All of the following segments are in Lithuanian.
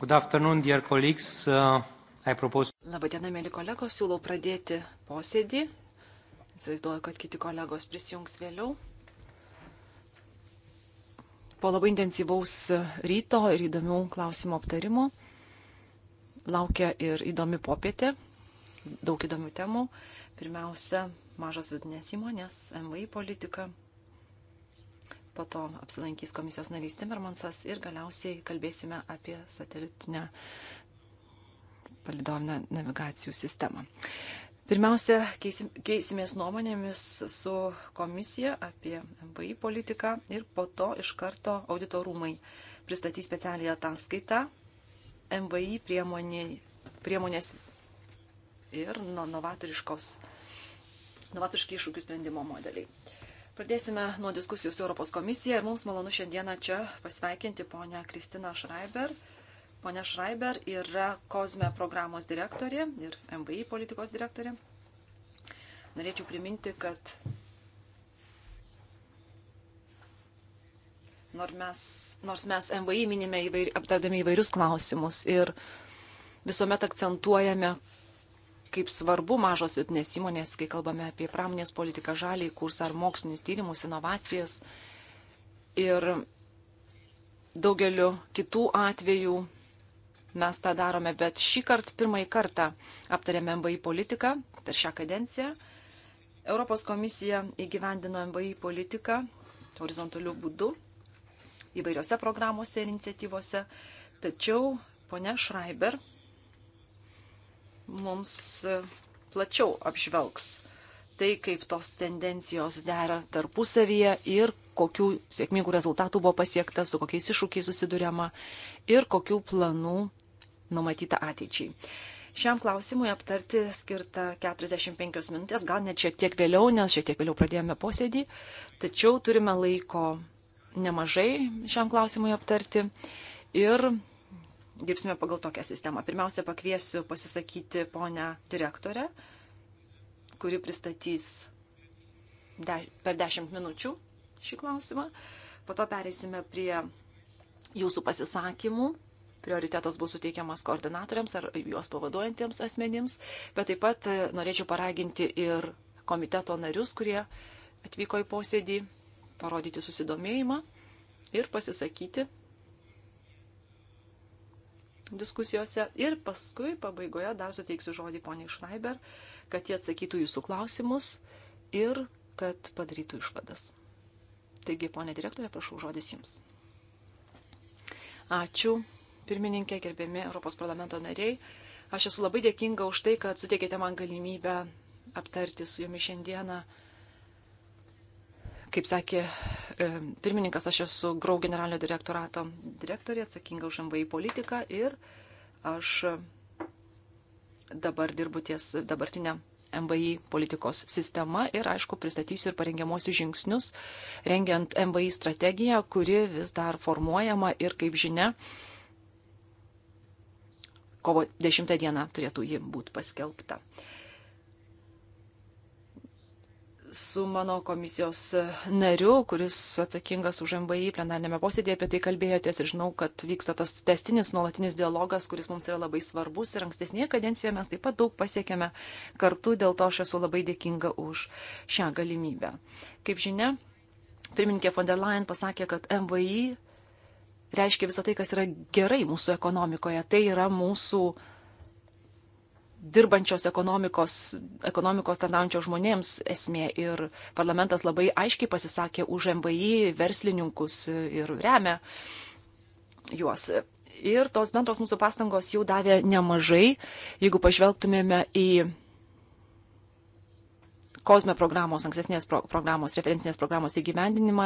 Good afternoon, dear colleagues. Uh, I propose... Labadiena, mėly kolegos, siūlau pradėti posėdį. Įsivaizduoju, kad kiti kolegos prisijungs vėliau. Po labai intensyvaus ryto ir įdomių klausimų aptarimo laukia ir įdomi popietė, daug įdomių temų. Pirmiausia, mažos vidinės įmonės, MVI politika, po to apsilankys komisijos narys Timmermansas ir galiausiai kalbėsime apie satelitinę palidovinę navigacijų sistemą. Pirmiausia, keisim, keisimės nuomonėmis su komisija apie MVI politiką ir po to iš karto auditorumai pristatys specialią ataskaitą MVI priemonė, priemonės ir novatoriškos, novatoriški iššūkių sprendimo modeliai. Pradėsime nuo diskusijų su Europos komisija ir mums malonu šiandieną čia pasveikinti ponę Kristiną Šraiber. Pone Šraiber yra Kozme programos direktorė ir MVI politikos direktorė. Norėčiau priminti, kad nors mes, nors mes MVI minime įvair, aptardami įvairius klausimus ir visuomet akcentuojame, kaip svarbu mažos vidinės įmonės, kai kalbame apie pramonės politiką, žalį kursą ar mokslinius tyrimus, inovacijas. Ir daugeliu kitų atvejų mes tą darome, bet šį kartą pirmąjį kartą aptarėme MVI politiką per šią kadenciją. Europos komisija įgyvendino MVI politiką horizontaliu būdu įvairiose programuose ir iniciatyvose. Tačiau ponia Schreiber mums e, plačiau apžvelgs tai, kaip tos tendencijos dera tarpusavyje ir kokių sėkmingų rezultatų buvo pasiekta, su kokiais iššūkiais susidurėma ir kokių planų numatyta ateičiai. Šiam klausimui aptarti skirta 45 minutės, gal net šiek tiek vėliau, nes šiek tiek vėliau pradėjome posėdį, tačiau turime laiko nemažai šiam klausimui aptarti ir dirbsime pagal tokią sistemą. Pirmiausia, pakviesiu pasisakyti ponę direktorę, kuri pristatys de, per 10 minučių šį klausimą. Po to pereisime prie jūsų pasisakymų. Prioritetas bus suteikiamas koordinatoriams ar juos pavaduojantiems asmenims, bet taip pat e, norėčiau paraginti ir komiteto narius, kurie atvyko į posėdį, parodyti susidomėjimą ir pasisakyti diskusijose. Ir paskui pabaigoje dar suteiksiu žodį poniai Šraiber, kad jie atsakytų jūsų klausimus ir kad padarytų išvadas. Taigi, ponė direktorė, prašau žodis jums. Ačiū, pirmininkė, gerbiami Europos parlamento nariai. Aš esu labai dėkinga už tai, kad suteikėte man galimybę aptarti su jumis šiandieną uh, Kaip sakė e, pirmininkas, aš esu Grau generalinio direktorato direktorė, atsakinga už MVI politiką ir aš dabar dirbu ties dabartinę MVI politikos sistema ir, aišku, pristatysiu ir parengiamosius žingsnius, rengiant MVI strategiją, kuri vis dar formuojama ir, kaip žinia, kovo 10 dieną turėtų ji būti paskelbta. Uh, su mano komisijos nariu, kuris atsakingas už MBI plenarnėme posėdėje apie tai kalbėjotės ir žinau, kad vyksta tas testinis, nuolatinis dialogas, kuris mums yra labai svarbus ir ankstesnėje kadencijoje mes taip pat daug pasiekėme kartu, dėl to aš esu labai dėkinga už šią galimybę. Kaip žinia, pirmininkė von der Leyen pasakė, kad MBI reiškia visą tai, kas yra gerai mūsų ekonomikoje. Tai yra mūsų uh, dirbančios ekonomikos, ekonomikos tarnaujančios žmonėms esmė. Ir parlamentas labai aiškiai pasisakė už MVI, verslininkus ir remia juos. Ir tos bendros mūsų pastangos jau davė nemažai. Jeigu pažvelgtumėme į Kozme programos, ankstesnės pro, programos, referencinės programos įgyvendinimą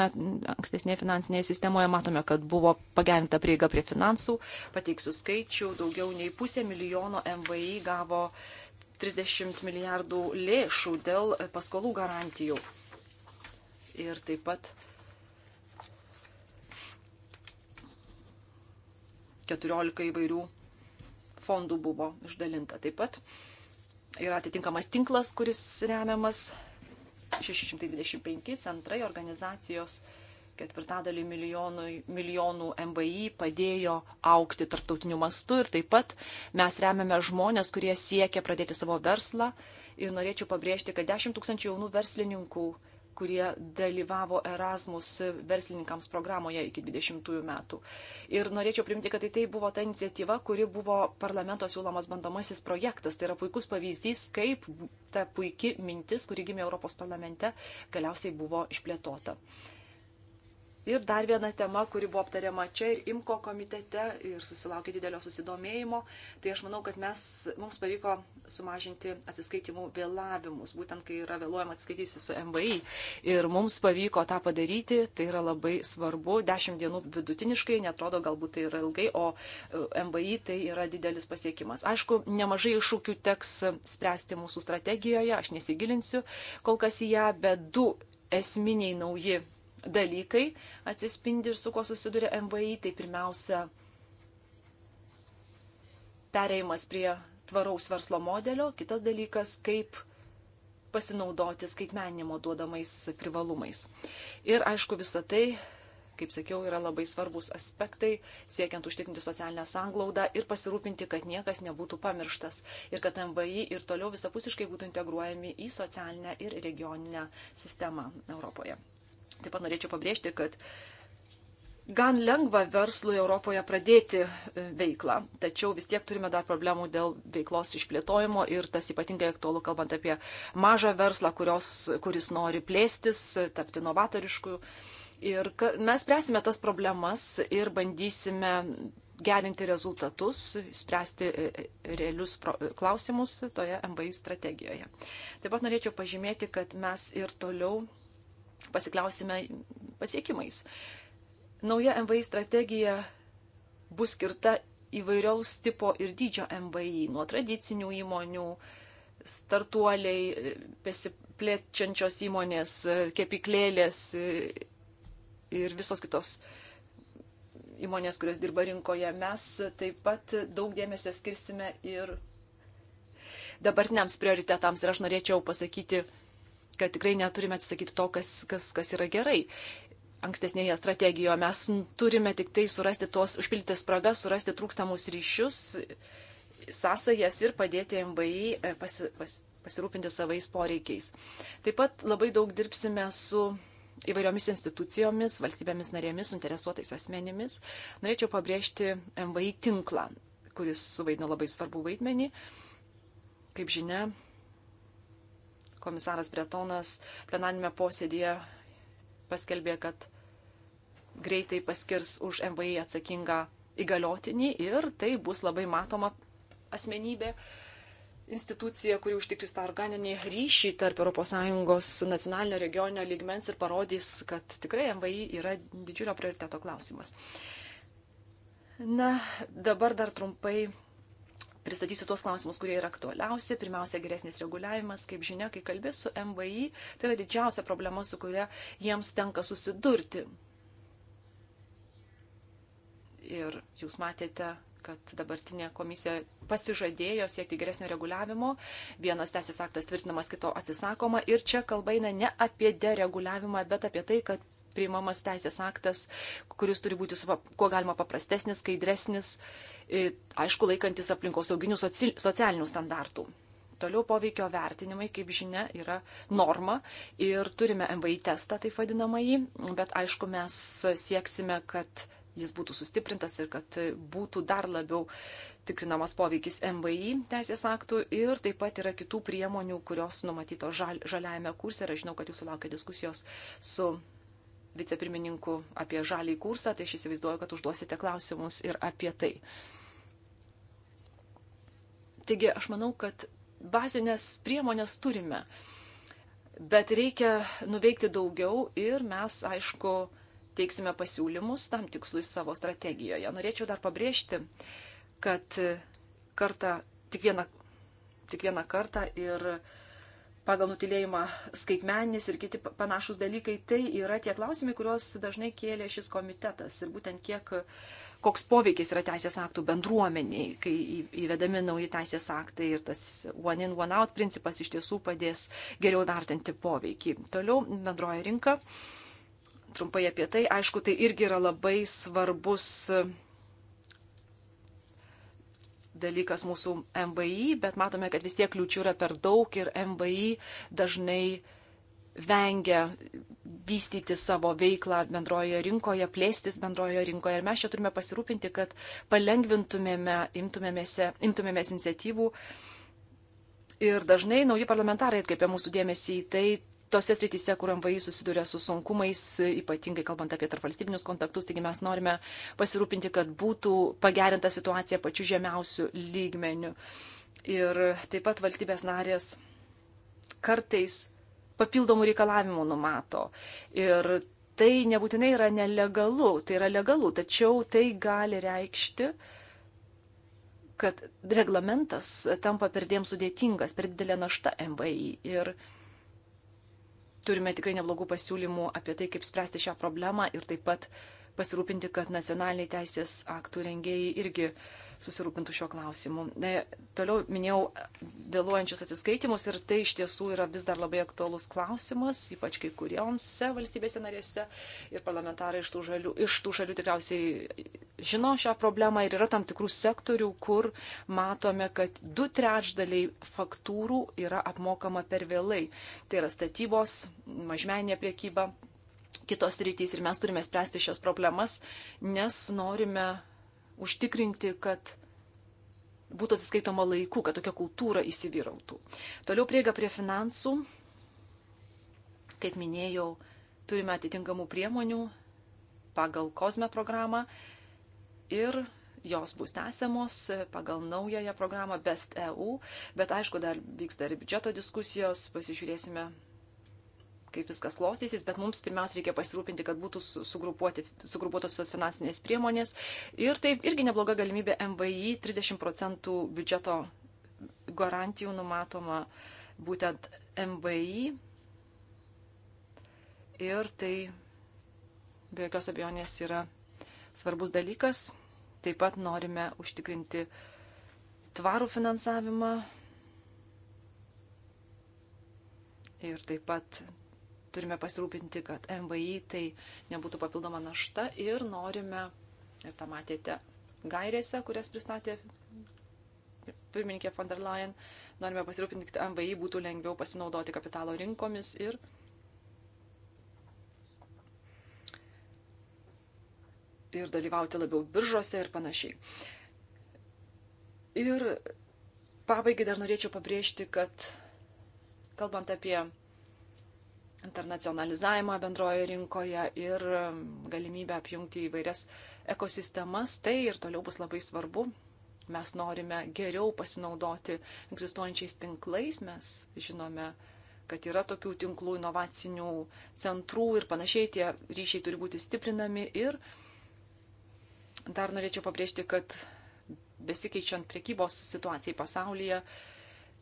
ankstesnėje finansinėje sistemoje matome, kad buvo pagerinta prieiga prie finansų. Pateiksiu skaičių, daugiau nei pusė milijono MVI gavo 30 milijardų lėšų dėl paskolų garantijų. Ir taip pat 14 įvairių fondų buvo išdalinta taip pat yra atitinkamas tinklas, kuris remiamas 625 centrai organizacijos ketvirtadalį milijonų, milijonų MVI padėjo aukti tarptautiniu mastu ir taip pat mes remiame žmonės, kurie siekia pradėti savo verslą ir norėčiau pabrėžti, kad 10 tūkstančių jaunų verslininkų kurie dalyvavo Erasmus verslininkams programoje iki 20 metų. Ir norėčiau priminti, kad tai, tai buvo ta iniciatyva, kuri buvo parlamento siūlomas bandomasis projektas. Tai yra puikus pavyzdys, kaip ta puikia mintis, kuri gimė Europos parlamente, galiausiai buvo išplėtota. Ir dar viena tema, kuri buvo aptariama čia ir IMKO komitete ir susilaukė didelio susidomėjimo, tai aš manau, kad mes, mums pavyko sumažinti atsiskaitimų vėlavimus, būtent kai yra vėluojama atsiskaityti su MVI. Ir mums pavyko tą padaryti, tai yra labai svarbu, 10 dienų vidutiniškai, netrodo galbūt tai yra ilgai, o e, MVI tai yra didelis pasiekimas. Aišku, nemažai iššūkių teks spręsti mūsų strategijoje, aš nesigilinsiu kol kas į ją, bet du esminiai nauji dalykai atsispindi ir su kuo susiduria MVI, tai pirmiausia pereimas prie tvaraus verslo modelio, kitas dalykas, kaip pasinaudoti skaitmenimo duodamais privalumais. Ir aišku, visa tai, kaip sakiau, yra labai svarbus aspektai, siekiant užtikrinti socialinę sanglaudą ir pasirūpinti, kad niekas nebūtų pamirštas ir kad MVI ir toliau visapusiškai būtų integruojami į socialinę ir regioninę sistemą Europoje. Taip pat norėčiau pabrėžti, kad gan lengva verslui Europoje pradėti e, veiklą, tačiau vis tiek turime dar problemų dėl veiklos išplėtojimo ir tas ypatingai aktualu kalbant apie mažą verslą, kurios, kuris nori plėstis, tapti novatorišku. Ir mes spręsime tas problemas ir bandysime gerinti rezultatus, spręsti e, e, realius klausimus toje MBI strategijoje. Taip pat norėčiau pažymėti, kad mes ir toliau pasikliausime pasiekimais. Nauja MVI strategija bus skirta įvairiaus tipo ir dydžio MVI, nuo tradicinių įmonių, startuoliai, besiplečiančios įmonės, kepiklėlės ir visos kitos įmonės, kurios dirba rinkoje. Mes taip pat daug dėmesio skirsime ir dabartiniams prioritetams. Ir aš norėčiau pasakyti, kad tikrai neturime atsisakyti to, kas, kas, kas yra gerai. Ankstesnėje strategijoje mes turime tik tai surasti tuos užpildyti spragas, surasti trūkstamus ryšius, sąsajas ir padėti MBI e, pasi, pas, pasirūpinti savais poreikiais. Taip pat labai daug dirbsime su įvairiomis institucijomis, valstybėmis narėmis, interesuotais asmenimis. Norėčiau pabrėžti MVI tinklą, kuris suvaidino labai svarbu vaidmenį. Kaip žinia, komisaras Bretonas plenarinėme posėdėje paskelbė, kad greitai paskirs už MVI atsakingą įgaliotinį ir tai bus labai matoma asmenybė, institucija, kuri užtikrins tą organinį ryšį tarp ES nacionalinio regioninio lygmens ir parodys, kad tikrai MVI yra didžiulio prioriteto klausimas. Na, dabar dar trumpai pristatysiu tuos klausimus, kurie yra aktualiausi. Pirmiausia, geresnis reguliavimas, kaip žinia, kai kalbės su MVI, tai yra didžiausia problema, su kuria jiems tenka susidurti. Ir jūs matėte, kad dabartinė komisija pasižadėjo siekti geresnio reguliavimo, vienas teisės aktas tvirtinamas, kito atsisakoma ir čia kalba eina ne apie dereguliavimą, bet apie tai, kad priimamas teisės aktas, kuris turi būti kuo galima paprastesnis, skaidresnis, aišku, laikantis aplinkosauginių socialinių standartų. Toliau poveikio vertinimai, kaip žinia, yra norma ir turime MVI testą, taip vadinamąjį, bet aišku, mes sieksime, kad jis būtų sustiprintas ir kad būtų dar labiau tikrinamas poveikis MVI teisės aktų ir taip pat yra kitų priemonių, kurios numatytos žal, žaliajame kurse ir aš žinau, kad jūs laukia diskusijos su vicepirmininku apie žalį kursą, tai aš įsivaizduoju, kad užduosite klausimus ir apie tai. Taigi aš manau, kad bazinės priemonės turime, bet reikia nuveikti daugiau ir mes, aišku, teiksime pasiūlymus tam tikslui savo strategijoje. Norėčiau dar pabrėžti, kad kartą, tik vieną, tik vieną kartą ir uh, pagal nutilėjimą skaitmenis ir kiti panašus dalykai, tai yra tie klausimai, kuriuos dažnai kėlė šis komitetas ir būtent kiek, koks poveikis yra teisės aktų bendruomeniai, kai įvedami nauji teisės aktai ir tas one in, one out principas iš tiesų padės geriau vertinti poveikį. Toliau bendroji rinka. Trumpai apie tai, aišku, tai irgi yra labai svarbus dalykas mūsų MBI, bet matome, kad vis tiek kliūčių yra per daug ir MBI dažnai vengia vystyti savo veiklą bendrojoje rinkoje, plėstis bendrojoje rinkoje. Ir mes čia turime pasirūpinti, kad palengvintumėme, imtumėmės, imtumėmės iniciatyvų. Ir dažnai nauji parlamentarai atkreipia mūsų dėmesį į tai, tose srityse, kur MVI susiduria su sunkumais, ypatingai kalbant apie tarpvalstybinius kontaktus, taigi mes norime pasirūpinti, kad būtų pagerinta situacija pačiu žemiausiu lygmeniu. Ir taip pat valstybės narės kartais papildomų reikalavimų numato. Ir tai nebūtinai yra nelegalu, tai yra legalu, tačiau tai gali reikšti, kad reglamentas tampa perdėm sudėtingas, per didelė našta MVI. Ir uh, turime tikrai neblogų pasiūlymų apie tai, kaip spręsti šią problemą ir taip pat pasirūpinti, kad nacionaliniai teisės aktų rengėjai irgi uh, susirūpintų šiuo klausimu. Toliau minėjau vėluojančius atsiskaitimus ir tai iš tiesų yra vis dar labai aktuolus klausimas, ypač kai kurioms valstybėse narėse ir parlamentarai iš tų, žalių, iš tų šalių tikriausiai žino šią problemą ir yra tam tikrų sektorių, kur matome, kad du trečdaliai faktūrų yra apmokama per vėlai. Tai yra statybos, mažmeninė priekyba kitos rytys ir mes turime spręsti šias problemas, nes norime užtikrinti, kad būtų atsiskaitoma laiku, kad tokia kultūra įsivyrautų. Toliau prieiga prie finansų. Kaip minėjau, turime atitinkamų priemonių pagal kosme programą ir jos bus tęsiamos pagal naująją programą Best EU, bet aišku, dar vyks dar ir biudžeto diskusijos, pasižiūrėsime, kaip viskas klostysis, bet mums pirmiausia reikia pasirūpinti, kad būtų sugrupuotos visas finansinės priemonės. Ir tai irgi nebloga galimybė MVI 30 procentų biudžeto garantijų numatoma būtent MVI. Ir tai be jokios abejonės yra svarbus dalykas. Taip pat norime užtikrinti tvarų finansavimą ir taip pat turime pasirūpinti, kad MVI tai nebūtų papildoma našta ir norime, ir tą matėte gairėse, kurias pristatė pirmininkė von der Leyen, norime pasirūpinti, kad MVI būtų lengviau pasinaudoti kapitalo rinkomis ir ir dalyvauti labiau biržose ir panašiai. Ir pabaigai dar norėčiau pabrėžti, kad kalbant apie internacionalizavimą bendroje rinkoje ir um, galimybę apjungti įvairias ekosistemas, tai ir toliau bus labai svarbu. Mes norime geriau pasinaudoti egzistuojančiais tinklais, mes žinome, kad yra tokių tinklų, inovacinių centrų ir panašiai, tie ryšiai turi būti stiprinami ir dar norėčiau pabrėžti, kad besikeičiant priekybos situacijai pasaulyje,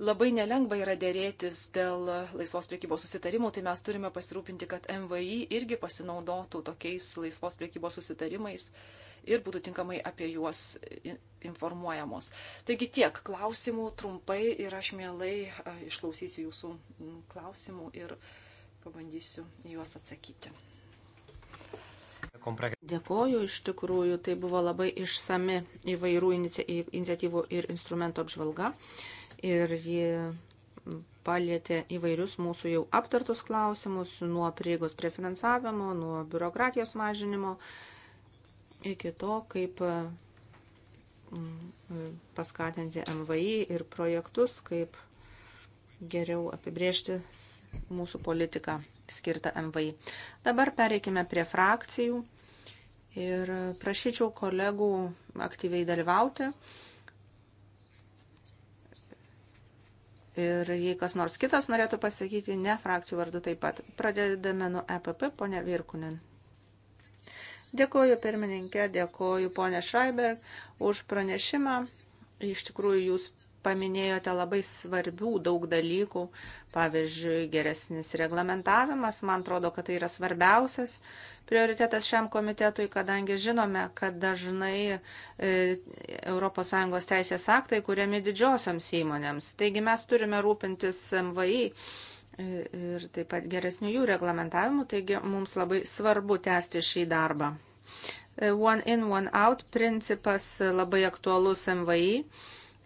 labai nelengva yra dėrėtis dėl laisvos priekybos susitarimų, tai mes turime pasirūpinti, kad MVI irgi pasinaudotų tokiais laisvos priekybos susitarimais ir būtų tinkamai apie juos informuojamos. Taigi tiek klausimų trumpai ir aš mielai išklausysiu jūsų klausimų ir pabandysiu juos atsakyti. Dėkoju, iš tikrųjų tai buvo labai išsami įvairių inici... iniciatyvų ir instrumentų apžvalga ir ji palėtė įvairius mūsų jau aptartus klausimus, nuo prieigos prie finansavimo, nuo biurokratijos mažinimo iki to, kaip mm, paskatinti MVI ir projektus, kaip geriau apibriežti mūsų politiką skirtą MVI. Dabar pereikime prie frakcijų ir prašyčiau kolegų aktyviai dalyvauti. Ir jei kas nors kitas norėtų pasakyti, ne frakcijų vardu taip pat. Pradedame nuo EPP, ponia Virkunen. Dėkoju pirmininkė, dėkoju ponia Šraiber už pranešimą. Iš tikrųjų, jūs paminėjote labai svarbių daug dalykų, pavyzdžiui, geresnis reglamentavimas, man atrodo, kad tai yra svarbiausias prioritetas šiam komitetui, kadangi žinome, kad dažnai e, ES teisės aktai kuriami didžiosioms įmonėms. Taigi mes turime rūpintis MVI e, ir taip pat geresnių jų reglamentavimų, taigi mums labai svarbu tęsti šį darbą. E, one in, one out principas labai aktualus MVI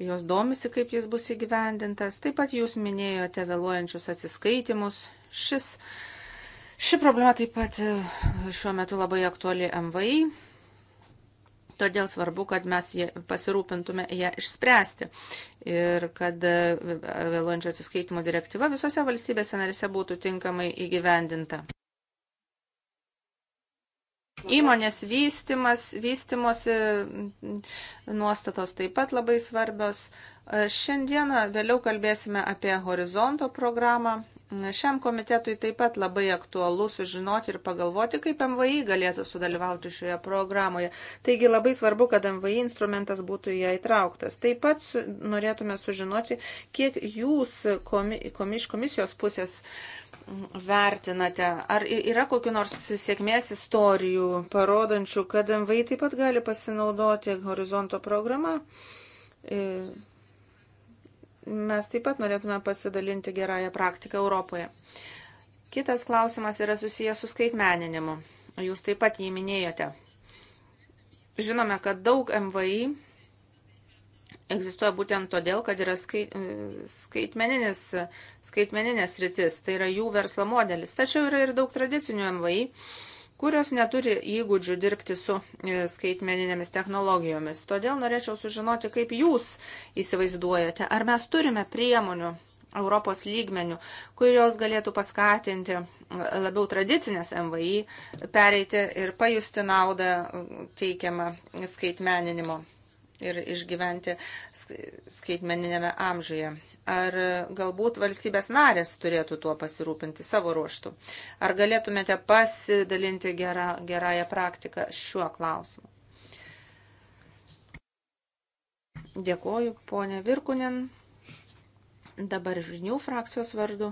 jos domisi, kaip jis bus įgyvendintas. Taip pat jūs minėjote vėluojančius atsiskaitimus. Šis, ši problema taip pat e, šiuo metu labai aktuali MVI. Todėl svarbu, kad mes pasirūpintume ją išspręsti ir kad e, vėluojančio atsiskaitimo direktyva visose valstybėse narise būtų tinkamai įgyvendinta. Įmonės vystimas, vystimosi nuostatos taip pat labai svarbios. Šiandieną vėliau kalbėsime apie horizonto programą. Šiam komitetui taip pat labai aktualu sužinoti ir pagalvoti, kaip MVI galėtų sudalyvauti šioje programoje. Taigi labai svarbu, kad MVI instrumentas būtų ją įtrauktas. Taip pat su, norėtume sužinoti, kiek jūs komi, komi, iš komisijos pusės uh, vertinate? Ar yra kokiu nors sėkmės istorijų parodančių, kad MVI taip pat gali pasinaudoti horizonto programą? Mes taip pat norėtume pasidalinti gerąją praktiką Europoje. Kitas klausimas yra susijęs su skaitmeninimu. Jūs taip pat jį minėjote. Žinome, kad daug MVI egzistuoja būtent todėl, kad yra skait, e, skaitmeninis, skaitmeninės rytis, tai yra jų verslo modelis. Tačiau yra ir daug tradicinių MVI, kurios neturi įgūdžių dirbti su e, skaitmeninėmis technologijomis. Todėl norėčiau sužinoti, kaip jūs įsivaizduojate, ar mes turime priemonių Europos lygmenių, kurios galėtų paskatinti e, labiau tradicinės MVI pereiti ir pajusti naudą teikiamą skaitmeninimo ir išgyventi skaitmeninėme amžiuje. Ar galbūt valstybės narės turėtų tuo pasirūpinti savo ruoštų? Ar galėtumėte pasidalinti gerą, gerąją praktiką šiuo klausimu? Dėkoju, ponė Virkunin. Dabar žinių frakcijos vardu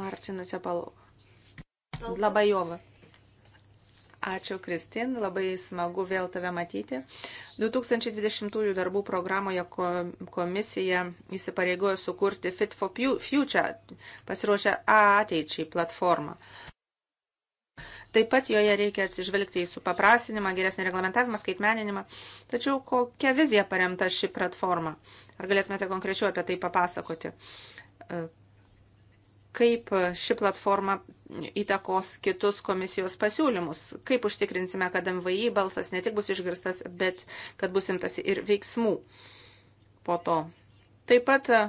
Martinas Epalova. Labajova. Ačiū, Kristin, labai smagu vėl tave matyti. 2020 darbų programoje komisija įsipareigojo sukurti Fit for Future, pasiruošę ateičiai platformą. Taip pat joje reikia atsižvelgti į supaprasinimą, geresnį reglamentavimą, skaitmeninimą. Tačiau kokia vizija paremta ši platforma? Ar galėtumėte konkrečiau apie tai papasakoti? Kaip ši platforma įtakos kitus komisijos pasiūlymus. Kaip užtikrinsime, kad MVI balsas ne tik bus išgirstas, bet kad bus imtas ir veiksmų po to. Taip pat e,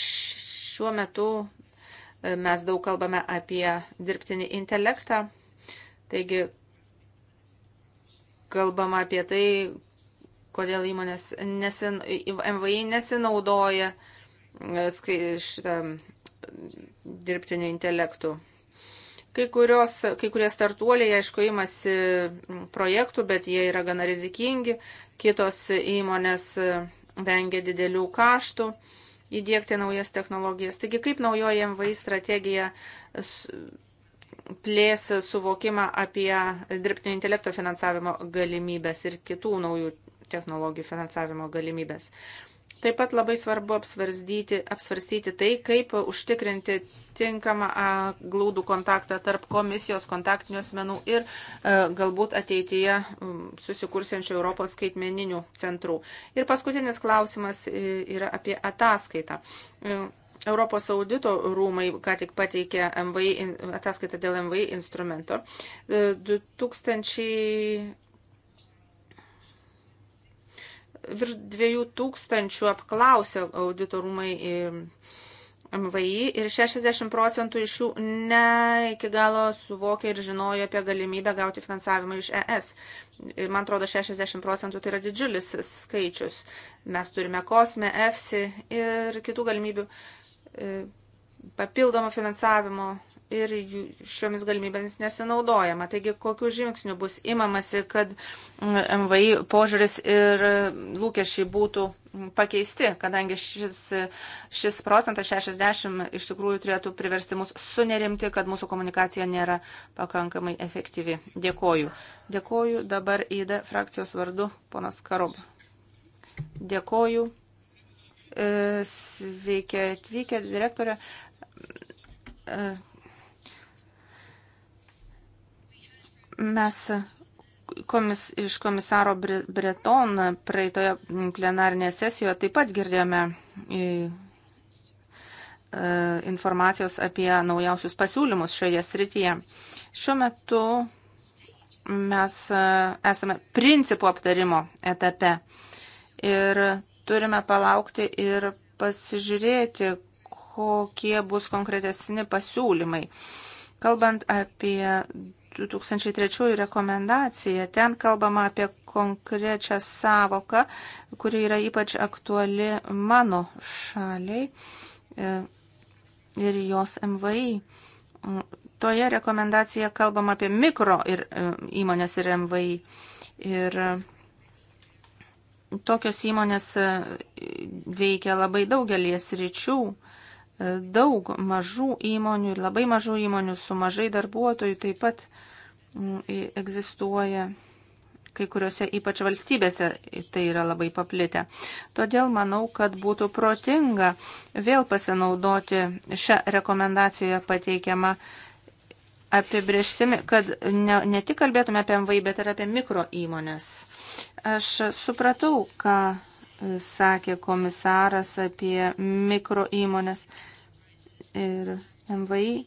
šiuo metu e, mes daug kalbame apie dirbtinį intelektą. Taigi, kalbama apie tai, kodėl įmonės nesin, MVI nesinaudoja e, šitą dirbtiniu intelektu. Kai, kurios, kai kurie startuoliai, aišku, imasi mm, projektų, bet jie yra gana rizikingi, kitos įmonės e, vengia didelių kaštų įdėkti naujas technologijas. Taigi, kaip naujoji MVI strategija plės suvokimą apie dirbtinio intelekto finansavimo galimybės ir kitų naujų technologijų finansavimo galimybės. Taip pat labai svarbu apsvarstyti, apsvarstyti tai, kaip užtikrinti tinkamą glaudų kontaktą tarp komisijos kontaktinių asmenų ir e, galbūt ateityje susikursiančių Europos skaitmeninių centrų. Ir paskutinis klausimas e, yra apie ataskaitą. E, Europos audito rūmai ką tik pateikė MVI, ataskaitą dėl MVI instrumento. 2000 virš 2000 apklausė auditorumai MVI ir 60 procentų iš jų ne iki galo suvokė ir žinojo apie galimybę gauti finansavimą iš ES. Man atrodo, 60 procentų tai yra didžiulis skaičius. Mes turime kosme, EFSI ir kitų galimybių e, papildomo finansavimo ir šiomis galimybėmis nesinaudojama. Taigi, kokiu žingsniu bus imamasi, kad MVI mm, požiūris ir lūkesčiai būtų pakeisti, kadangi šis, šis procentas 60 iš tikrųjų turėtų priversti mus sunerimti, kad mūsų komunikacija nėra pakankamai efektyvi. Dėkoju. Dėkoju dabar įda frakcijos vardu, ponas Karob. Dėkoju. E, sveiki atvykę, direktorė. Uh Mes komis, iš komisaro Breton praeitoje plenarinėje sesijoje taip pat girdėjome e, informacijos apie naujausius pasiūlymus šioje srityje. Šiuo metu mes e, esame principų aptarimo etape ir turime palaukti ir pasižiūrėti, kokie bus konkretesni pasiūlymai. Kalbant apie 2003 rekomendacija. Ten kalbama apie konkrečią savoką, kuri yra ypač aktuali mano šaliai e, ir jos MVI. Mm, toje rekomendacijoje kalbama apie mikro ir, e, įmonės ir MVI. Ir e, tokios įmonės veikia labai daugelį sričių daug mažų įmonių ir labai mažų įmonių su mažai darbuotojų taip pat mm, egzistuoja kai kuriuose ypač valstybėse tai yra labai paplitę. Todėl manau, kad būtų protinga vėl pasinaudoti šią rekomendacijoje pateikiamą apibrieštimi, kad ne, ne tik kalbėtume apie MVI, bet ir apie mikro įmonės. Aš supratau, ką e, sakė komisaras apie mikro įmonės ir MVI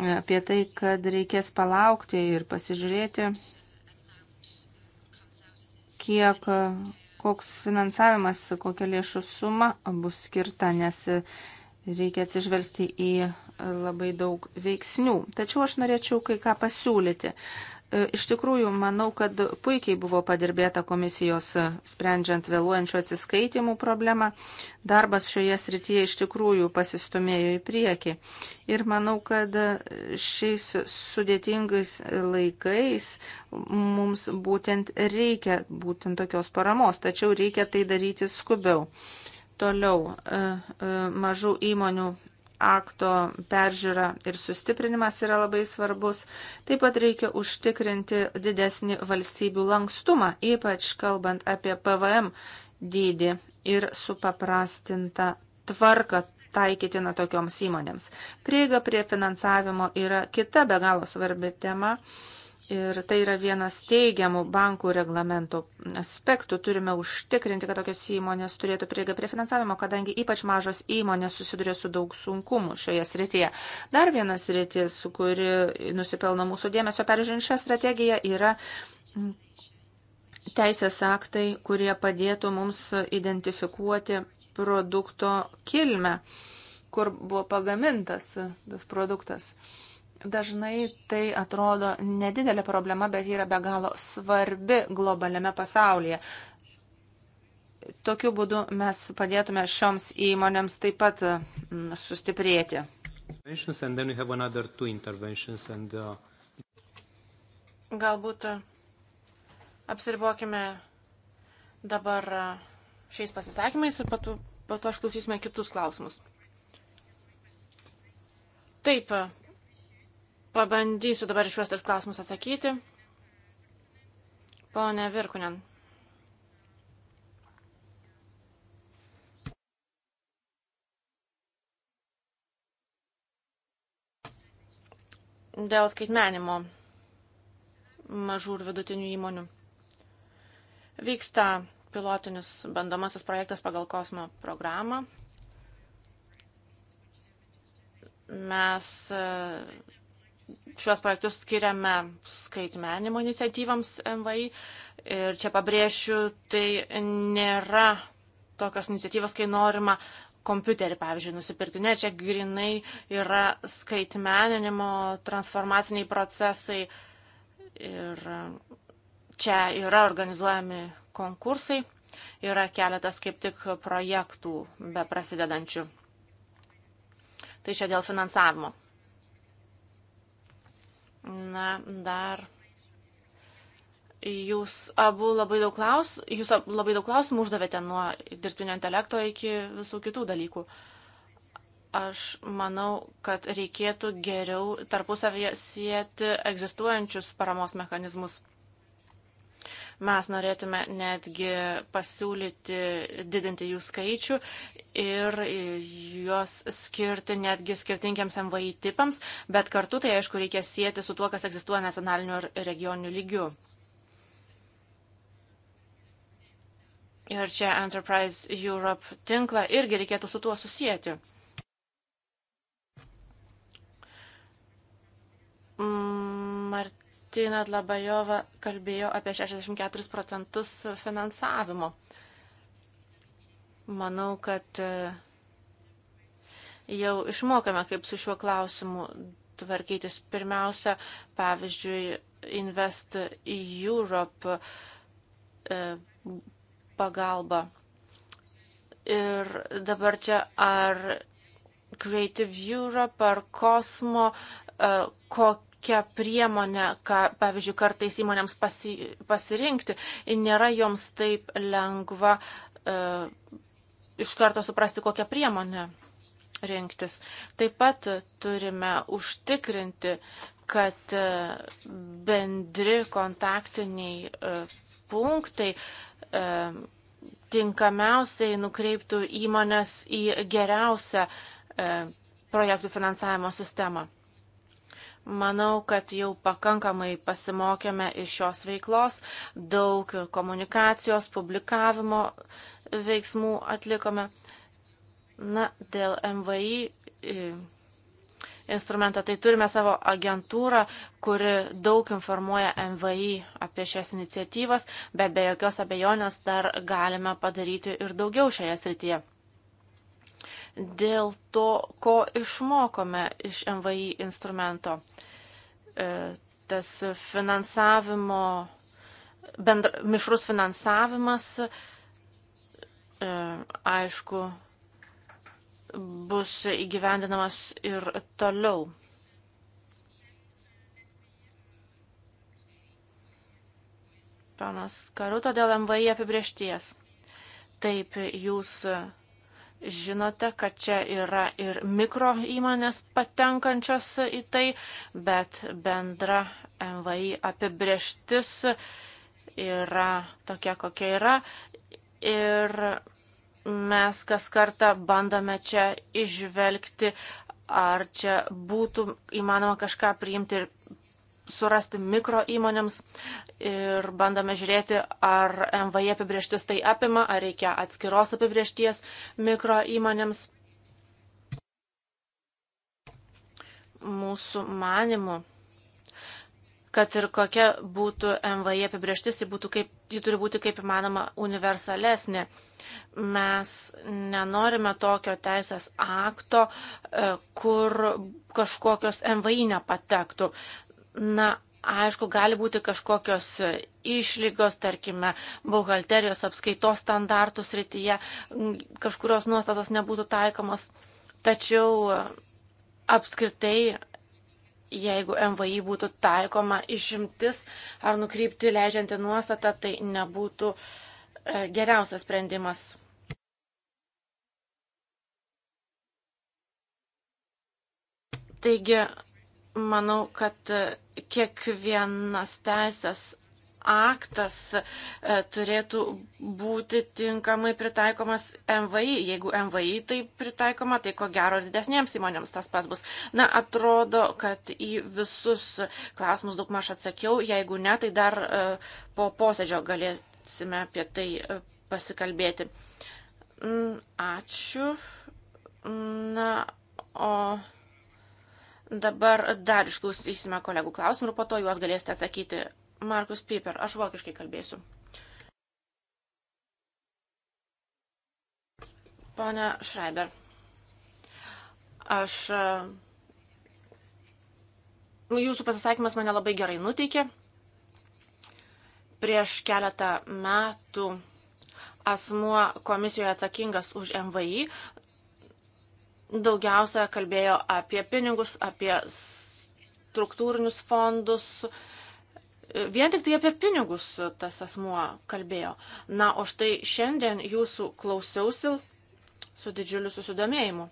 e, apie tai, kad reikės palaukti ir pasižiūrėti, kiek, koks finansavimas, kokia lėšų suma bus skirta, nes reikia atsižvelgti į labai daug veiksnių. Tačiau aš norėčiau kai ką pasiūlyti. E, iš tikrųjų, manau, kad puikiai buvo padirbėta komisijos e, sprendžiant vėluojančių atsiskaitimų problemą. Darbas šioje srityje iš tikrųjų pasistumėjo į priekį. Ir manau, kad e, šiais sudėtingais laikais mums būtent reikia būtent tokios paramos, tačiau reikia tai daryti skubiau. Toliau mažų įmonių akto peržiūra ir sustiprinimas yra labai svarbus. Taip pat reikia užtikrinti didesnį valstybių lankstumą, ypač kalbant apie PVM dydį ir supaprastintą tvarką taikytina tokioms įmonėms. Prieiga prie finansavimo yra kita be galo svarbi tema Ir tai yra vienas teigiamų bankų reglamento aspektų. Turime užtikrinti, kad tokios įmonės turėtų prieigą prie finansavimo, kadangi ypač mažos įmonės susiduria su daug sunkumų šioje srityje. Dar vienas sritis, kuri nusipelno mūsų dėmesio peržiūrint šią strategiją, yra teisės aktai, kurie padėtų mums identifikuoti produkto kilmę, kur buvo pagamintas tas produktas. Dažnai tai atrodo nedidelė problema, bet yra be galo svarbi globaliame pasaulyje. Tokiu būdu mes padėtume šioms įmonėms taip pat mm, sustiprėti. Uh, Galbūt uh, apsiribokime dabar uh, šiais pasisakymais ir po to išklausysime kitus klausimus. Taip, Pabandysiu dabar iš juos tris klausimus atsakyti. Pone Virkunen. Dėl skaitmenimo mažų ir vidutinių įmonių. Vyksta pilotinis bandomasis projektas pagal kosmo programą. Mes šiuos projektus skiriame skaitmenimo iniciatyvams MVI. Ir čia pabrėšiu, tai nėra tokios iniciatyvos, kai norima kompiuterį, pavyzdžiui, nusipirkti. Ne, čia grinai yra skaitmeninimo transformaciniai procesai. Ir čia yra organizuojami konkursai. Yra keletas kaip tik projektų be prasidedančių. Tai čia dėl finansavimo. Na, dar jūs abu labai daug, klaus, jūs labai daug klausimų uždavėte nuo dirbtinio intelekto iki visų kitų dalykų. Aš manau, kad reikėtų geriau tarpusavėje sieti egzistuojančius paramos mechanizmus. Mes norėtume netgi pasiūlyti didinti jų skaičių ir juos skirti netgi skirtingiams MVI tipams, bet kartu tai aišku reikia sieti su tuo, kas egzistuoja nacionaliniu ir regioniniu lygiu. Ir čia Enterprise Europe tinklą irgi reikėtų su tuo susijęti. Mm, Mart Martina Dlabajova kalbėjo apie 64 procentus finansavimo. Manau, kad e, jau išmokame, kaip su šiuo klausimu tvarkytis. Pirmiausia, pavyzdžiui, Invest Europe e, pagalba. Ir dabar čia ar Creative Europe, ar Cosmo, e, kokia kokią priemonę, ką, pavyzdžiui, kartais įmonėms pasi, pasirinkti, nėra joms taip lengva e, iš karto suprasti, kokią priemonę rinktis. Taip pat turime užtikrinti, kad e, bendri kontaktiniai e, punktai e, tinkamiausiai nukreiptų įmonės į geriausią e, projektų finansavimo sistemą. Manau, kad jau pakankamai pasimokėme iš šios veiklos, daug komunikacijos, publikavimo veiksmų atlikome. Na, dėl MVI instrumentą, tai turime savo agentūrą, kuri daug informuoja MVI apie šias iniciatyvas, bet be jokios abejonės dar galime padaryti ir daugiau šioje srityje dėl to, ko išmokome iš MVI instrumento. E, tas finansavimo, bendra, mišrus finansavimas, e, aišku, bus įgyvendinamas ir toliau. Panas Karuto dėl MVI apibriešties. Taip, jūs Žinote, kad čia yra ir mikro įmonės patenkančios į tai, bet bendra MVI apibrieštis yra tokia, kokia yra. Ir mes kas kartą bandome čia išvelgti, ar čia būtų įmanoma kažką priimti ir surasti mikro įmonėms ir bandome žiūrėti, ar MVI apibrieštis tai apima, ar reikia atskiros apibriešties mikro įmonėms. Mūsų manimu, kad ir kokia būtų MVI apibrieštis, ji, būtų kaip, ji turi būti kaip įmanoma universalesnė. Mes nenorime tokio teisės akto, e, kur kažkokios MVI nepatektų. Na, aišku, gali būti kažkokios išlygos, tarkime, buhalterijos apskaitos standartų srityje, kažkurios nuostatos nebūtų taikomos. Tačiau apskritai, jeigu MVI būtų taikoma išimtis ar nukrypti leidžianti nuostatą, tai nebūtų e, geriausias sprendimas. Taigi, Manau, kad e, kiekvienas teisės aktas e, turėtų būti tinkamai pritaikomas MVI. Jeigu MVI tai pritaikoma, tai ko gero didesniems įmonėms tas pas bus. Na, atrodo, kad į visus klausimus daug maž atsakiau. Jeigu ne, tai dar e, po posėdžio galėsime apie tai pasikalbėti. Mm, ačiū. Mm, na, o. Dabar dar išklausysime kolegų klausimų ir po to juos galėsite atsakyti. Markus Piper, aš vokiškai kalbėsiu. Pone Šreiber, aš... E, jūsų pasisakymas mane labai gerai nuteikė. Prieš keletą metų asmuo komisijoje atsakingas už MVI daugiausia kalbėjo apie pinigus, apie struktūrinius fondus. Vien tik tai apie pinigus tas asmuo kalbėjo. Na, o štai šiandien jūsų klausiausi su didžiuliu susidomėjimu.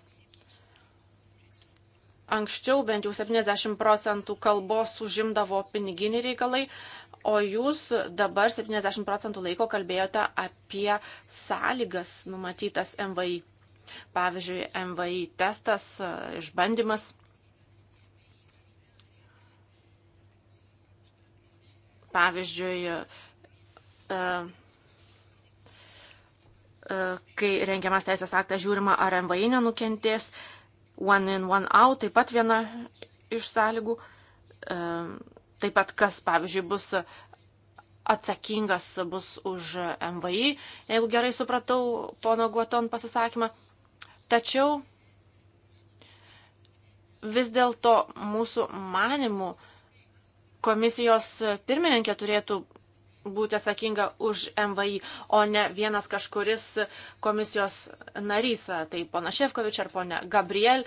Anksčiau bent jau 70 procentų kalbos užimdavo piniginiai reikalai, o jūs dabar 70 procentų laiko kalbėjote apie sąlygas numatytas MVI. Pavyzdžiui, MVI testas, e, išbandymas. Pavyzdžiui, e, e, kai rengiamas teisės aktas žiūrima, ar MVI nenukentės, one in, one out, taip pat viena iš sąlygų. Taip pat, kas, pavyzdžiui, bus atsakingas bus už MVI, jeigu gerai supratau pono Guoton pasisakymą. Tačiau vis dėlto mūsų manimų komisijos pirmininkė turėtų būti atsakinga už MVI, o ne vienas kažkuris komisijos narys, tai pana Šefkovič ar pana Gabriel,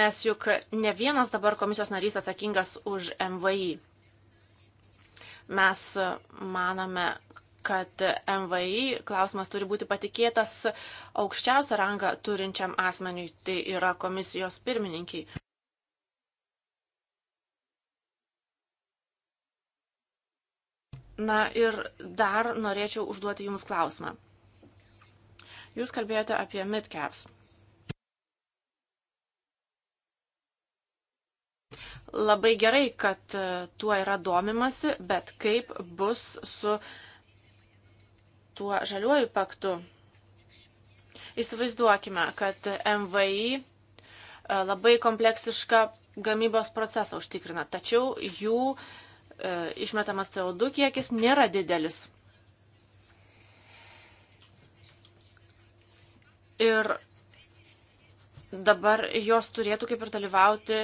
nes juk ne vienas dabar komisijos narys atsakingas už MVI. Mes manome, kad MVI klausimas turi būti patikėtas aukščiausią rangą turinčiam asmeniui, tai yra komisijos pirmininkiai. Na ir dar norėčiau užduoti Jums klausimą. Jūs kalbėjote apie midcaps. Labai gerai, kad tuo yra domimasi, bet kaip bus su midcaps? tuo žaliuoju paktu. Įsivaizduokime, kad MVI e, labai kompleksišką gamybos procesą užtikrina, tačiau jų e, išmetamas CO2 kiekis nėra didelis. Ir dabar jos turėtų kaip ir dalyvauti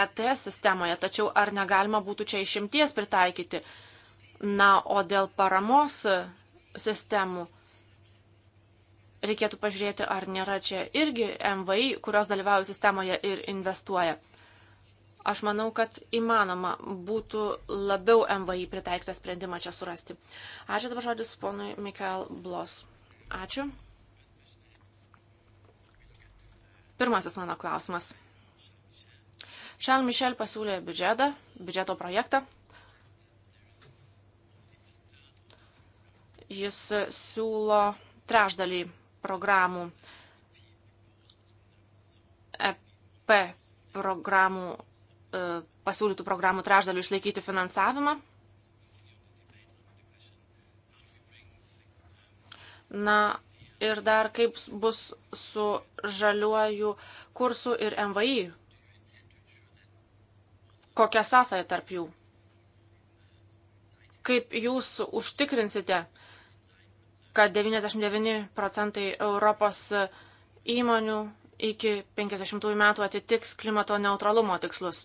ETS sistemoje, tačiau ar negalima būtų čia išimties pritaikyti? Uh, Na, o dėl paramos sistemų reikėtų pažiūrėti, ar nėra čia irgi MVI, kurios dalyvauja sistemoje ir investuoja. Aš manau, kad įmanoma būtų labiau MVI pritaiktą sprendimą čia surasti. Ačiū dabar žodis ponui Mikael Blos. Ačiū. Pirmasis mano klausimas. Šel Mišel pasiūlė biudžetą, biudžeto projektą Jis siūlo trešdalį programų EP programų, e, pasiūlytų programų trešdalių išlaikyti finansavimą. Na ir dar kaip bus su žaliuoju kursu ir MVI. Kokia sąsaja tarp jų? Kaip jūs užtikrinsite, kad kad 99 procentai Europos įmonių iki 50 metų atitiks klimato neutralumo tikslus.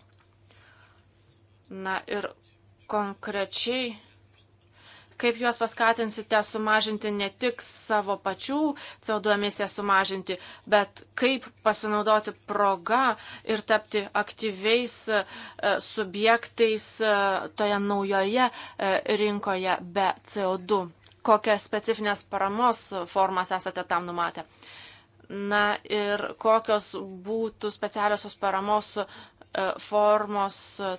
Na ir konkrečiai, kaip juos paskatinsite sumažinti ne tik savo pačių CO2 emisiją sumažinti, bet kaip pasinaudoti progą ir tapti aktyviais e, subjektais e, toje naujoje e, rinkoje be CO2 kokias specifines paramos formas esate tam numatę. Na ir kokios būtų specialiosios paramos e, formos e,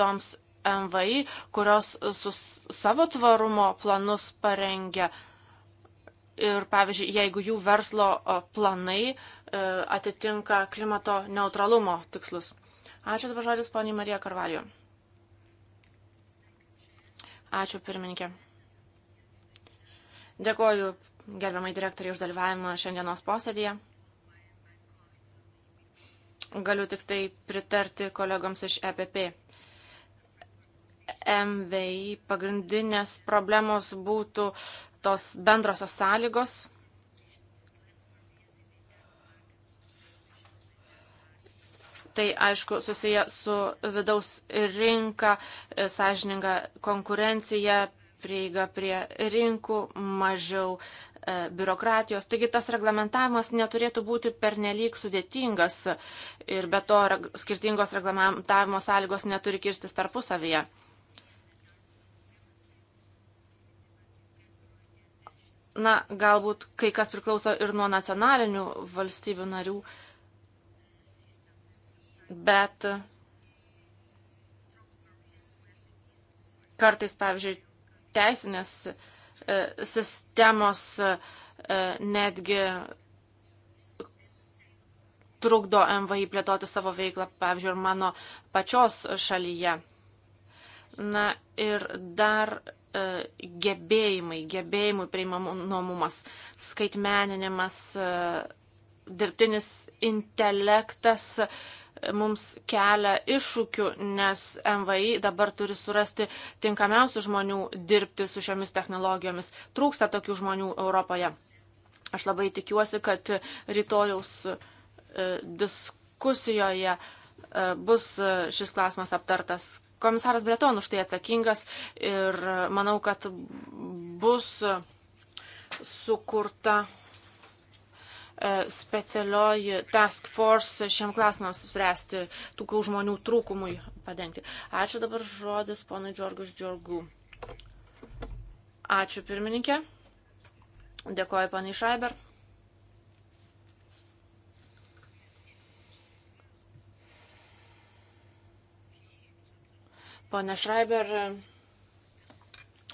toms MVI, kurios su savo tvarumo planus parengia. Ir pavyzdžiui, jeigu jų verslo e, planai atitinka klimato neutralumo tikslus. Ačiū dabar žodis poniai Marija Karvalijo. Ačiū pirmininkė. Dėkoju gerbiamai direktoriai už dalyvavimą šiandienos posėdėje. Galiu tik tai pritarti kolegoms iš EPP. MVI pagrindinės problemos būtų tos bendrosios sąlygos. Tai aišku susiję su vidaus rinka, sąžininga konkurencija, prieiga prie rinkų, mažiau e, biurokratijos. Taigi tas reglamentavimas neturėtų būti pernelyg sudėtingas ir be to reg skirtingos reglamentavimo sąlygos neturi kirstis tarpusavyje. Na, galbūt kai kas priklauso ir nuo nacionalinių valstybių narių, bet kartais, pavyzdžiui, teisinės e, sistemos e, e, netgi trukdo MVI plėtoti savo veiklą, pavyzdžiui, ir mano pačios šalyje. Na ir dar gebėjimai, gebėjimų prieinamumas, skaitmeninimas, dirbtinis intelektas, mums kelia iššūkių, nes MVI dabar turi surasti tinkamiausių žmonių dirbti su šiomis technologijomis. Trūksta tokių žmonių Europoje. Aš labai tikiuosi, kad rytojaus e, diskusijoje e, bus e, šis klausimas aptartas. Komisaras Breton už tai atsakingas ir manau, kad bus sukurta E, specialioji task force šiam klausimams spręsti, tokių žmonių trūkumui padengti. Ačiū dabar žodis ponui Džorgus Džorgų. Ačiū pirmininkė. Dėkoju panai Šaiber. Pone Šraiber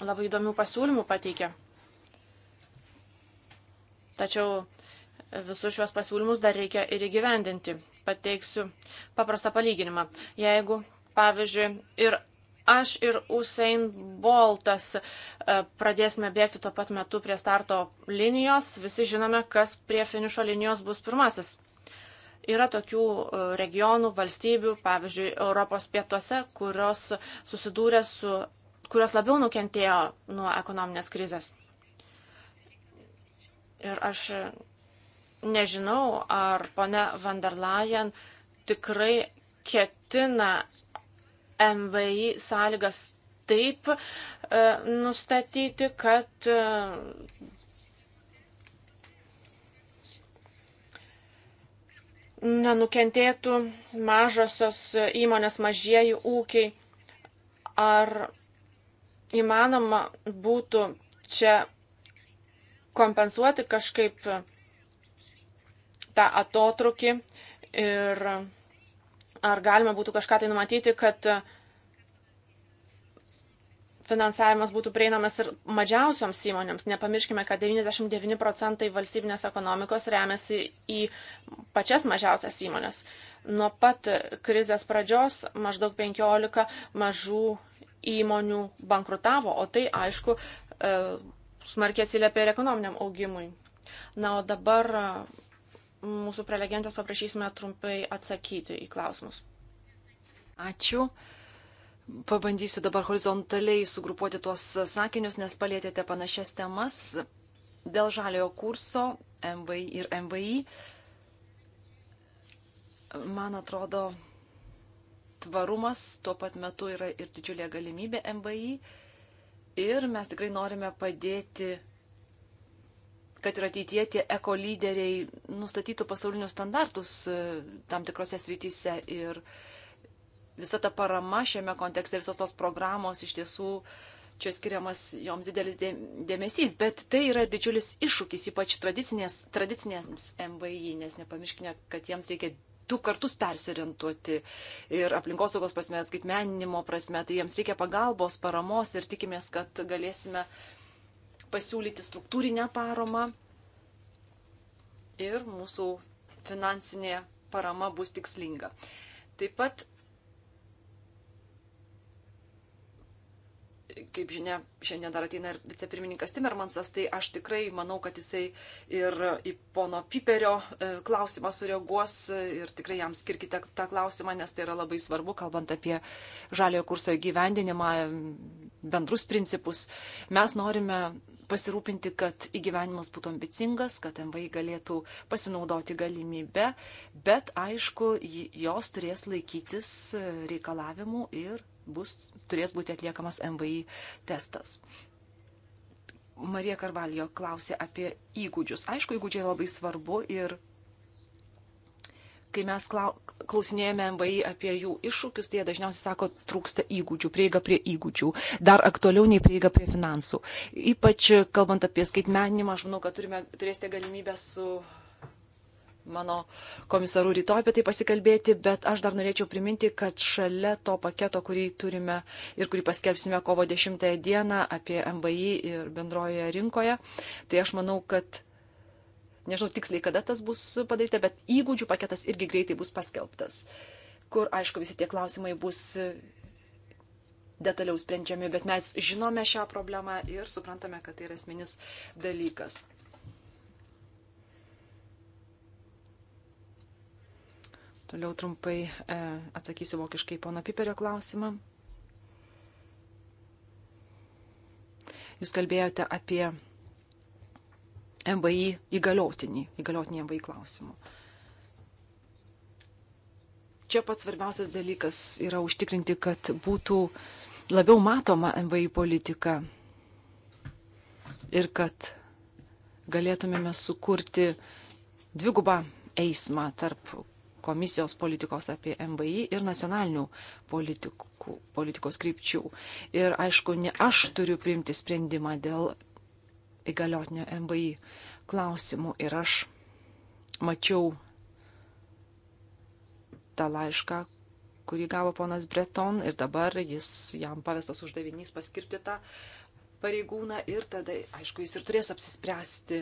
labai įdomių pasiūlymų pateikė. Tačiau visus šiuos pasiūlymus dar reikia ir įgyvendinti. Pateiksiu paprastą palyginimą. Jeigu, pavyzdžiui, ir aš ir Usain Boltas e, pradėsime bėgti tuo pat metu prie starto linijos, visi žinome, kas prie finišo linijos bus pirmasis. Yra tokių e, regionų, valstybių, pavyzdžiui, Europos pietuose, kurios susidūrė su, kurios labiau nukentėjo nuo ekonominės krizės. Ir aš Nežinau, ar ponia van der Leyen tikrai ketina MVI sąlygas taip e, nustatyti, kad e, nenukentėtų mažosios įmonės mažieji ūkiai. Ar įmanoma būtų čia kompensuoti kažkaip tą atotrukį ir ar galima būtų kažką tai numatyti, kad finansavimas būtų prieinamas ir mažiausioms įmonėms. Nepamirškime, kad 99 procentai valstybinės ekonomikos remiasi į pačias mažiausias įmonės. Nuo pat krizės pradžios maždaug 15 mažų įmonių bankrutavo, o tai aišku e, smarkiai atsiliepia ir ekonominiam augimui. Na, o dabar mūsų prelegentės paprašysime trumpai atsakyti į klausimus. Ačiū. Pabandysiu dabar horizontaliai sugrupuoti tuos sakinius, nes palėtėte panašias temas dėl žaliojo kurso MVI ir MVI. Man atrodo, tvarumas tuo pat metu yra ir didžiulė galimybė MVI. Ir mes tikrai norime padėti kad ir ateitie tie eko lyderiai nustatytų pasaulinius standartus e, tam tikrose srityse. Ir visa ta parama šiame kontekste, visos tos programos iš tiesų čia skiriamas joms didelis dėmesys, bet tai yra didžiulis iššūkis, ypač tradicinės, tradicinėms MVI, nes nepamirškime, kad jiems reikia du kartus persiorientuoti ir aplinkosaugos prasme, skaitmeninimo prasme, tai jiems reikia pagalbos, paramos ir tikimės, kad galėsime uh, pasiūlyti struktūrinę paramą ir mūsų finansinė parama bus tikslinga. Taip pat, kaip žinia, šiandien dar ateina ir vicepirmininkas Timermansas, tai aš tikrai manau, kad jisai ir į pono Piperio e, klausimą sureaguos ir tikrai jam skirkite tą klausimą, nes tai yra labai svarbu, kalbant apie žaliojo kurso įgyvendinimą, bendrus principus. Mes norime pasirūpinti, kad įgyvenimas būtų ambicingas, kad MVI galėtų pasinaudoti galimybę, bet aišku, jos turės laikytis reikalavimų ir bus, turės būti atliekamas MVI testas. Marija Karvalijo klausė apie įgūdžius. Aišku, įgūdžiai labai svarbu ir kai mes klausinėjame MVI apie jų iššūkius, tai jie dažniausiai sako, trūksta įgūdžių, prieiga prie įgūdžių, dar aktualiau nei prieiga prie finansų. Ypač kalbant apie skaitmeninimą, aš manau, kad turime, turėsite galimybę su mano komisaru rytoj apie tai pasikalbėti, bet aš dar norėčiau priminti, kad šalia to paketo, kurį turime ir kurį paskelbsime kovo 10 dieną apie MBI ir bendroje rinkoje, tai aš manau, kad Nežinau tiksliai, kada tas bus padaryta, bet įgūdžių paketas irgi greitai bus paskelbtas, kur, aišku, visi tie klausimai bus detaliau sprendžiami, bet mes žinome šią problemą ir suprantame, kad tai yra esminis dalykas. Toliau trumpai e, atsakysiu vokiškai pono Piperio klausimą. Jūs kalbėjote apie MVI įgaliotinį, įgaliotinį MVI klausimų. Čia pats svarbiausias dalykas yra užtikrinti, kad būtų labiau matoma MVI politika ir kad galėtumėme sukurti dvigubą eismą tarp komisijos politikos apie MVI ir nacionalinių politikų, politikos krypčių. Ir aišku, ne aš turiu priimti sprendimą dėl įgaliotinio MVI klausimų ir aš mačiau tą laišką, kurį gavo ponas Breton ir dabar jis jam pavestas uždavinys paskirti tą pareigūną ir tada, aišku, jis ir turės apsispręsti,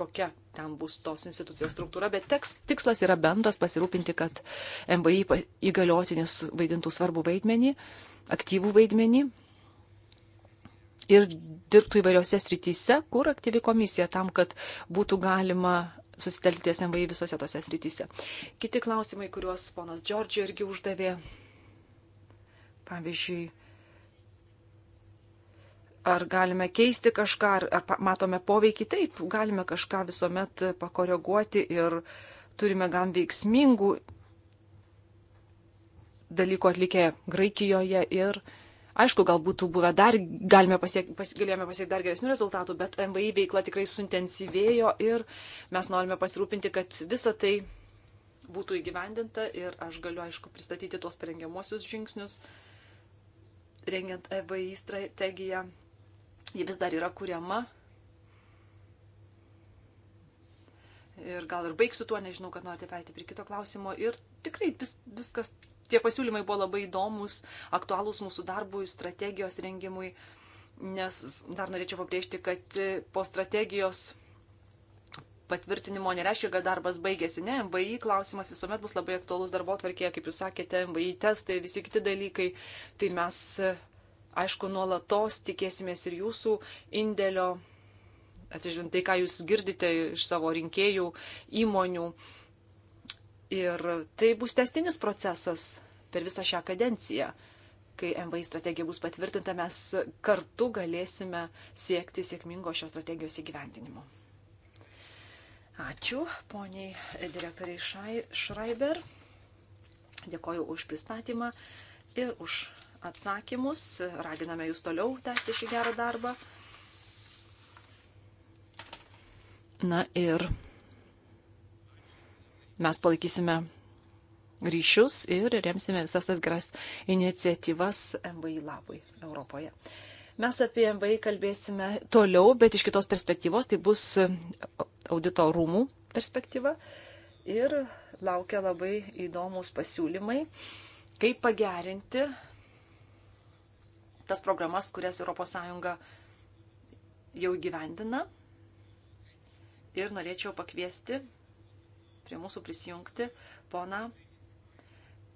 kokia ten bus tos institucijos struktūra, bet teks, tikslas yra bendras - pasirūpinti, kad MBI įgaliotinis vaidintų svarbų vaidmenį, aktyvų vaidmenį ir dirbtų įvairiose srityse, kur aktyvi komisija tam, kad būtų galima susitelkti SMVI visose tose srityse. Kiti klausimai, kuriuos ponas Džordžio irgi uždavė, pavyzdžiui, ar galime keisti kažką, ar, ar matome poveikį, taip, galime kažką visuomet pakoreguoti ir turime gan veiksmingų dalykų atlikę Graikijoje ir Aišku, gal būtų buvę dar, galime pasiek, pas, galėjome pasiekti dar geresnių rezultatų, bet MVI veikla tikrai suintensyvėjo ir mes norime pasirūpinti, kad visa tai būtų įgyvendinta ir aš galiu, aišku, pristatyti tuos parengiamuosius žingsnius, rengiant MVI strategiją. Ji vis dar yra kuriama. Ir gal ir baigsiu tuo, nežinau, kad norite perėti prie kito klausimo. Ir tikrai vis, viskas tie pasiūlymai buvo labai įdomus, aktualūs mūsų darbui, strategijos rengimui, nes dar norėčiau pabrėžti, kad e, po strategijos patvirtinimo nereiškia, kad darbas baigėsi. Ne, MVI klausimas visuomet bus labai aktuolus darbo atvarkėje, kaip jūs sakėte, MVI testai, visi kiti dalykai. Tai mes, e, aišku, nuolatos tikėsimės ir jūsų indėlio, atsižvelgiant tai, ką jūs girdite iš savo rinkėjų, įmonių. Ir tai bus testinis procesas per visą šią kadenciją. Kai MVI strategija bus patvirtinta, mes kartu galėsime siekti sėkmingo šios strategijos įgyvendinimo. Ačiū, poniai direktoriai Šai, Šraiber. Dėkoju už pristatymą ir už atsakymus. Raginame jūs toliau tęsti šį gerą darbą. Na ir Mes palaikysime ryšius ir remsime visas tas geras iniciatyvas MVI labui Europoje. Mes apie MVI kalbėsime toliau, bet iš kitos perspektyvos tai bus audito rūmų perspektyva ir laukia labai įdomus pasiūlymai, kaip pagerinti tas programas, kurias ES jau gyvendina. Ir norėčiau pakviesti prie mūsų prisijungti pona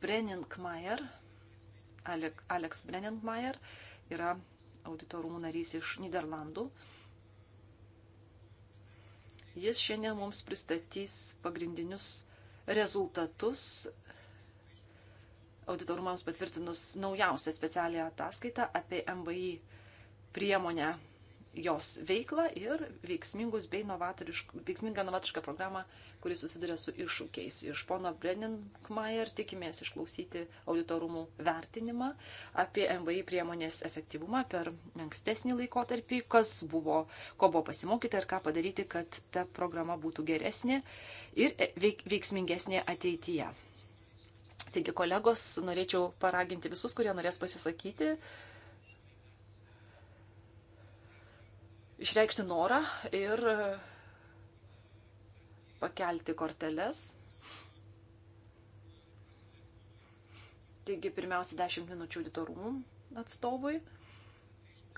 Breninkmeier. Alex Breninkmeier yra auditorumų narys iš Niderlandų. Jis šiandien mums pristatys pagrindinius rezultatus auditorumams patvirtinus naujausią specialią ataskaitą apie MVI priemonę jos veiklą ir veiksmingus bei veiksmingą novatorišką programą, kuris susiduria su iššūkiais. Iš pono Breninmajer tikimės išklausyti auditorumų vertinimą apie MVI priemonės efektyvumą per ankstesnį laikotarpį, kas buvo, ko buvo pasimokyta ir ką padaryti, kad ta programa būtų geresnė ir e, veiksmingesnė ateityje. Taigi, kolegos, norėčiau paraginti visus, kurie norės pasisakyti, išreikšti norą ir e, pakelti korteles. Taigi pirmiausia 10 minučių auditorų atstovui,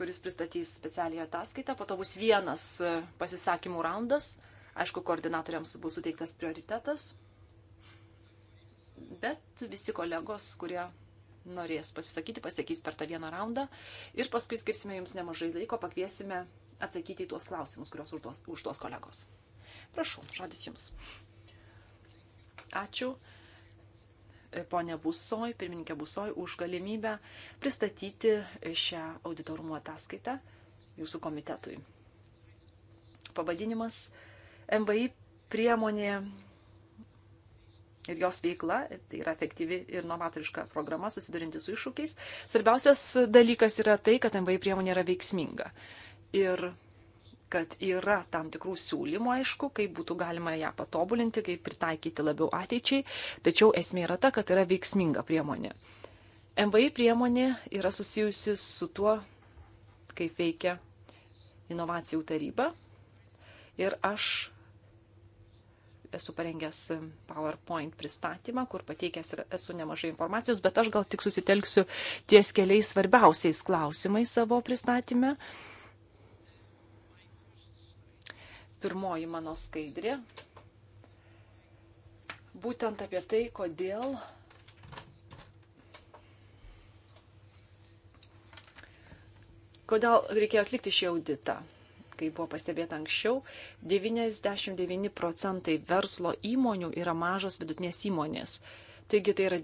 kuris pristatys specialiai ataskaitą, po to bus vienas e, pasisakymų raundas. Aišku, koordinatoriams bus suteiktas prioritetas, bet visi kolegos, kurie norės pasisakyti, pasakys per tą vieną raundą ir paskui skirsime jums nemažai laiko, pakviesime atsakyti į tuos klausimus, kuriuos užduos, užduos kolegos. Prašau, žodis jums. Ačiū e, ponė Busoj, pirmininkė Busoj, už galimybę pristatyti šią auditorumo ataskaitą jūsų komitetui. Pavadinimas MVI priemonė ir jos veikla, tai yra efektyvi ir novatoriška programa susidurinti su iššūkiais. Svarbiausias dalykas yra tai, kad MVI priemonė yra veiksminga. Uh, ir kad yra tam tikrų siūlymų, aišku, kaip būtų galima ją patobulinti, kaip pritaikyti labiau ateičiai, tačiau esmė yra ta, kad yra veiksminga priemonė. MVI priemonė yra susijusi su tuo, kaip veikia inovacijų taryba ir aš esu parengęs PowerPoint pristatymą, kur pateikęs esu nemažai informacijos, bet aš gal tik susitelksiu ties keliais svarbiausiais klausimais savo pristatymę. Uh, pirmoji mano skaidrė. Būtent apie tai, kodėl kodėl reikėjo atlikti šį auditą. Kaip buvo pastebėta anksčiau, 99 procentai verslo įmonių yra mažos vidutinės įmonės. Taigi tai yra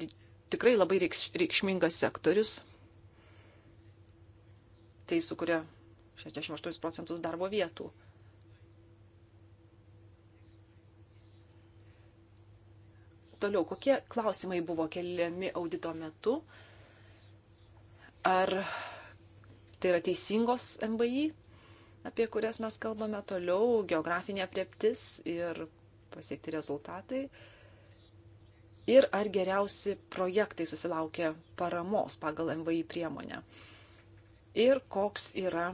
tikrai labai reikšmingas sektorius. Tai sukuria 68 procentus darbo vietų. Toliau, kokie klausimai buvo keliami audito metu? Ar tai yra teisingos MBI, apie kurias mes kalbame toliau, geografinė prieptis ir pasiekti rezultatai? Ir ar geriausi projektai susilaukia paramos pagal MVI priemonę? Ir koks yra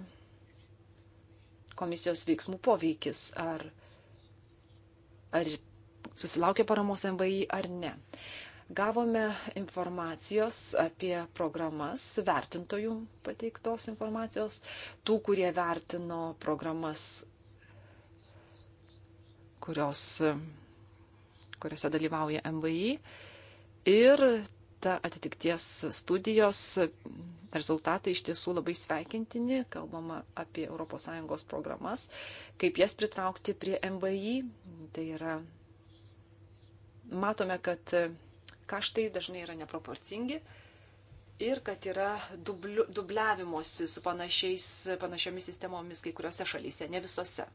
komisijos veiksmų poveikis? Ar ar susilaukė paramos MVI ar ne. Gavome informacijos apie programas, vertintojų pateiktos informacijos, tų, kurie vertino programas, kurios, kuriuose dalyvauja MVI. Ir ta atitikties studijos rezultatai iš tiesų labai sveikintini, kalbama apie ES programas, kaip jas pritraukti prie MVI, tai yra matome, kad e, kaštai dažnai yra neproporcingi ir kad yra dubliu, dubliavimosi su panašiomis sistemomis kai kuriuose šalyse, ne visose.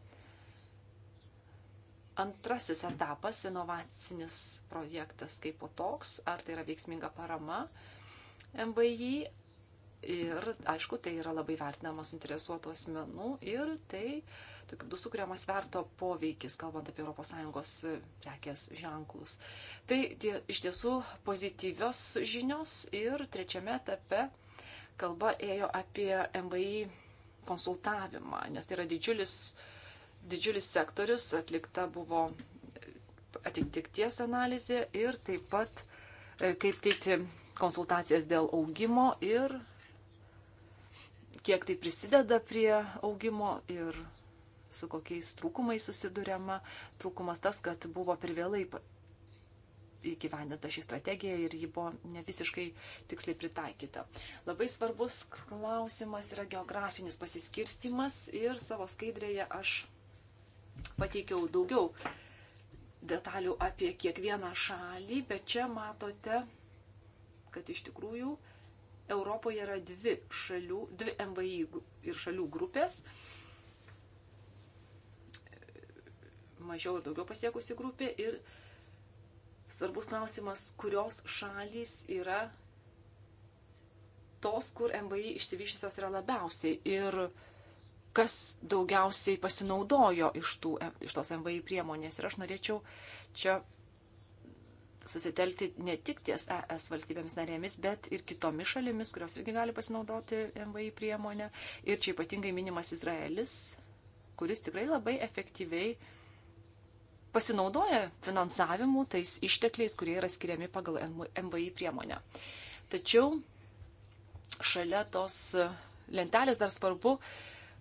Antrasis etapas - inovacinis projektas kaip po toks, ar tai yra veiksminga parama MVI, Ir, aišku, tai yra labai vertinama suinteresuotų asmenų ir tai bus sukuriamas sverto poveikis, kalbant apie ES e, prekės ženklus. Tai tie, iš tiesų pozityvios žinios ir trečiame etape kalba ėjo apie MVI konsultavimą, nes tai yra didžiulis, didžiulis sektorius, atlikta buvo e, atitikties analizė ir taip pat e, kaip teikti konsultacijas dėl augimo ir kiek tai prisideda prie augimo ir su kokiais trūkumais susidurėma. Trūkumas tas, kad buvo per vėlai įgyvendinta ši strategija ir ji buvo ne visiškai tiksliai pritaikyta. Labai svarbus klausimas yra geografinis pasiskirstimas ir savo skaidrėje aš pateikiau daugiau detalių apie kiekvieną šalį, bet čia matote, kad iš tikrųjų Europoje yra dvi, šalių, dvi MVI ir šalių grupės. Uh, mažiau ir daugiau pasiekusi grupė. Ir svarbus klausimas, kurios šalys yra tos, kur MVI išsivyšusios yra labiausiai ir kas daugiausiai pasinaudojo iš, tų, iš tos MVI priemonės. Ir aš norėčiau čia susitelti ne tik ties ES valstybėmis narėmis, bet ir kitomis šalimis, kurios irgi gali pasinaudoti MVI priemonę. Ir čia ypatingai minimas Izraelis, kuris tikrai labai efektyviai uh, pasinaudoja finansavimu, tais ištekliais, kurie yra skiriami pagal MVI priemonę. Tačiau šalia tos lentelės dar svarbu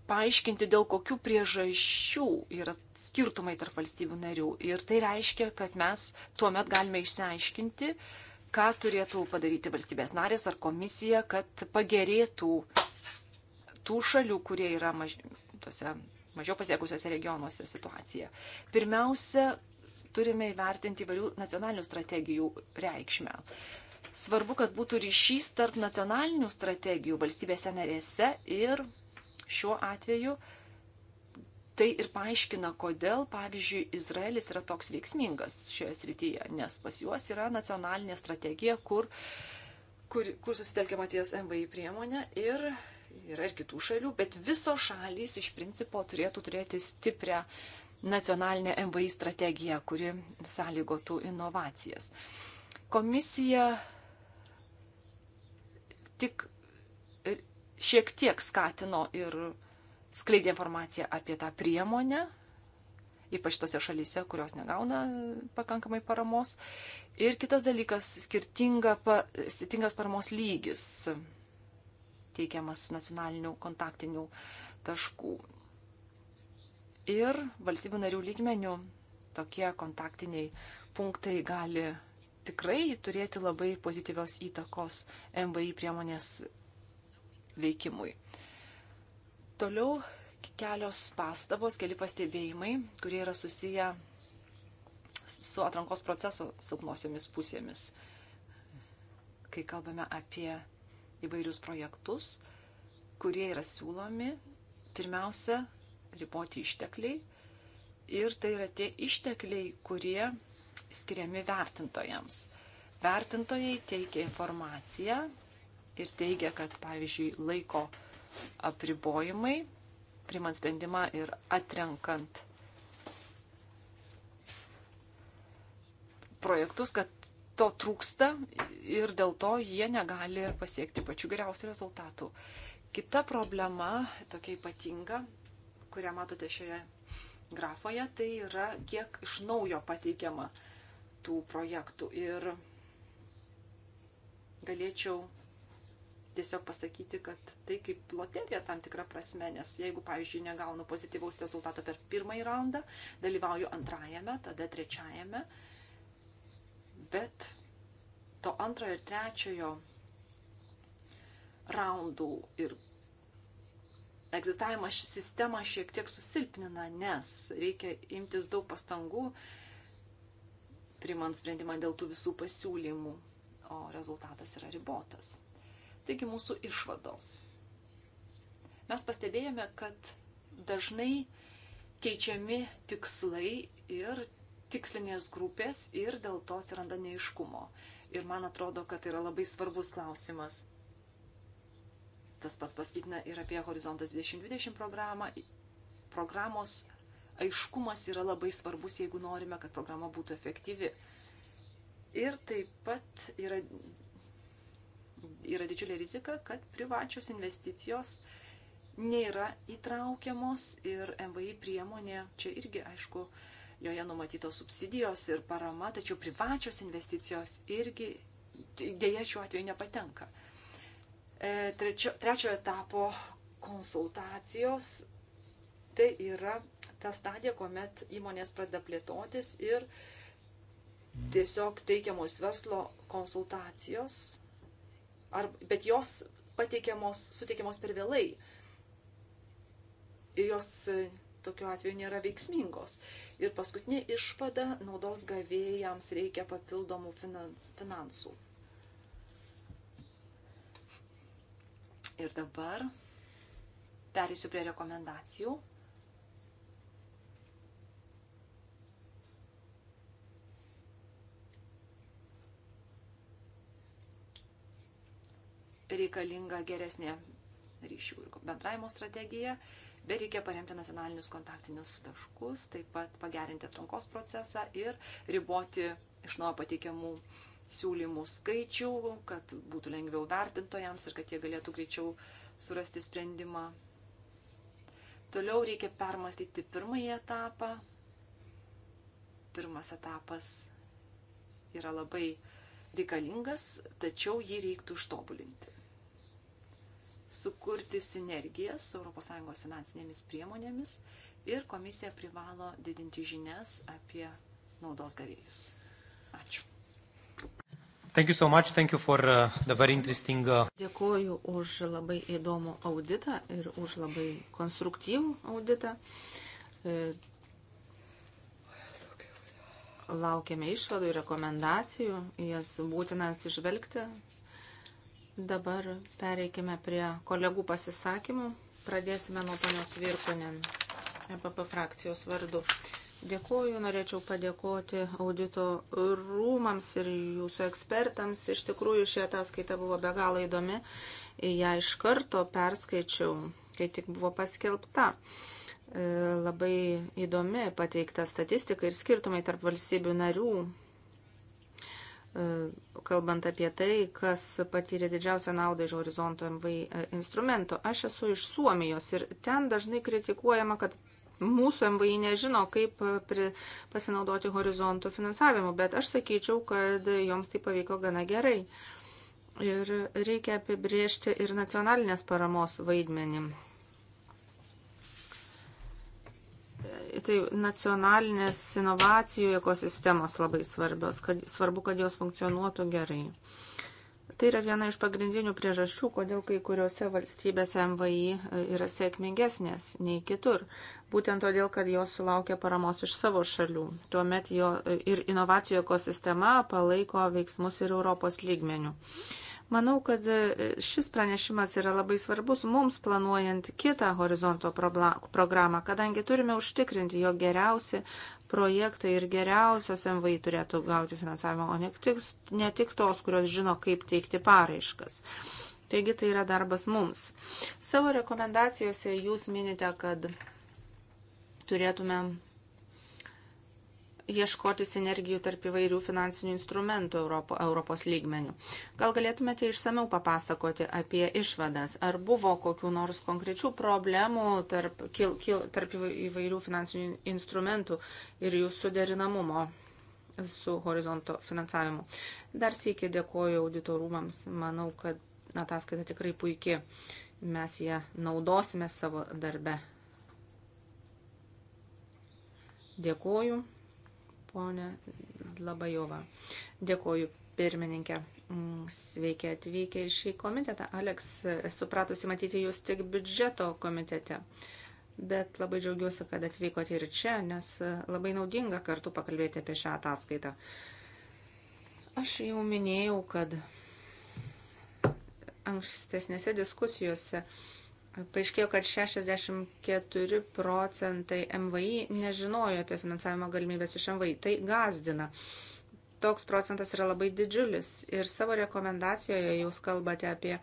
paaiškinti, dėl kokių priežasčių yra skirtumai tarp valstybių narių. Ir tai reiškia, kad mes tuomet galime išsiaiškinti, ką turėtų padaryti valstybės narės ar komisija, kad pagerėtų tų šalių, kurie yra maž... tose mažiau pasiekusiuose regionuose situaciją. Pirmiausia, turime įvertinti įvairių nacionalinių strategijų reikšmę. Svarbu, kad būtų ryšys tarp nacionalinių strategijų valstybėse narėse ir šiuo atveju tai ir paaiškina, kodėl, pavyzdžiui, Izraelis yra toks veiksmingas šioje srityje, nes pas juos yra nacionalinė strategija, kur, kur, kur susitelkiama ties MVI priemonė ir yra ir kitų šalių, bet visos šalys iš principo turėtų turėti stiprią nacionalinę MVI strategiją, kuri sąlygotų inovacijas. Komisija tik e, šiek tiek skatino ir skleidė informaciją apie tą priemonę, ypač tose šalyse, kurios negauna pakankamai paramos. Ir kitas dalykas - skirtinga, skirtingas paramos lygis teikiamas nacionalinių kontaktinių taškų. Ir valstybių narių lygmenių tokie kontaktiniai punktai gali tikrai turėti labai pozityvios įtakos MVI priemonės veikimui. Toliau kelios pastabos, keli pastebėjimai, kurie yra susiję su atrankos proceso silpnosiomis pusėmis, kai kalbame apie įvairius projektus, kurie yra siūlomi. Pirmiausia, riboti ištekliai. Ir tai yra tie ištekliai, kurie skiriami vertintojams. Vertintojai teikia informaciją ir teigia, kad, pavyzdžiui, laiko apribojimai, primant sprendimą ir atrenkant projektus, kad to trūksta ir dėl to jie negali pasiekti pačių geriausių rezultatų. Kita problema, tokia ypatinga, kurią matote šioje grafoje, tai yra kiek iš naujo pateikiama tų projektų. Ir galėčiau tiesiog pasakyti, kad tai kaip loterija tam tikrą prasme, nes jeigu, pavyzdžiui, negaunu pozityvaus rezultato per pirmąjį raundą, dalyvauju antrajame, tada trečiajame, uh, bet to antrojo ir trečiojo raundų ir egzistavimą sistemą šiek tiek susilpnina, nes reikia imtis daug pastangų, primant sprendimą dėl tų visų pasiūlymų, o rezultatas yra ribotas. Taigi mūsų išvados. Mes pastebėjome, kad dažnai keičiami tikslai ir tikslinės grupės ir dėl to atsiranda neiškumo. Ir man atrodo, kad tai yra labai svarbus klausimas. Tas pats pasakytina ir apie Horizontas 2020 programą. Programos aiškumas yra labai svarbus, jeigu norime, kad programa būtų efektyvi. Ir taip pat yra, yra didžiulė rizika, kad privačios investicijos nėra įtraukiamos ir MVI priemonė čia irgi, aišku, uh, joje numatytos subsidijos ir parama, tačiau privačios investicijos irgi dėja šiuo atveju nepatenka. E, trečio, trečiojo etapo konsultacijos tai yra ta stadija, kuomet įmonės pradeda plėtotis ir tiesiog teikiamos verslo konsultacijos, ar, bet jos pateikiamos, suteikiamos per vėlai ir jos tokiu atveju nėra veiksmingos. Ir paskutinė išvada - naudos gavėjams reikia papildomų finans, finansų. Ir dabar perėsiu prie rekomendacijų. Reikalinga geresnė ryšių ir bendravimo strategija bet reikia paremti nacionalinius kontaktinius taškus, taip pat pagerinti atrankos procesą ir riboti iš naujo pateikiamų siūlymų skaičių, kad būtų lengviau vertintojams ir kad jie galėtų greičiau surasti sprendimą. Toliau reikia permastyti pirmąjį etapą. Pirmas etapas yra labai reikalingas, tačiau jį reiktų ištobulinti sukurti sinergiją su ES finansinėmis priemonėmis ir komisija privalo didinti žinias apie naudos gavėjus. Ačiū. Thank you so much. Thank you for uh, the very interesting. Uh... Dėkuoju už labai įdomų auditą ir už labai konstruktyvų auditą. E, laukiame išvadų ir rekomendacijų, jas būtina atsižvelgti Dabar pereikime prie kolegų pasisakymų. Pradėsime nuo ponios Virkonen, EPP frakcijos vardu. Dėkuoju, norėčiau padėkoti audito rūmams ir jūsų ekspertams. Iš tikrųjų, ši ataskaita buvo be galo įdomi. Ja iš karto perskaičiau, kai tik buvo paskelbta e, labai įdomi pateikta statistika ir skirtumai tarp valstybių narių E, kalbant apie tai, kas patyrė didžiausią naudą iš horizonto MVI e, instrumento. Aš esu iš Suomijos ir ten dažnai kritikuojama, kad mūsų MVI nežino, kaip e, pasinaudoti horizontų finansavimu, bet aš sakyčiau, kad joms tai pavyko gana gerai. Ir reikia apibriežti ir nacionalinės paramos vaidmenį. tai nacionalinės inovacijų ekosistemos labai svarbios, kad, svarbu, kad jos funkcionuotų gerai. Tai yra viena iš pagrindinių priežasčių, kodėl kai kuriuose valstybėse MVI e, yra sėkmingesnės nei kitur. Būtent todėl, kad jos sulaukia paramos iš savo šalių. Tuomet jo e, ir inovacijų ekosistema palaiko veiksmus ir Europos lygmenių. Uh, Manau, kad e, šis pranešimas yra labai svarbus mums planuojant kitą horizonto programą, kadangi turime užtikrinti, jog geriausi projektai ir geriausios MVI turėtų gauti finansavimą, o ne tik, ne tik tos, kurios žino, kaip teikti paraiškas. Taigi tai yra darbas mums. Savo rekomendacijose jūs minite, kad turėtume ieškoti sinergijų tarp įvairių finansinių instrumentų Europo, Europos lygmenių. Gal galėtumėte išsameu papasakoti apie išvadas? Ar buvo kokių nors konkrečių problemų tarp, kil, kil, tarp įvairių finansinių instrumentų ir jų suderinamumo su horizonto finansavimu? Dar sėkiai dėkoju auditorumams. Manau, kad ataskaita tikrai puikia. Mes ją naudosime savo darbe. Dėkoju ponė Labajova. Dėkoju, pirmininkė. Mm, sveiki atvykę į šį komitetą. Aleks, supratusi matyti jūs tik biudžeto komitete, bet labai džiaugiuosi, kad atvykote ir čia, nes e, labai naudinga kartu pakalbėti apie šią ataskaitą. Aš jau minėjau, kad ankstesnėse diskusijose uh, Paaiškėjo, kad 64 procentai MVI nežinojo apie finansavimo galimybės iš MVI. Tai gazdina. Toks procentas yra labai didžiulis ir savo rekomendacijoje jūs kalbate apie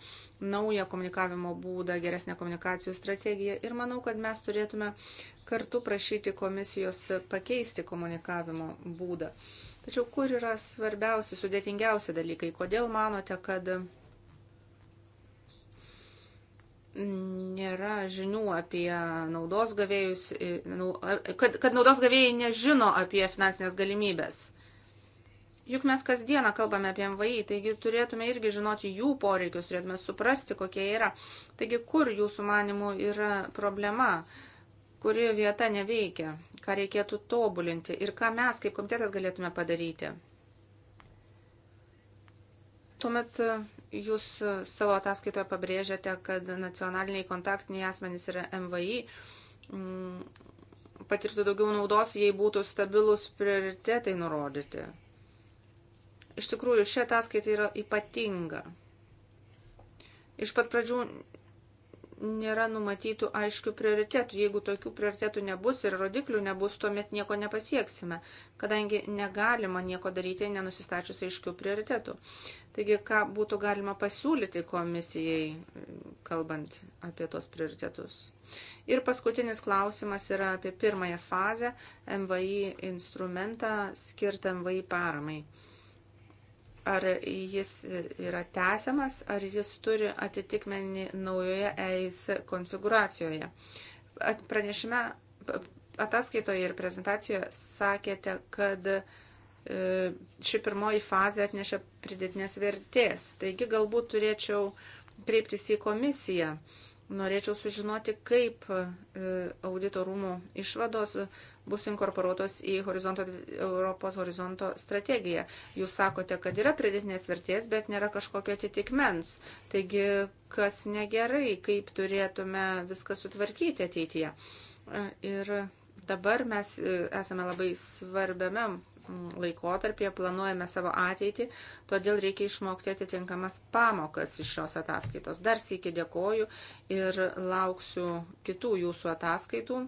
naują komunikavimo būdą, geresnę komunikacijų strategiją ir manau, kad mes turėtume kartu prašyti komisijos pakeisti komunikavimo būdą. Tačiau kur yra svarbiausi, sudėtingiausi dalykai? Kodėl manote, kad nėra žinių apie naudos gavėjus, e, kad, kad naudos gavėjai nežino apie finansinės galimybės. Juk mes kasdieną kalbame apie MVI, taigi turėtume irgi žinoti jų poreikius, turėtume suprasti, kokie yra. Taigi, kur jūsų manimų yra problema, kuri vieta neveikia, ką reikėtų tobulinti ir ką mes kaip komitetas galėtume padaryti. Tuomet Jūs e, savo ataskaitoje pabrėžiate, kad nacionaliniai kontaktiniai asmenys yra MVI mm, patirtų daugiau naudos, jei būtų stabilus prioritetai nurodyti. Iš tikrųjų, ši ataskaita yra ypatinga. Iš pat pradžių nėra numatytų aiškių prioritetų. Jeigu tokių prioritetų nebus ir rodiklių nebus, tuomet nieko nepasieksime, kadangi negalima nieko daryti nenusistačius aiškių prioritetų. Taigi, ką būtų galima pasiūlyti komisijai, kalbant apie tos prioritetus. Ir paskutinis klausimas yra apie pirmąją fazę MVI instrumentą skirtą MVI paramai ar jis yra tęsiamas, ar jis turi atitikmenį naujoje EIS konfiguracijoje. Pranešime ataskaitoje ir prezentacijoje sakėte, kad e, ši pirmoji fazė atnešė pridėtinės vertės. Taigi galbūt turėčiau kreiptis į komisiją. Norėčiau sužinoti, kaip e, audito rūmų išvados bus inkorporuotos į horizonto, Europos horizonto strategiją. Jūs sakote, kad yra pridėtinės vertės, bet nėra kažkokio atitikmens. Taigi, kas negerai, kaip turėtume viską sutvarkyti ateityje. Ir dabar mes e, esame labai svarbiame laikotarpyje, planuojame savo ateitį, todėl reikia išmokti atitinkamas pamokas iš šios ataskaitos. Dar sėki dėkoju ir lauksiu kitų jūsų ataskaitų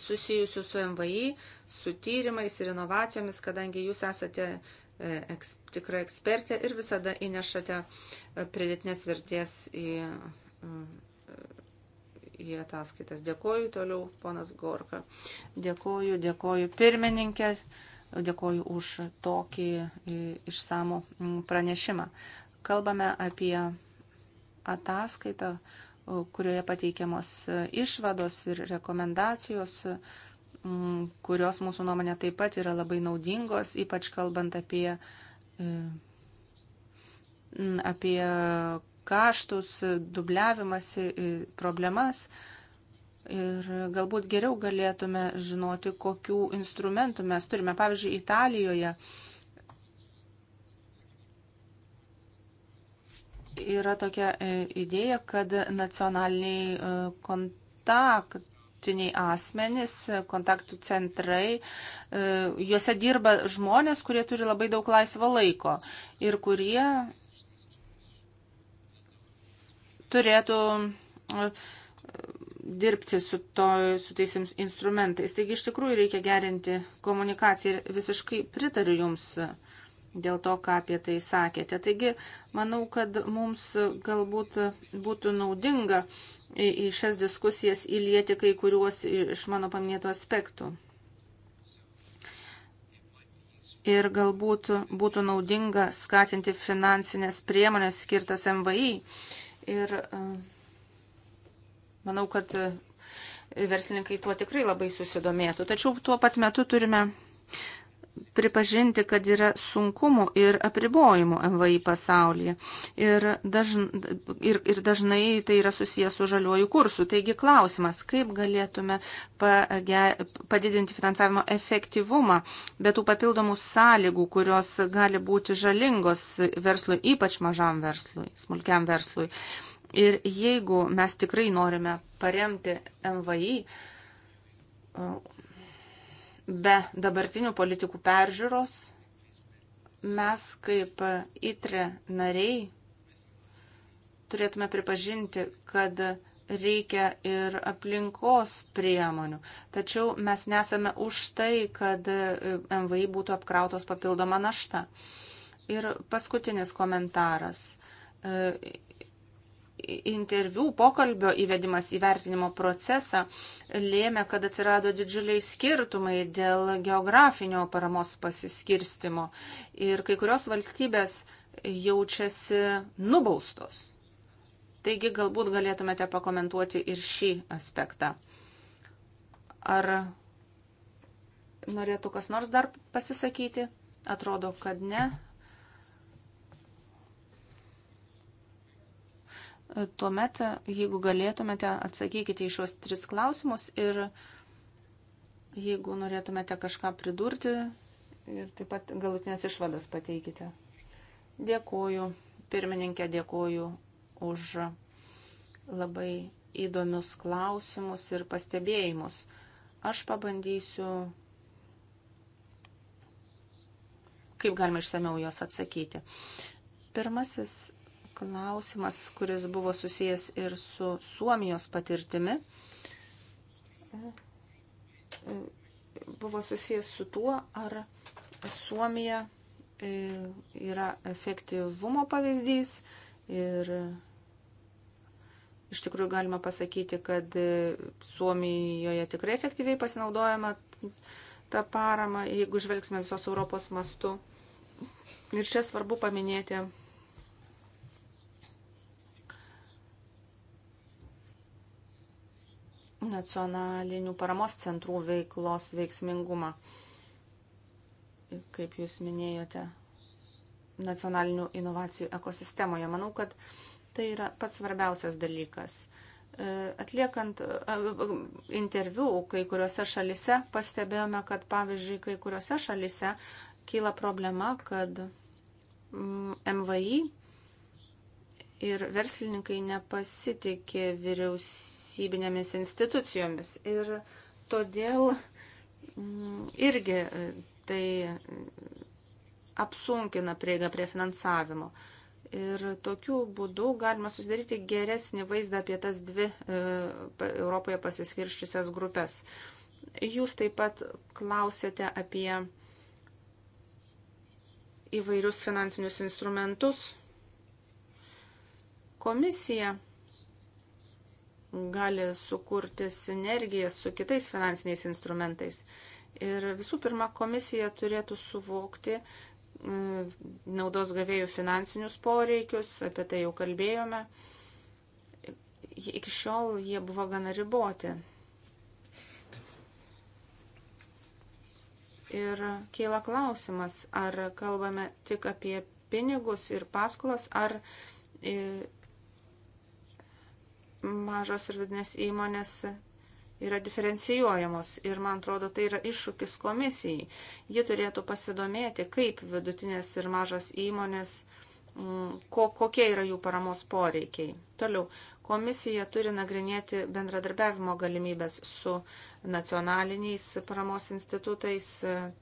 susijusių su MVI, su tyrimais ir inovacijomis, kadangi jūs esate e, eks, tikra ekspertė ir visada įnešate e, pridėtinės vertės į, e, į ataskaitas. Dėkoju toliau, ponas Gorka. Dėkoju, dėkoju pirmininkė, dėkoju už tokį išsamų pranešimą. Kalbame apie ataskaitą, kurioje pateikiamos e, išvados ir rekomendacijos, kurios mūsų nuomonė taip pat yra labai naudingos, ypač kalbant apie, e, apie kaštus, dubliavimąsi, e, problemas. Ir galbūt geriau galėtume žinoti, kokių instrumentų mes turime. Pavyzdžiui, Italijoje yra tokia e, idėja, kad nacionaliniai e, kontaktiniai asmenys, e, kontaktų centrai, juose dirba žmonės, kurie turi labai daug laisvo laiko ir kurie turėtų dirbti su, to, su tais instrumentais. Taigi iš tikrųjų reikia gerinti komunikaciją ir visiškai pritariu Jums. Uh, dėl to, ką apie tai sakėte. Taigi, manau, kad mums galbūt būtų naudinga į šias diskusijas įlieti kai kuriuos iš mano paminėtų aspektų. Ir galbūt būtų naudinga skatinti finansinės priemonės skirtas MVI. Ir e, manau, kad e, verslininkai tuo tikrai labai susidomėtų. Tačiau tuo pat metu turime pripažinti, kad yra sunkumų ir apribojimų MVI pasaulyje. Ir, dažn, ir, ir dažnai tai yra susijęs su žaliuoju kursu. Taigi klausimas, kaip galėtume pager, padidinti finansavimo efektyvumą be tų papildomų sąlygų, kurios gali būti žalingos verslui, ypač mažam verslui, smulkiam verslui. Ir jeigu mes tikrai norime paremti MVI, be dabartinių politikų peržiūros mes kaip ITRE nariai turėtume pripažinti, kad reikia ir aplinkos priemonių. Tačiau mes nesame už tai, kad MVI būtų apkrautos papildoma našta. Ir paskutinis komentaras interviu pokalbio įvedimas į vertinimo procesą lėmė, kad atsirado didžiuliai skirtumai dėl geografinio paramos pasiskirstimo ir kai kurios valstybės jaučiasi nubaustos. Taigi galbūt galėtumėte pakomentuoti ir šį aspektą. Ar norėtų kas nors dar pasisakyti? Atrodo, kad ne. Tuomet, jeigu galėtumėte, atsakykite į šios tris klausimus ir jeigu norėtumėte kažką pridurti ir taip pat galutinės išvadas pateikite. Dėkuoju, pirmininkė, dėkuoju už labai įdomius klausimus ir pastebėjimus. Aš pabandysiu, kaip galima išsameu juos atsakyti. Pirmasis klausimas, kuris buvo susijęs ir su Suomijos patirtimi, buvo susijęs su tuo, ar Suomija e, yra efektyvumo pavyzdys ir iš tikrųjų galima pasakyti, kad e, Suomijoje tikrai efektyviai pasinaudojama tą paramą, jeigu žvelgsime visos Europos mastu. Ir čia svarbu paminėti nacionalinių paramos centrų veiklos veiksmingumą. Kaip jūs minėjote, nacionalinių inovacijų ekosistemoje. Manau, kad tai yra pats svarbiausias dalykas. E, atliekant e, interviu kai kuriuose šalise, pastebėjome, kad pavyzdžiui, kai kuriuose šalise kyla problema, kad MVI mm, ir verslininkai nepasitikė vyriausybinėmis institucijomis. Ir todėl mm, irgi e, tai apsunkina prieigą prie finansavimo. Ir tokiu būdu galima susidaryti geresnį vaizdą apie tas dvi e, Europoje pasiskirščiusias grupės. Jūs taip pat klausėte apie įvairius finansinius instrumentus, Komisija gali sukurti sinergiją su kitais finansiniais instrumentais. Ir visų pirma, komisija turėtų suvokti e, naudos gavėjų finansinius poreikius, apie tai jau kalbėjome. Iki šiol jie buvo gana riboti. Ir keila klausimas, ar kalbame tik apie pinigus ir paskolas, ar e, mažos ir vidinės įmonės yra diferencijuojamos ir man atrodo tai yra iššūkis komisijai. Ji turėtų pasidomėti, kaip vidutinės ir mažos įmonės, mm, ko, kokie yra jų paramos poreikiai. Toliau, Komisija turi nagrinėti bendradarbiavimo galimybės su nacionaliniais paramos institutais.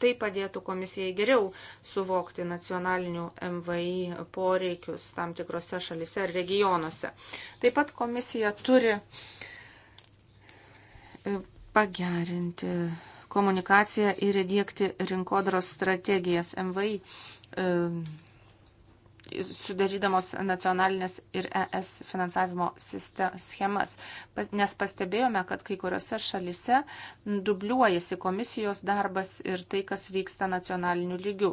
Tai padėtų komisijai geriau suvokti nacionalinių MVI poreikius tam tikrose šalise ar regionuose. Taip pat komisija turi e, pagerinti komunikaciją ir įdėkti rinkodaros strategijas MVI e, sudarydamos nacionalinės ir ES finansavimo schemas, nes pastebėjome, kad kai kuriuose šalise dubliuojasi komisijos darbas ir tai, kas vyksta nacionaliniu lygiu.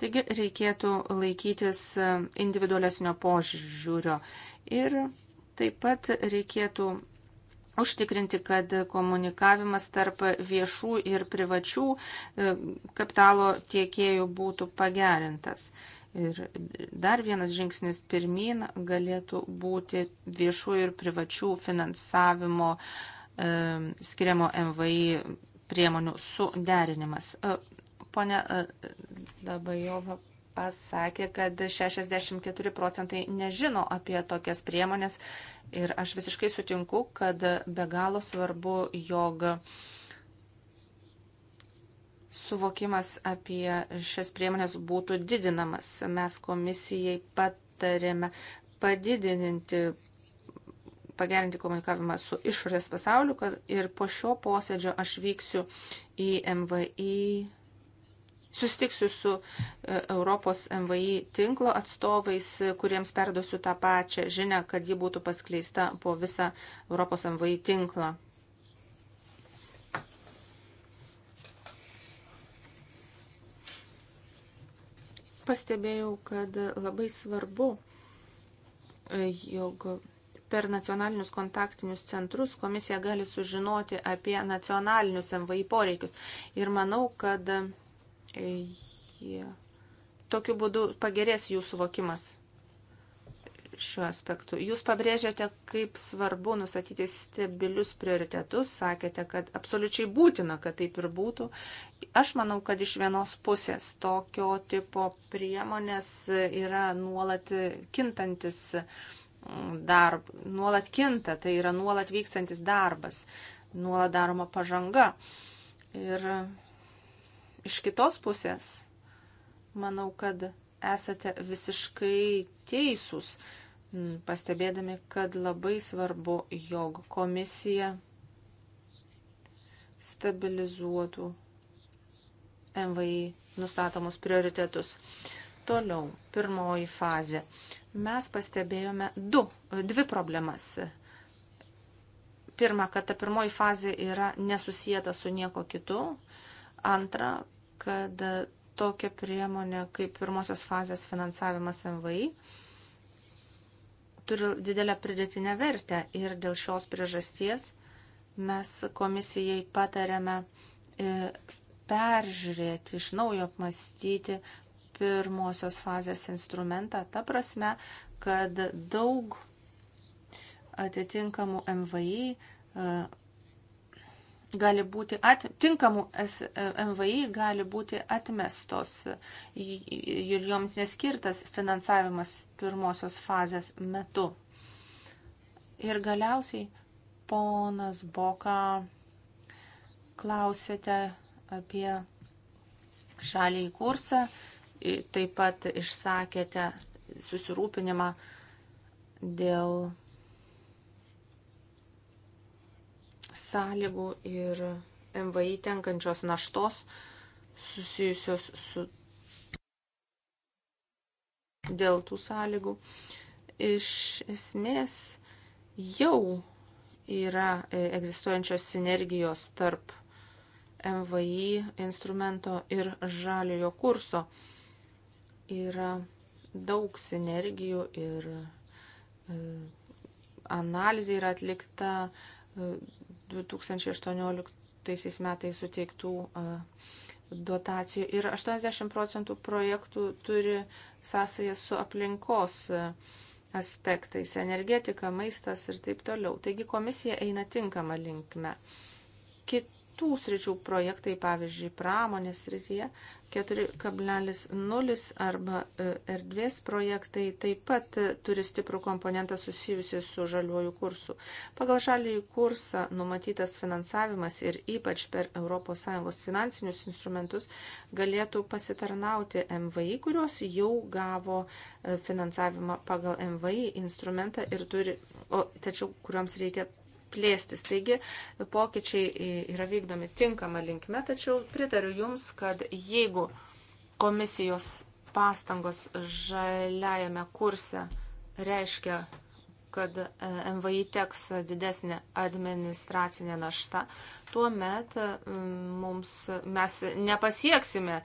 Taigi reikėtų laikytis individualesnio požiūrio ir taip pat reikėtų užtikrinti, kad komunikavimas tarp viešų ir privačių e, kapitalo tiekėjų būtų pagerintas. Ir dar vienas žingsnis pirmin galėtų būti viešų ir privačių finansavimo e, skiriamo MVI priemonių suderinimas. E, Pone Dabajova pasakė, kad 64 procentai nežino apie tokias priemonės ir aš visiškai sutinku, kad be galo svarbu, jog suvokimas apie šias priemonės būtų didinamas. Mes komisijai patarėme padidinti, pagerinti komunikavimą su išorės pasauliu kad ir po šio posėdžio aš vyksiu į MVI. Sustiksiu su e, Europos MVI tinklo atstovais, kuriems perduosiu tą pačią žinę, kad ji būtų paskleista po visą Europos MVI tinklą. pastebėjau, kad labai svarbu, e, jog per nacionalinius kontaktinius centrus komisija gali sužinoti apie nacionalinius MVI poreikius. Ir manau, kad e, jie, tokiu būdu pagerės jų suvokimas šiuo aspektu. Jūs pabrėžėte, kaip svarbu nustatyti stabilius prioritetus, sakėte, kad absoliučiai būtina, kad taip ir būtų Aš manau, kad iš vienos pusės tokio tipo priemonės yra nuolat kintantis mm, darb, nuolat kinta, tai yra nuolat vykstantis darbas, nuolat daroma pažanga. Ir iš kitos pusės, manau, kad esate visiškai teisūs, mm, pastebėdami, kad labai svarbu, jog komisija stabilizuotų MVI nustatomus prioritetus. Toliau, pirmoji fazė. Mes pastebėjome du, dvi problemas. Pirma, kad ta pirmoji fazė yra nesusijęta su nieko kitu. Antra, kad tokia priemonė kaip pirmosios fazės finansavimas MVI turi didelę pridėtinę vertę ir dėl šios priežasties mes komisijai patarėme e, peržiūrėti, iš naujo apmastyti pirmosios fazės instrumentą, ta prasme, kad daug atitinkamų MVI e, gali būti, at, tinkamų e, MVI gali būti atmestos ir joms neskirtas finansavimas pirmosios fazės metu. Ir galiausiai ponas Boka klausėte apie šalį į kursą, taip pat išsakėte susirūpinimą dėl sąlygų ir MVI tenkančios naštos susijusios su dėl tų sąlygų. Iš esmės jau yra e, egzistuojančios sinergijos tarp MVI instrumento ir žaliojo kurso yra daug sinergijų ir e, analizė yra atlikta 2018 e, metais suteiktų e, dotacijų ir 80 procentų projektų turi sąsają su aplinkos aspektais - energetika, maistas ir taip toliau. Taigi komisija eina tinkama linkme. Kit, kitų sričių projektai, pavyzdžiui, pramonės srityje 4,0 arba e, erdvės projektai taip pat e, turi stiprų komponentą susijusi su žaliuoju kursu. Pagal žaliųjų kursą numatytas finansavimas ir ypač per ES finansinius instrumentus galėtų pasitarnauti MVI, kurios jau gavo e, finansavimą pagal MVI instrumentą ir turi, o, tačiau kuriuoms reikia plėstis. Taigi pokyčiai yra vykdomi tinkama linkme, tačiau pritariu Jums, kad jeigu komisijos pastangos žaliajame kurse reiškia, kad e, MVI teks didesnė administracinė našta, tuomet mums, mes nepasieksime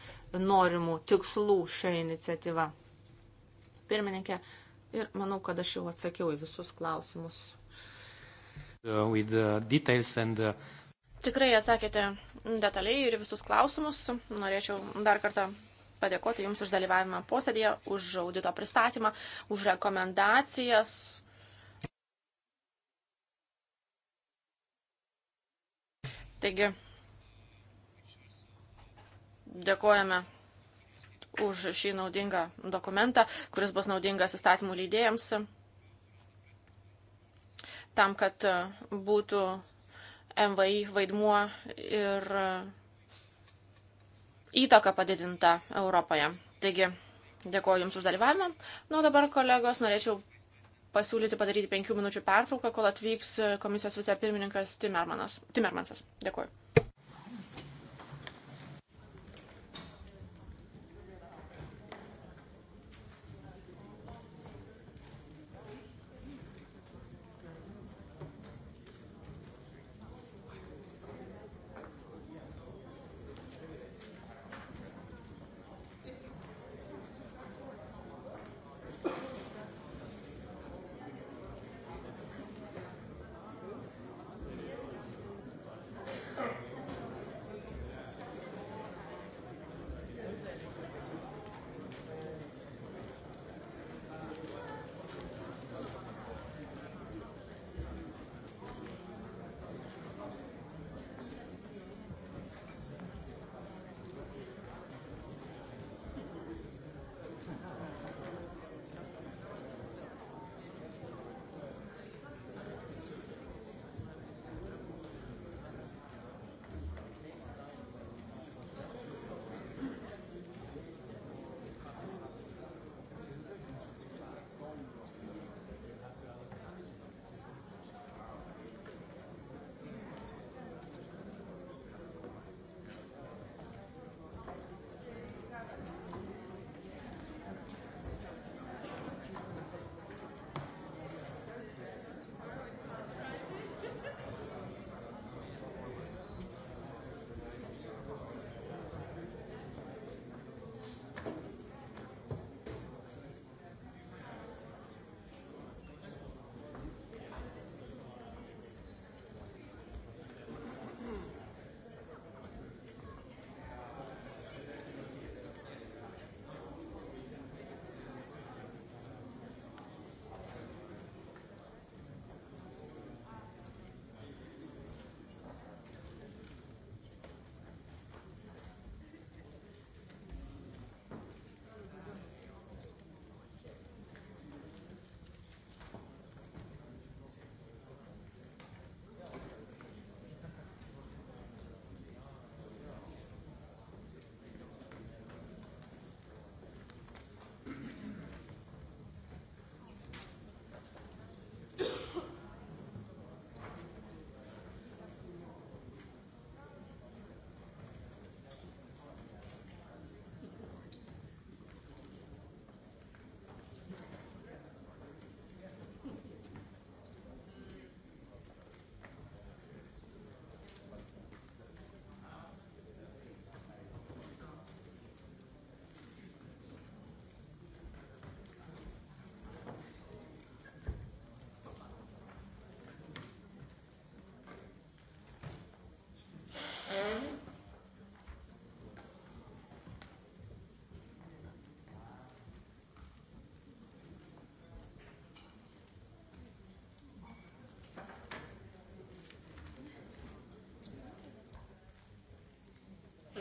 norimų tikslų šią iniciatyvą. Pirmininkė, ir manau, kad aš jau atsakiau į visus klausimus. Uh, uh, and, uh, Tikrai atsakėte detaliai ir visus klausimus. Norėčiau dar kartą padėkoti Jums už dalyvavimą posėdėje, už audito pristatymą, už rekomendacijas, Taigi, dėkojame už šį naudingą dokumentą, kuris bus naudingas įstatymų leidėjams tam, kad e, būtų MVI vaidmuo ir e, įtaka padidinta Europoje. Taigi, dėkoju Jums už dalyvavimą. Na, nu, dabar, kolegos, norėčiau pasiūlyti padaryti penkių minučių pertrauką, kol atvyks e, komisijos vicepirmininkas Timmermansas. Dėkoju.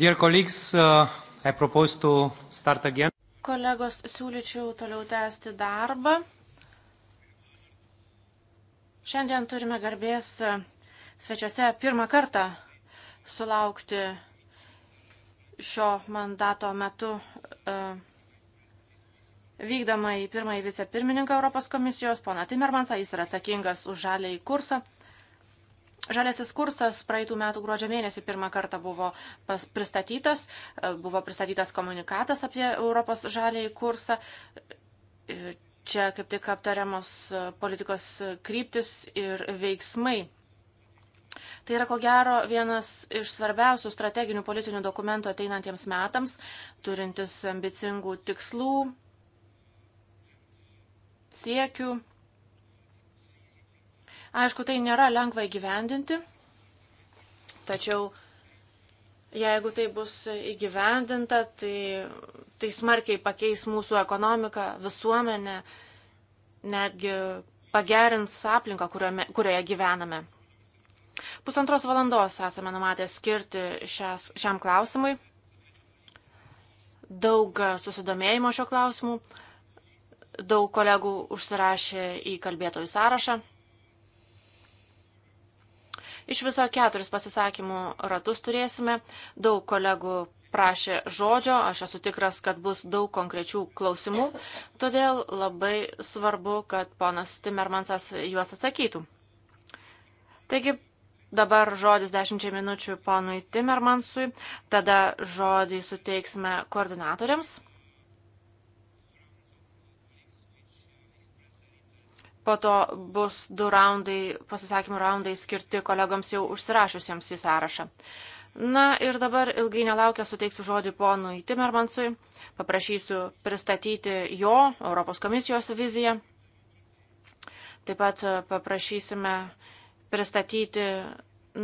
Dear colleagues, uh, I propose to start again. Kolegos, siūlyčiau toliau tęsti darbą. Šiandien turime garbės uh, svečiuose pirmą kartą sulaukti šio mandato metu uh, vykdamą į pirmąjį vicepirmininką Europos komisijos, poną Timermansą, jis yra atsakingas už žaliai kursą. Žalėsis kursas praeitų metų gruodžio mėnesį pirmą kartą buvo pristatytas, e, buvo pristatytas komunikatas apie Europos žalėjį kursą. E, čia kaip tik aptariamos e, politikos kryptis ir veiksmai. Tai yra ko gero vienas iš svarbiausių strateginių politinių dokumentų ateinantiems metams, turintis ambicingų tikslų, siekių Aišku, tai nėra lengva įgyvendinti, tačiau jeigu tai bus įgyvendinta, tai, tai smarkiai pakeis mūsų ekonomiką, visuomenę, netgi pagerins aplinką, kuriame, kurioje gyvename. Pusantros valandos esame numatę skirti šias, šiam klausimui. Daug susidomėjimo šio klausimu, daug kolegų užsirašė į kalbėtojų sąrašą. Iš viso keturis pasisakymų ratus turėsime. Daug kolegų prašė žodžio, aš esu tikras, kad bus daug konkrečių klausimų, todėl labai svarbu, kad ponas Timermansas juos atsakytų. Taigi dabar žodis 10 minučių ponui Timermansui, tada žodį suteiksime koordinatoriams. Po to bus du raundai, pasisakymų raundai skirti kolegams jau užsirašiusiems į sąrašą. Na ir dabar ilgai nelaukia suteiksiu žodį ponui Timermansui, paprašysiu pristatyti jo Europos komisijos viziją. Taip pat paprašysime pristatyti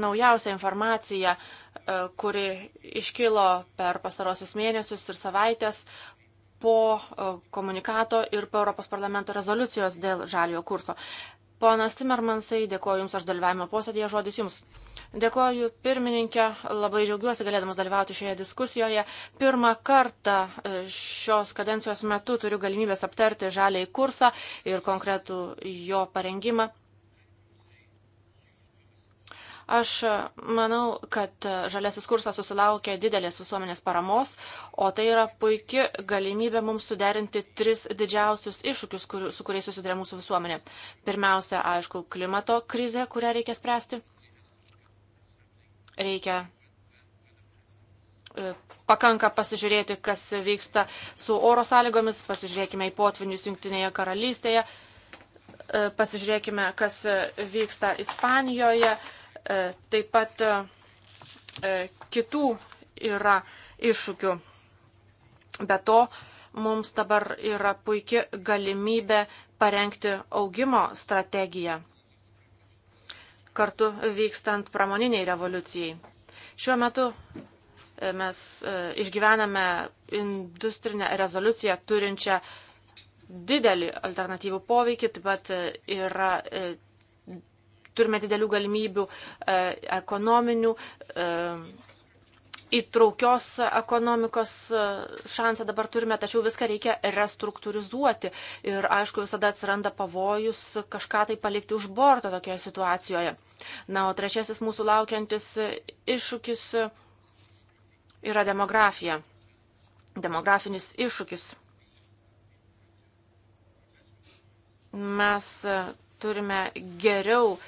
naujausią informaciją, kuri iškilo per pastarosius mėnesius ir savaitės po e, komunikato ir po Europos parlamento rezoliucijos dėl žaliojo kurso. Ponas Timermansai, dėkuoju Jums už dalyvavimą posėdėje, žodis Jums. Dėkuoju pirmininkė, labai džiaugiuosi galėdamas dalyvauti šioje diskusijoje. Pirmą kartą e, šios kadencijos metu turiu galimybės aptarti žaliai kursą ir konkretų jo parengimą. Aš e, manau, kad e, žaliasis kursas susilaukė didelės visuomenės paramos, o tai yra puikia galimybė mums suderinti tris didžiausius iššūkius, kur, su kuriais susiduria mūsų visuomenė. Pirmiausia, aišku, klimato krizė, kurią reikia spręsti. Reikia e, pakanka pasižiūrėti, kas vyksta su oro sąlygomis, pasižiūrėkime į potvinius Junktinėje karalystėje, pasižiūrėkime, kas vyksta Ispanijoje, E, taip pat e, e, kitų yra iššūkių. Be to, mums dabar yra puikia galimybė parengti augimo strategiją kartu vykstant pramoniniai revoliucijai. Šiuo metu mes išgyvename industrinę rezoliuciją turinčią didelį alternatyvų poveikį, taip pat yra turime didelių galimybių e, ekonominių, e, įtraukios ekonomikos e, šansą dabar turime, tačiau viską reikia restruktūrizuoti. Ir aišku, visada atsiranda pavojus kažką tai palikti už borto tokioje situacijoje. Na, o trečiasis mūsų laukiantis iššūkis yra demografija. Demografinis iššūkis. Mes turime geriau uh,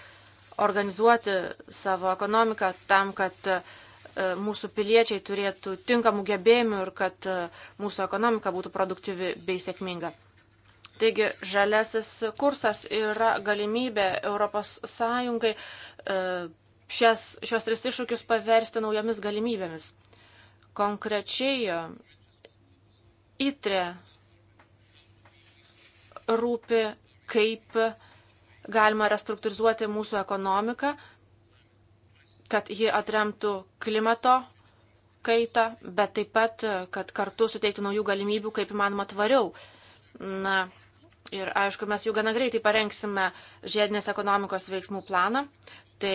organizuoti savo ekonomiką tam, kad e, mūsų piliečiai turėtų tinkamų gebėjimų ir kad e, mūsų ekonomika būtų produktyvi bei sėkminga. Taigi žalesis kursas yra galimybė ES e, šias, šios tris iššūkius paversti naujomis galimybėmis. Konkrečiai įtrė rūpi, kaip galima restruktūrizuoti mūsų ekonomiką, kad ji atremtų klimato kaitą, bet taip pat, kad kartu suteiktų naujų galimybių, kaip įmanoma, tvariau. Na, ir aišku, mes jau gana greitai parengsime žiedinės ekonomikos veiksmų planą. Tai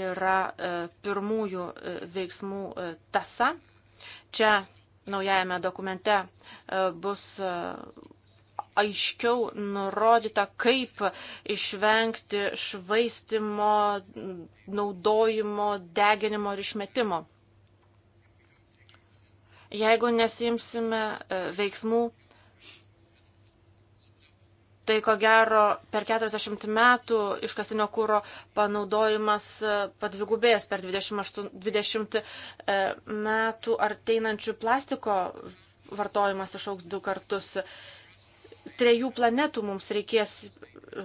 yra e, pirmųjų e, veiksmų e, tasa. Čia naujajame dokumente bus aiškiau nurodyta, kaip išvengti švaistimo, naudojimo, deginimo ir išmetimo. Jeigu nesimsime e, veiksmų, tai ko gero per 40 metų iškasinio kūro panaudojimas e, padvigubės per 28, 20 e, metų arteinančių plastiko vartojimas išauks du kartus. Trejų planetų mums reikės e,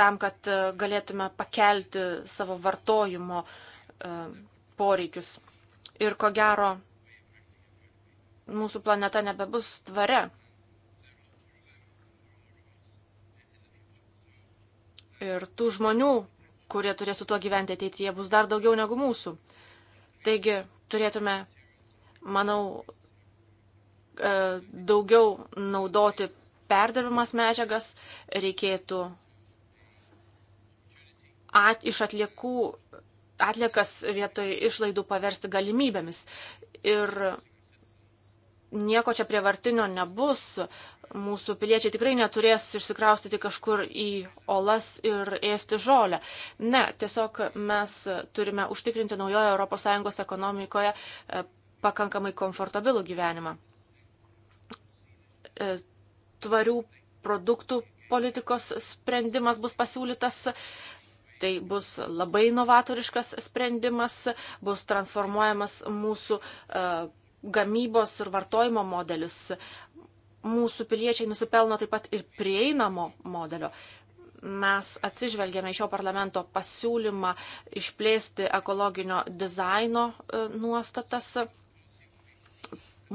tam, kad e, galėtume pakelti savo vartojimo e, poreikius. Ir ko gero, mūsų planeta nebebus tvare. Ir tų žmonių, kurie turės su tuo gyventi ateityje, bus dar daugiau negu mūsų. Taigi turėtume, manau, daugiau naudoti perdavimas medžiagas, reikėtų at, iš atliekų atliekas vietoj išlaidų paversti galimybėmis. Ir nieko čia prievartinio nebus. Mūsų piliečiai tikrai neturės išsikraustyti kažkur į olas ir ėsti žolę. Ne, tiesiog mes turime užtikrinti naujojo ES ekonomikoje e, pakankamai komfortabilų gyvenimą e, tvarių produktų politikos sprendimas bus pasiūlytas. Tai bus labai novatoriškas sprendimas, bus transformuojamas mūsų uh, gamybos ir vartojimo modelis. Mūsų piliečiai nusipelno taip pat ir prieinamo modelio. Mes atsižvelgėme iš šio parlamento pasiūlymą išplėsti ekologinio dizaino e, nuostatas.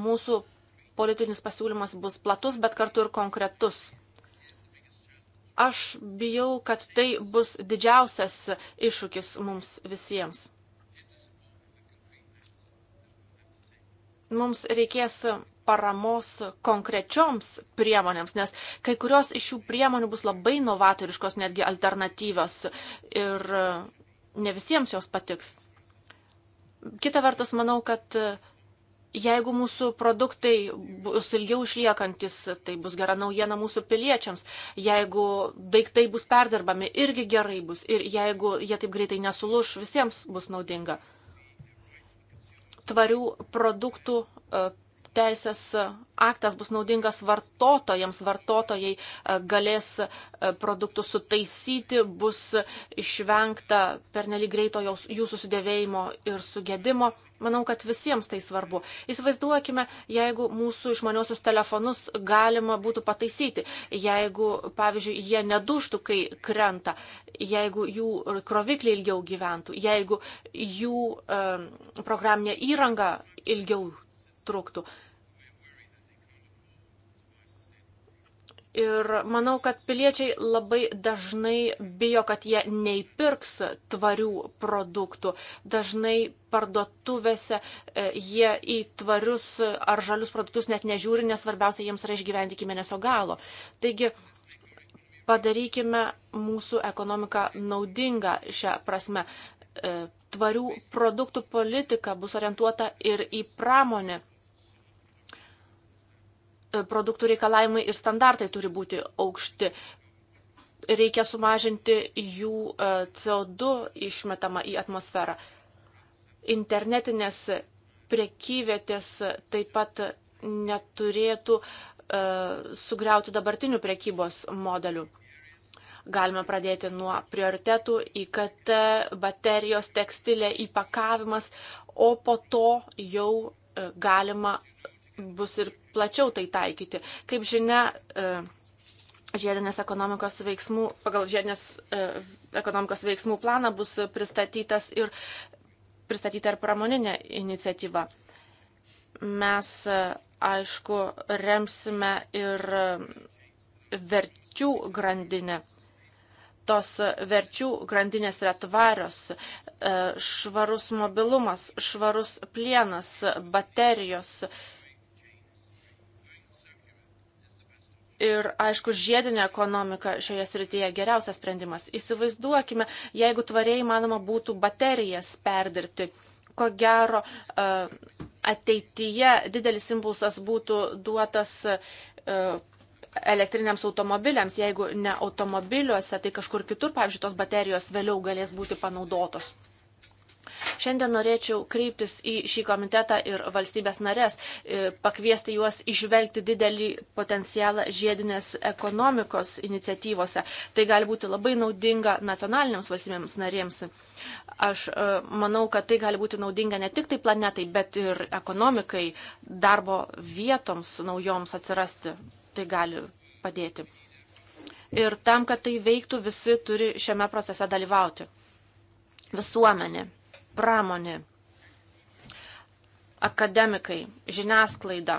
Mūsų politinis pasiūlymas bus platus, bet kartu ir konkretus. Aš bijau, kad tai bus didžiausias iššūkis mums visiems. Mums reikės paramos konkrečioms priemonėms, nes kai kurios iš šių priemonių bus labai novatoriškos, netgi alternatyvios ir ne visiems jos patiks. Kita vertus, manau, kad Jeigu mūsų produktai bus ilgiau išliekantis, tai bus gera naujiena mūsų piliečiams. Jeigu daiktai bus perdirbami, irgi gerai bus. Ir jeigu jie taip greitai nesuluš, visiems bus naudinga. Tvarių produktų e, teisės aktas bus naudingas vartotojams, vartotojai e, galės e, produktus sutaisyti, bus išvengta pernelyg greito jų susidėvėjimo ir sugėdimo. Manau, kad visiems tai svarbu. Įsivaizduokime, jeigu mūsų išmaniosius telefonus galima būtų pataisyti, jeigu, pavyzdžiui, jie neduštų, kai krenta, jeigu jų krovikliai ilgiau gyventų, jeigu jų um, programinė įranga ilgiau truktų. Ir manau, kad piliečiai labai dažnai bijo, kad jie neįpirks tvarių produktų. Dažnai parduotuvėse e, jie į tvarius ar žalius produktus net nežiūri, nes svarbiausia jiems yra išgyventi iki mėnesio galo. Taigi padarykime mūsų ekonomiką naudingą šią prasme. E, tvarių produktų politika bus orientuota ir į pramonę E, produktų reikalavimai ir standartai turi būti aukšti. Reikia sumažinti jų e, CO2 išmetamą į atmosferą. Internetinės prekyvietės taip pat neturėtų e, sugriauti dabartinių prekybos modelių. Galime pradėti nuo prioritetų IKT, baterijos, tekstilė, įpakavimas, o po to jau galima bus ir plačiau tai taikyti. Kaip žinia, e, žiedinės ekonomikos veiksmų, pagal žiedinės e, ekonomikos veiksmų planą bus pristatytas ir, pristatyta ir pramoninė iniciatyva. Mes, e, aišku, remsime ir verčių grandinę. Tos verčių grandinės yra tvarios, švarus mobilumas, švarus plienas, baterijos, baterijos Ir aišku, žiedinė ekonomika šioje srityje geriausias sprendimas. Įsivaizduokime, jeigu tvariai manoma būtų baterijas perdirbti, ko gero e, ateityje didelis impulsas būtų duotas e, elektriniams automobiliams, jeigu ne automobiliuose, tai kažkur kitur, pavyzdžiui, tos baterijos vėliau galės būti panaudotos. Šiandien norėčiau kreiptis į šį komitetą ir valstybės narės, e, pakviesti juos išvelgti didelį potencialą žiedinės ekonomikos iniciatyvose. Tai gali būti labai naudinga nacionaliniams valstybėms narėms. Aš e, manau, kad tai gali būti naudinga ne tik tai planetai, bet ir ekonomikai, darbo vietoms naujoms atsirasti. Tai gali padėti. Ir tam, kad tai veiktų, visi turi šiame procese dalyvauti. Visuomenė, pramonė, akademikai, žiniasklaida,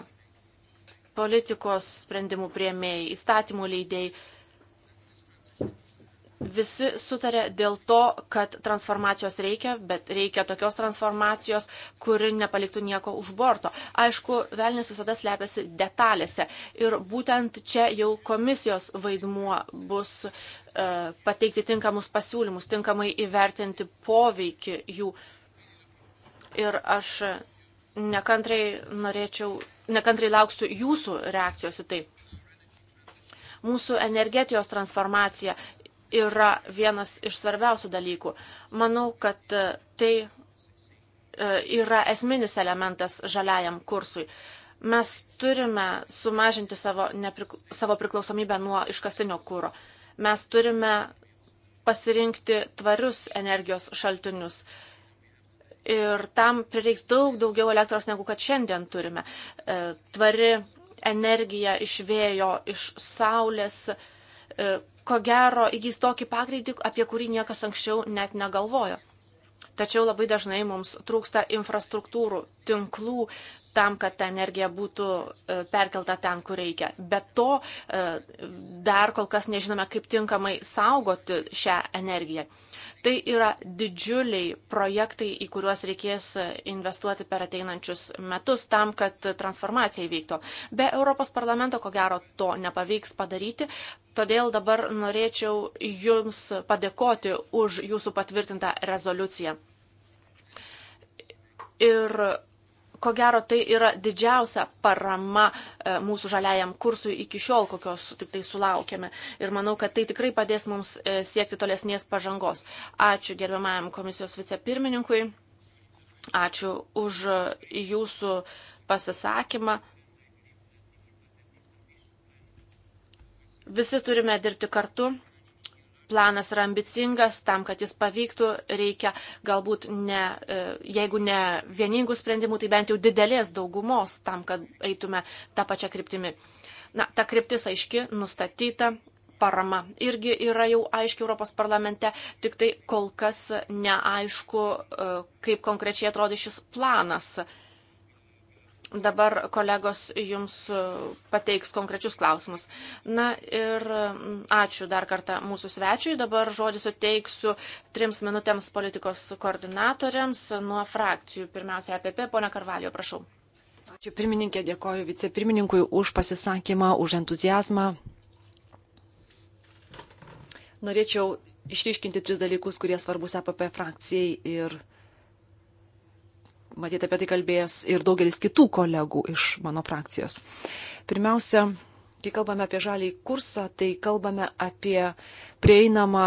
politikos sprendimų prieimėjai, įstatymų leidėjai visi sutarė dėl to, kad transformacijos reikia, bet reikia tokios transformacijos, kuri nepaliktų nieko už borto. Aišku, velnis visada slepiasi detalėse ir būtent čia jau komisijos vaidmuo bus e, pateikti tinkamus pasiūlymus, tinkamai įvertinti poveikį jų. Ir aš nekantrai norėčiau, nekantrai lauksiu jūsų reakcijos į tai mūsų energetijos transformacija yra vienas iš svarbiausių dalykų. Manau, kad e, tai e, yra esminis elementas žaliajam kursui. Mes turime sumažinti savo, neprikla... savo priklausomybę nuo iškastinio kūro. Mes turime pasirinkti tvarius energijos šaltinius. Ir tam prireiks daug daugiau elektros, negu kad šiandien turime. E, tvari energija iš vėjo, iš saulės, E, ko gero įgys tokį pagreitį, apie kurį niekas anksčiau net negalvojo. Tačiau labai dažnai mums trūksta infrastruktūrų, tinklų, tam, kad ta energija būtų e, perkelta ten, kur reikia. Be to, e, dar kol kas nežinome, kaip tinkamai saugoti šią energiją. Tai yra didžiuliai projektai, į kuriuos reikės investuoti per ateinančius metus tam, kad transformacija įvyktų. Be Europos parlamento, ko gero, to nepavyks padaryti. Todėl dabar norėčiau Jums padėkoti už Jūsų patvirtintą rezoliuciją. Ir ko gero, tai yra didžiausia parama e, mūsų žaliajam kursui iki šiol, kokios tik tai sulaukėme. Ir manau, kad tai tikrai padės mums e, siekti tolesnės pažangos. Ačiū gerbiamajam komisijos vicepirmininkui. Ačiū už e, jūsų pasisakymą. Visi turime dirbti kartu planas yra ambicingas, tam, kad jis pavyktų, reikia galbūt ne, e, jeigu ne vieningų sprendimų, tai bent jau didelės daugumos tam, kad eitume tą pačią kryptimį. Na, ta kryptis aiški, nustatyta, parama irgi yra jau aiški Europos parlamente, tik tai kol kas neaišku, e, kaip konkrečiai atrodys šis planas. Dabar kolegos jums e, pateiks konkrečius klausimus. Na ir ačiū dar kartą mūsų svečiui. Dabar žodį suteiksiu trims minutėms politikos koordinatoriams nuo frakcijų. Pirmiausia, APP, e ponia Karvalijo, prašau. Ačiū pirmininkė, dėkoju vicepirmininkui už pasisakymą, už entuzijazmą. Norėčiau išryškinti tris dalykus, kurie svarbus APP e frakcijai ir frakcijai matyt, apie tai kalbėjęs ir daugelis kitų kolegų iš mano frakcijos. Pirmiausia, kai kalbame apie žalį kursą, tai kalbame apie prieinamą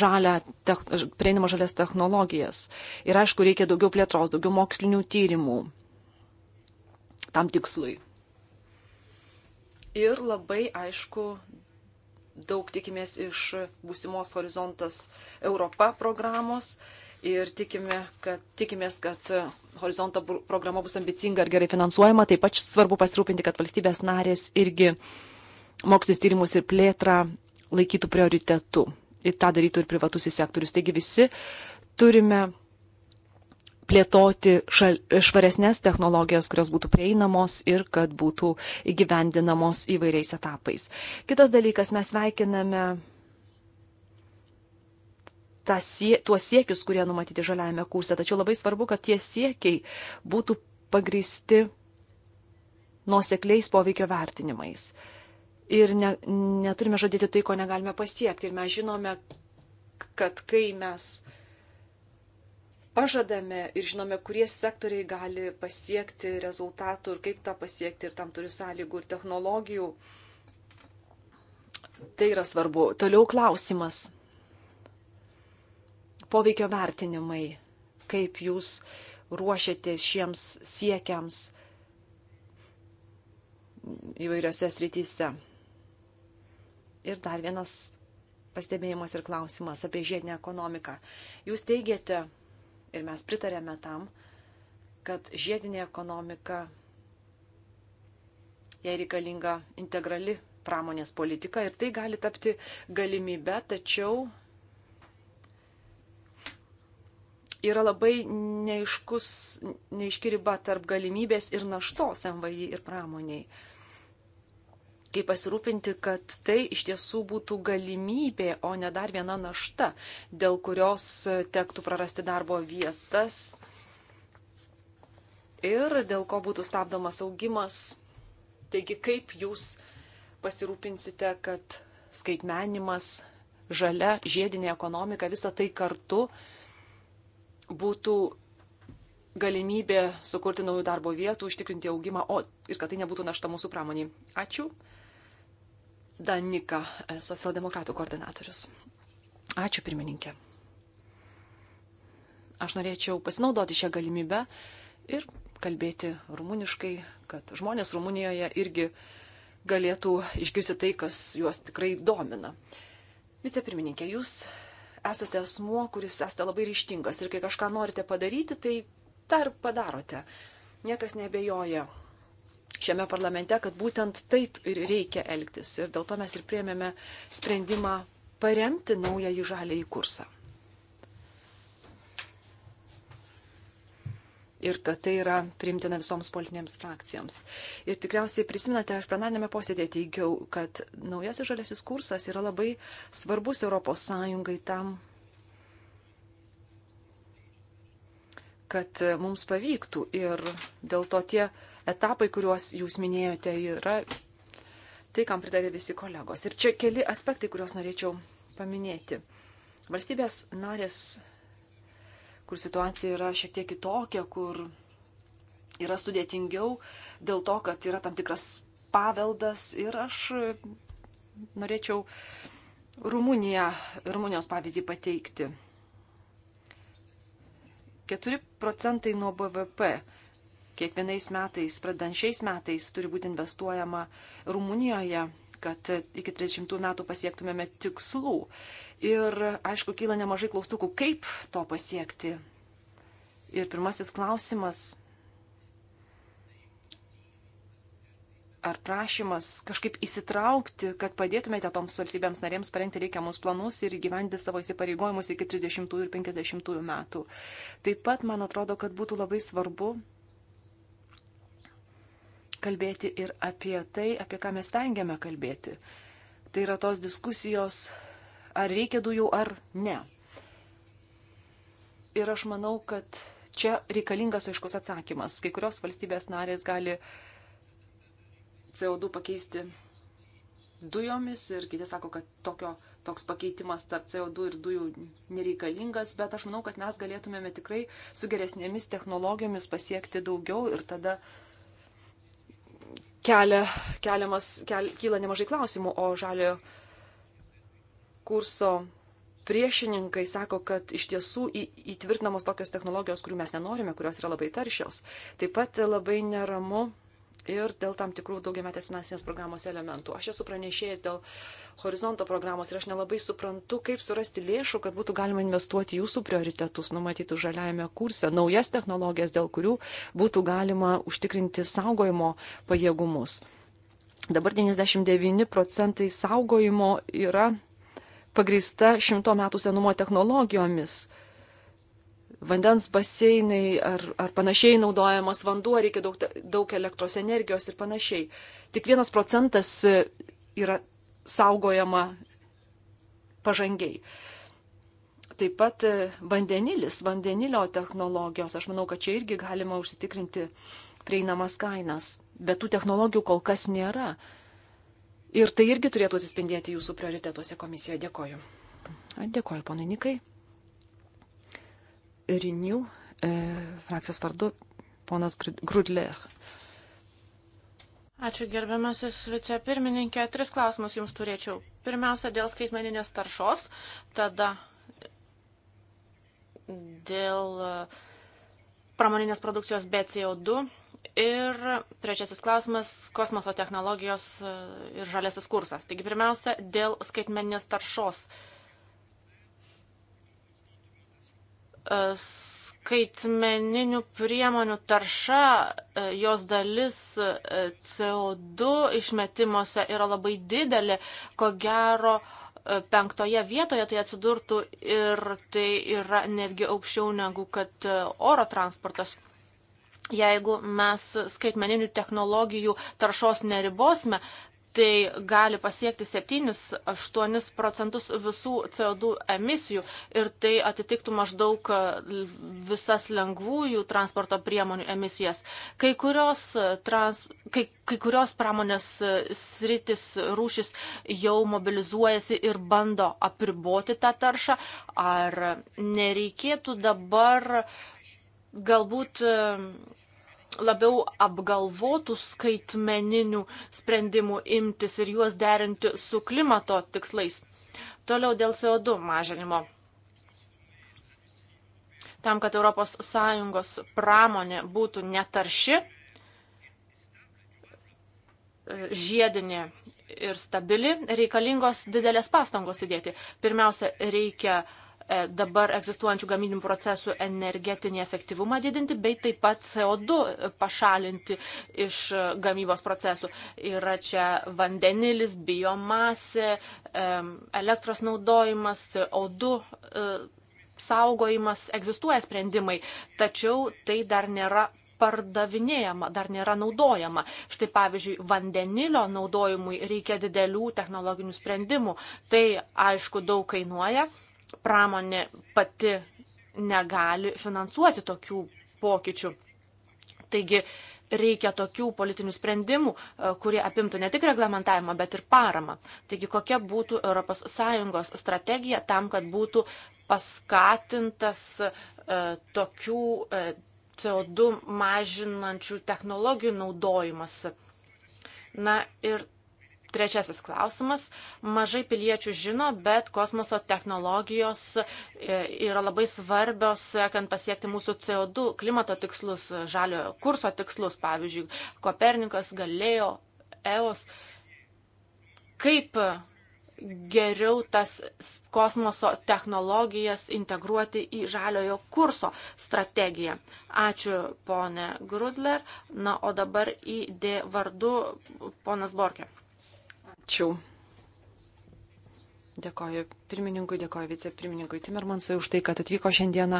žalę, tech, prieinamą žalės technologijas. Ir aišku, reikia daugiau plėtros, daugiau mokslinių tyrimų tam tikslui. Ir labai aišku, daug tikimės iš būsimos horizontas Europa programos. Uh, ir tikime, kad, tikimės, kad e, horizonto programa bus ambicinga ir gerai finansuojama. Taip pat svarbu pasirūpinti, kad valstybės narės irgi mokslinis tyrimus ir plėtrą laikytų prioritetu. Ir tą darytų ir privatusis sektorius. Taigi visi turime plėtoti šal, švaresnės technologijas, kurios būtų prieinamos ir kad būtų įgyvendinamos įvairiais etapais. Kitas dalykas, mes veikiname sie, tuos siekius, kurie numatyti žaliajame kurse. Tačiau labai svarbu, kad tie siekiai būtų pagristi nuosekliais poveikio vertinimais. Ir ne, neturime žadėti tai, ko negalime pasiekti. Ir mes žinome, kad kai mes pažadame ir žinome, kurie sektoriai gali pasiekti rezultatų ir kaip tą pasiekti ir tam turi sąlygų ir technologijų, tai yra svarbu. Toliau klausimas poveikio vertinimai, kaip jūs ruošiatės šiems siekiams įvairiose srityse. Ir dar vienas pastebėjimas ir klausimas apie žiedinę ekonomiką. Jūs teigiate, ir mes pritarėme tam, kad žiedinė ekonomika, jai reikalinga integrali pramonės politika ir tai gali tapti galimybe, tačiau yra labai neiškus, neiški riba tarp galimybės ir naštos MVI ir pramoniai. Kaip pasirūpinti, kad tai iš tiesų būtų galimybė, o ne dar viena našta, dėl kurios tektų prarasti darbo vietas ir dėl ko būtų stabdomas augimas. Taigi, kaip jūs pasirūpinsite, kad skaitmenimas, žalia, žiedinė ekonomika, visa tai kartu būtų galimybė sukurti naujų darbo vietų, užtikrinti augimą, o ir kad tai nebūtų našta mūsų pramoniai. Ačiū. Danika, e, socialdemokratų koordinatorius. Ačiū pirmininkė. Aš norėčiau pasinaudoti šią galimybę ir kalbėti rumuniškai, kad žmonės Rumunijoje irgi galėtų išgirsti tai, kas juos tikrai domina. Vicepirmininkė, jūs esate asmuo, kuris esate labai ryštingas ir kai kažką norite padaryti, tai tą ir padarote. Niekas nebejoja šiame parlamente, kad būtent taip ir reikia elgtis. Ir dėl to mes ir priemėme sprendimą paremti naująjį žalį į kursą. ir kad tai yra primtina visoms politinėms frakcijoms. Ir tikriausiai prisiminate, aš plenarnėme posėdėje teigiau, kad naujasis žalėsis kursas yra labai svarbus ES tam, kad mums pavyktų ir dėl to tie etapai, kuriuos jūs minėjote, yra tai, kam pritarė visi kolegos. Ir čia keli aspektai, kuriuos norėčiau paminėti. Valstybės narės kur situacija yra šiek tiek kitokia, kur yra sudėtingiau dėl to, kad yra tam tikras paveldas ir aš norėčiau Rumuniją, Rumunijos pavyzdį pateikti. 4 procentai nuo BVP kiekvienais metais, pradant šiais metais, turi būti investuojama Rumunijoje kad iki 30 metų pasiektumėme tikslų. Ir aišku, kyla nemažai klaustukų, kaip to pasiekti. Ir pirmasis klausimas ar prašymas kažkaip įsitraukti, kad padėtumėte toms valstybėms narėms parengti reikiamus planus ir gyventi savo įsipareigojimus iki 30 ir 50 metų. Taip pat man atrodo, kad būtų labai svarbu kalbėti ir apie tai, apie ką mes tengiame kalbėti. Tai yra tos diskusijos, ar reikia dujų ar ne. Ir aš manau, kad čia reikalingas aiškus atsakymas. Kai kurios valstybės narės gali CO2 pakeisti dujomis ir kiti sako, kad tokio, toks pakeitimas tarp CO2 ir dujų nereikalingas, bet aš manau, kad mes galėtumėme tikrai su geresnėmis technologijomis pasiekti daugiau ir tada kelia, keliamas, kel, kyla nemažai klausimų, o žalio kurso priešininkai sako, kad iš tiesų į, įtvirtinamos tokios technologijos, kurių mes nenorime, kurios yra labai taršios. Taip pat labai neramu ir dėl tam tikrų daugiametės finansinės programos elementų. Aš esu pranešėjęs dėl horizonto programos ir aš nelabai suprantu, kaip surasti lėšų, kad būtų galima investuoti jūsų prioritetus numatytų žaliajame kurse, naujas technologijas, dėl kurių būtų galima užtikrinti saugojimo pajėgumus. Dabar 99 procentai saugojimo yra pagrįsta šimto metų senumo technologijomis vandens baseinai ar, ar panašiai naudojamas vanduo, reikia daug, daug elektros energijos ir panašiai. Tik vienas procentas yra saugojama pažangiai. Taip pat e, vandenilis, vandenilio technologijos, aš manau, kad čia irgi galima užsitikrinti prieinamas kainas, bet tų technologijų kol kas nėra. Ir tai irgi turėtų atsispindėti jūsų prioritetuose komisijoje. Dėkoju. Dėkoju, ponai Nikai. Rinių e, frakcijos vardu ponas Grudler. Ačiū gerbiamasis vicepirmininkė. Tris klausimus jums turėčiau. Pirmiausia, dėl skaitmeninės taršos, tada dėl pramoninės produkcijos be CO2 ir trečiasis klausimas - kosmoso technologijos ir žalėsis kursas. Taigi pirmiausia, dėl skaitmeninės taršos. Uh, E, skaitmeninių priemonių tarša, e, jos dalis e, CO2 išmetimuose yra labai didelė, ko gero penktoje vietoje tai atsidurtų ir tai yra netgi aukščiau negu kad oro transportas. Jeigu mes skaitmeninių technologijų taršos neribosime, tai gali pasiekti 7-8 procentus visų CO2 emisijų ir tai atitiktų maždaug e, visas lengvųjų transporto priemonių emisijas. Kai kurios, e, trans, kai, kai kurios pramonės e, sritis rūšis jau mobilizuojasi ir bando apriboti tą taršą, ar nereikėtų dabar galbūt labiau apgalvotų skaitmeninių sprendimų imtis ir juos derinti su klimato tikslais. Toliau dėl CO2 mažinimo. Tam, kad ES pramonė būtų netarši, žiedinė ir stabili, reikalingos didelės pastangos įdėti. Pirmiausia, reikia uh, E, dabar egzistuojančių gaminimų procesų energetinį efektyvumą didinti, bei taip pat CO2 pašalinti iš e, gamybos procesų. Yra čia vandenilis, biomasė, e, elektros naudojimas, CO2 saugojimas, egzistuoja sprendimai, tačiau tai dar nėra pardavinėjama, dar nėra naudojama. Štai pavyzdžiui, vandenilio naudojimui reikia didelių technologinių sprendimų. Tai aišku daug kainuoja, pramonė pati negali finansuoti tokių pokyčių. Taigi reikia tokių politinių sprendimų, e, kurie apimtų ne tik reglamentavimą, bet ir paramą. Taigi kokia būtų ES strategija tam, kad būtų paskatintas e, tokių e, CO2 mažinančių technologijų naudojimas. Na ir Trečiasis klausimas. Mažai piliečių žino, bet kosmoso technologijos e, yra labai svarbios, kad pasiekti mūsų CO2 klimato tikslus, žaliojo kurso tikslus, pavyzdžiui, Kopernikas, Galėjo, EOS. Kaip geriau tas kosmoso technologijas integruoti į žaliojo kurso strategiją. Ačiū, ponė Grudler. Na, o dabar į D vardu, ponas Borkė. Ačiū. Dėkoju pirmininkui, dėkoju vicepirmininkui Timermansui už tai, kad atvyko šiandieną.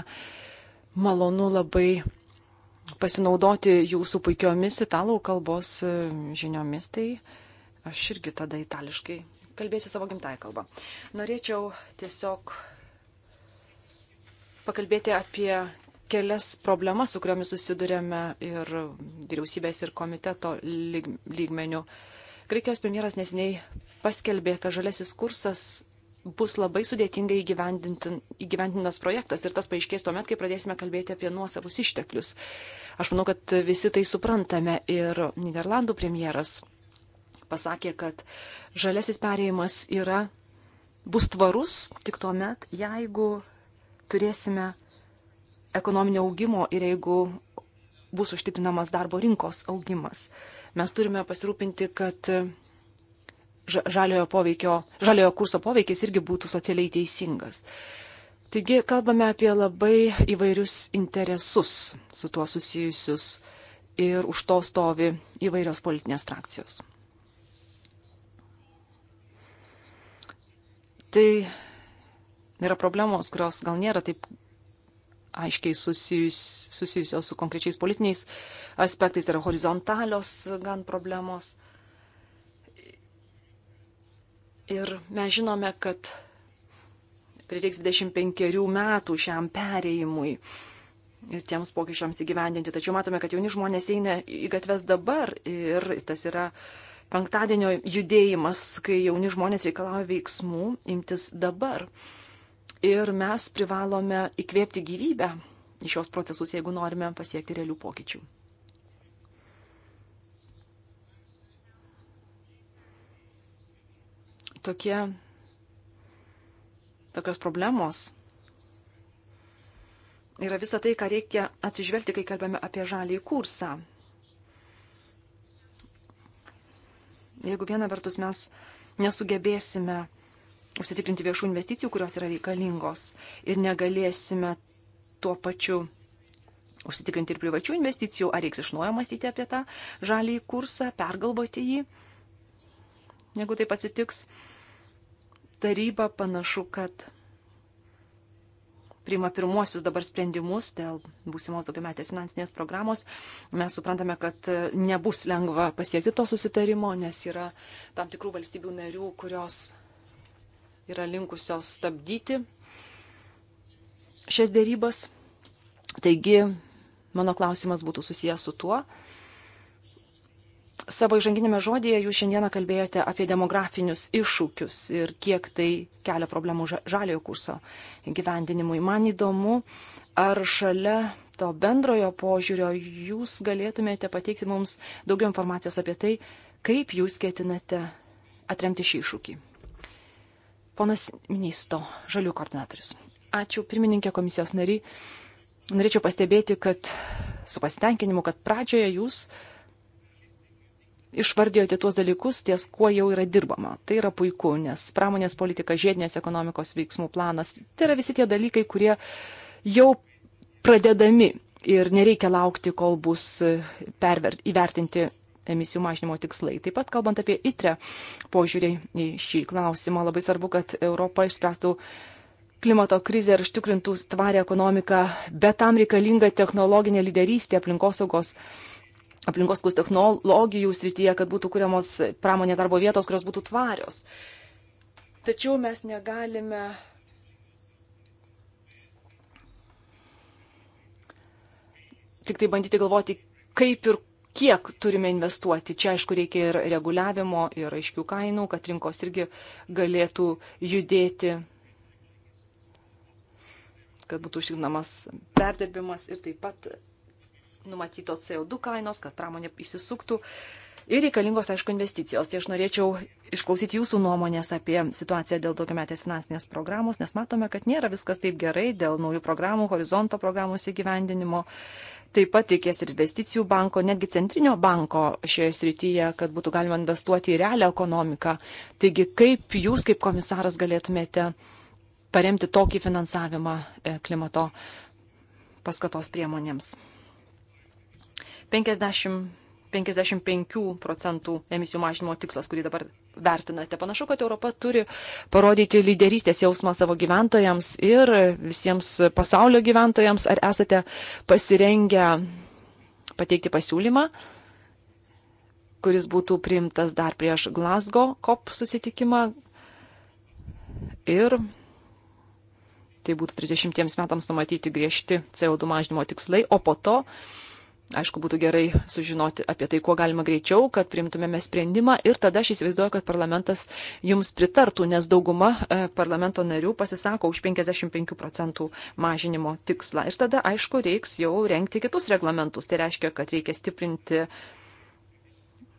Malonu labai pasinaudoti jūsų puikiomis italų kalbos e, žiniomis, tai aš irgi tada itališkai kalbėsiu savo gimtąją kalbą. Norėčiau tiesiog pakalbėti apie kelias problemas, su kuriomis susidurėme ir vyriausybės, ir komiteto lygmenių. Lyg Graikijos premjeras nesiniai paskelbė, kad žalesis kursas bus labai sudėtingai įgyvendintas projektas ir tas paaiškės tuomet, kai pradėsime kalbėti apie nuosavus išteklius. Aš manau, kad visi tai suprantame ir Niderlandų premjeras pasakė, kad žalesis perėjimas yra, bus tvarus tik tuomet, jeigu turėsime ekonominio augimo ir jeigu bus užtikrinamas darbo rinkos augimas. Mes turime pasirūpinti, kad žaliojo, poveikio, žaliojo kurso poveikis irgi būtų socialiai teisingas. Taigi kalbame apie labai įvairius interesus su tuo susijusius ir už to stovi įvairios politinės frakcijos. Tai yra problemos, kurios gal nėra taip aiškiai susijus, susijusios su konkrečiais politiniais aspektais, tai yra horizontalios gan problemos. Ir mes žinome, kad prireiks 25 metų šiam perėjimui ir tiems pokyčiams įgyvendinti. Tačiau matome, kad jauni žmonės eina į gatves dabar ir tas yra penktadienio judėjimas, kai jauni žmonės reikalauja veiksmų imtis dabar. Ir mes privalome įkvėpti gyvybę į šios procesus, jeigu norime pasiekti realių pokyčių. Tokie, tokios problemos yra visa tai, ką reikia atsižvelgti, kai kalbame apie žalį kursą. Jeigu viena vertus mes nesugebėsime užsitikrinti viešų investicijų, kurios yra reikalingos ir negalėsime tuo pačiu užsitikrinti ir privačių investicijų, ar reiks iš naujo mąstyti apie tą žalį kursą, pergalvoti jį. Jeigu taip atsitiks, taryba panašu, kad priima pirmuosius dabar sprendimus dėl būsimos daugiametės finansinės programos. Mes suprantame, kad nebus lengva pasiekti to susitarimo, nes yra tam tikrų valstybių narių, kurios yra linkusios stabdyti šias dėrybas. Taigi, mano klausimas būtų susijęs su tuo. Savo įžanginėme žodėje jūs šiandieną kalbėjote apie demografinius iššūkius ir kiek tai kelia problemų žaliojo kurso gyvendinimui. Man įdomu, ar šalia to bendrojo požiūrio jūs galėtumėte pateikti mums daugiau informacijos apie tai, kaip jūs ketinate atremti šį iššūkį. Ponas Ministro, žalių koordinatorius. Ačiū, pirmininkė komisijos nariai. Norėčiau pastebėti, kad su pasitenkinimu, kad pradžioje jūs išvardėjote tuos dalykus, ties kuo jau yra dirbama. Tai yra puiku, nes pramonės politika, žiedinės ekonomikos veiksmų planas, tai yra visi tie dalykai, kurie jau pradedami ir nereikia laukti, kol bus perver, įvertinti emisijų mažinimo tikslai. Taip pat kalbant apie ITRE požiūrį į šį klausimą, labai svarbu, kad Europa išspręstų klimato krizę ir užtikrintų tvarią ekonomiką, bet tam reikalinga technologinė lyderystė aplinkosaugos. Aplinkoskos technologijų srityje, kad būtų kuriamos pramonė darbo vietos, kurios būtų tvarios. Tačiau mes negalime tik tai bandyti galvoti, kaip ir kiek turime investuoti. Čia, aišku, reikia ir reguliavimo, ir aiškių kainų, kad rinkos irgi galėtų judėti, kad būtų užtikrinamas perdirbimas ir taip pat numatytos CO2 kainos, kad pramonė įsisuktų. Ir reikalingos, aišku, investicijos. Tai aš norėčiau išklausyti jūsų nuomonės apie situaciją dėl daugiametės finansinės programos, nes matome, kad nėra viskas taip gerai dėl naujų programų, horizonto programos įgyvendinimo. Taip pat reikės ir investicijų banko, netgi centrinio banko šioje srityje, kad būtų galima investuoti į realią ekonomiką. Taigi, kaip jūs kaip komisaras galėtumėte paremti tokį finansavimą e, klimato paskatos priemonėms? 50 55 procentų emisijų mažinimo tikslas, kurį dabar vertinate. Panašu, kad Europa turi parodyti lyderystės jausmą savo gyventojams ir visiems pasaulio gyventojams. Ar esate pasirengę pateikti pasiūlymą, kuris būtų priimtas dar prieš Glasgow COP susitikimą? Ir tai būtų 30 metams numatyti griežti CO2 mažinimo tikslai, o po to aišku, būtų gerai sužinoti apie tai, kuo galima greičiau, kad primtumėme sprendimą ir tada aš įsivaizduoju, kad parlamentas jums pritartų, nes dauguma e, parlamento narių pasisako už 55 procentų mažinimo tikslą. Ir tada, aišku, reiks jau renkti kitus reglamentus. Tai reiškia, kad reikia stiprinti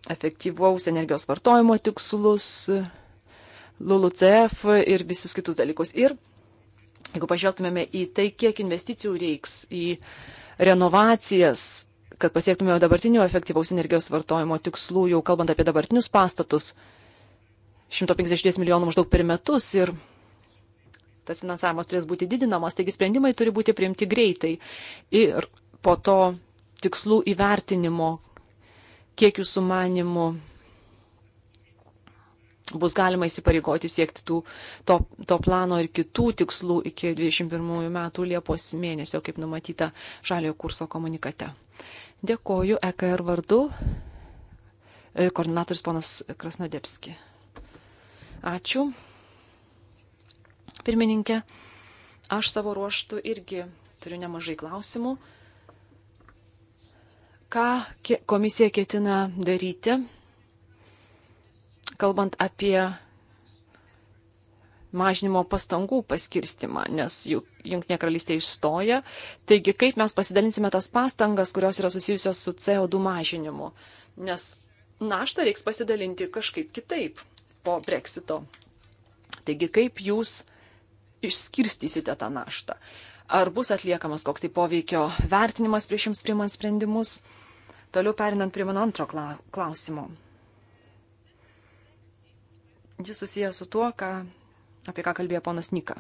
efektyvaus energijos vartojimo tikslus, LULUCF ir visus kitus dalykus. Ir jeigu pažvelgtumėme į tai, kiek investicijų reiks į renovacijas, kad pasiektume dabartinio efektyvaus energijos vartojimo tikslų, jau kalbant apie dabartinius pastatus, 150 milijonų maždaug per metus ir tas finansavimas turės būti didinamas, taigi sprendimai turi būti priimti greitai ir po to tikslų įvertinimo, kiek jūsų manimų bus galima įsipareigoti siekti tų, to, to plano ir kitų tikslų iki 21 metų Liepos mėnesio, kaip numatyta žaliojo kurso komunikate. Dėkoju EKR vardu. E, koordinatorius ponas Krasnodėpski. Ačiū. Pirmininkė, aš savo ruoštų irgi turiu nemažai klausimų. Ką komisija ketina daryti, kalbant apie mažinimo pastangų paskirstimą, nes juk Junktinė karalystė išstoja. Taigi, kaip mes pasidalinsime tas pastangas, kurios yra susijusios su CO2 mažinimu? Nes naštą reiks pasidalinti kažkaip kitaip po breksito. Taigi, kaip jūs išskirstysite tą naštą? Ar bus atliekamas koks tai poveikio vertinimas prieš jums priimant sprendimus? Toliau perinant prie mano antro klausimo. Jis susijęs su tuo, ką apie ką kalbėjo ponas Nika.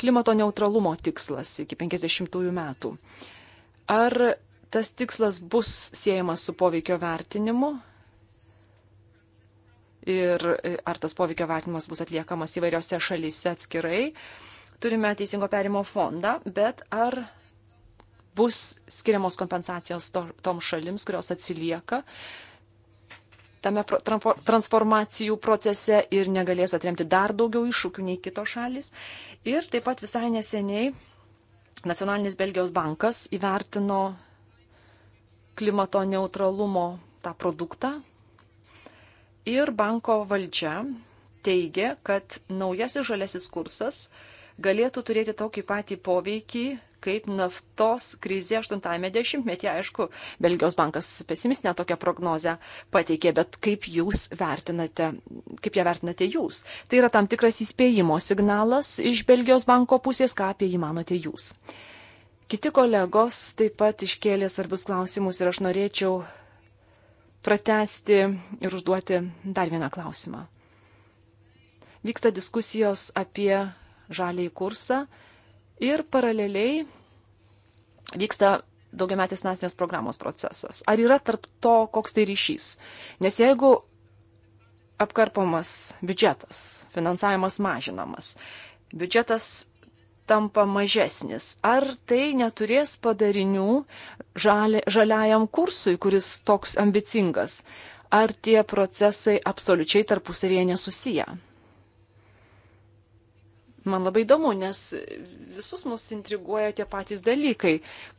Klimato neutralumo tikslas iki 50 metų. Ar tas tikslas bus siejamas su poveikio vertinimu? Ir ar tas poveikio vertinimas bus atliekamas įvairiose šalyse atskirai? Turime teisingo perimo fondą, bet ar bus skiriamos kompensacijos to, tom šalims, kurios atsilieka tame transformacijų procese ir negalės atremti dar daugiau iššūkių nei kitos šalis. Ir taip pat visai neseniai Nacionalinis Belgijos bankas įvertino klimato neutralumo tą produktą ir banko valdžia teigia, kad naujasis žalesis kursas galėtų turėti tokį patį poveikį kaip naftos krizė 80-ame dešimtmetyje. Aišku, Belgijos bankas pesimistinę tokią prognozę pateikė, bet kaip jūs vertinate, kaip ją vertinate jūs? Tai yra tam tikras įspėjimo signalas iš Belgijos banko pusės, ką apie jį manote jūs. Kiti kolegos taip pat iškėlė svarbius klausimus ir aš norėčiau pratesti ir užduoti dar vieną klausimą. Vyksta diskusijos apie žaliai kursą ir paraleliai vyksta daugiametės finansinės programos procesas. Ar yra tarp to koks tai ryšys? Nes jeigu apkarpomas biudžetas, finansavimas mažinamas, biudžetas tampa mažesnis, ar tai neturės padarinių žali, žaliajam kursui, kuris toks ambicingas? Ar tie procesai absoliučiai tarpusavėje nesusiję? Man labai įdomu, nes visus mus intriguoja tie patys dalykai.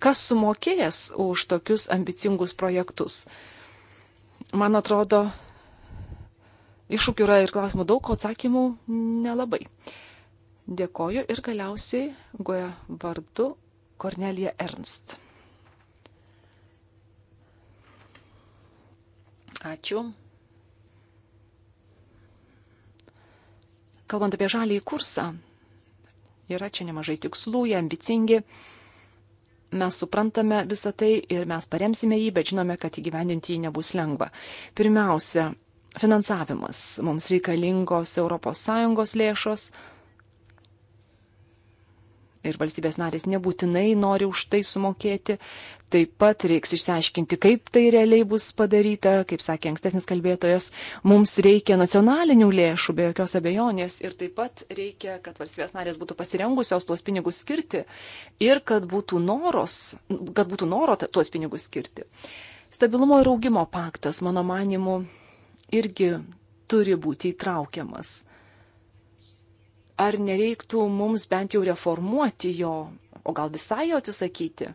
Kas sumokėjęs už tokius ambicingus projektus? Man atrodo, iššūkių yra ir klausimų daug, o atsakymų nelabai. Dėkoju ir galiausiai goja vardu Kornelija Ernst. Ačiū. Kalbant apie žalį kursą, Yra čia nemažai tikslų, jie ambicingi. Mes suprantame visą tai ir mes paremsime jį, bet žinome, kad įgyvendinti jį nebus lengva. Pirmiausia, finansavimas. Mums reikalingos ES lėšos, ir valstybės narės nebūtinai nori už tai sumokėti. Taip pat reiks išsiaiškinti, kaip tai realiai bus padaryta, kaip sakė ankstesnis kalbėtojas, mums reikia nacionalinių lėšų be jokios abejonės ir taip pat reikia, kad valstybės narės būtų pasirengusios tuos pinigus skirti ir kad būtų, noros, kad būtų noro tuos pinigus skirti. Stabilumo ir augimo paktas, mano manimu, irgi turi būti įtraukiamas ar nereiktų mums bent jau reformuoti jo, o gal visai jo atsisakyti,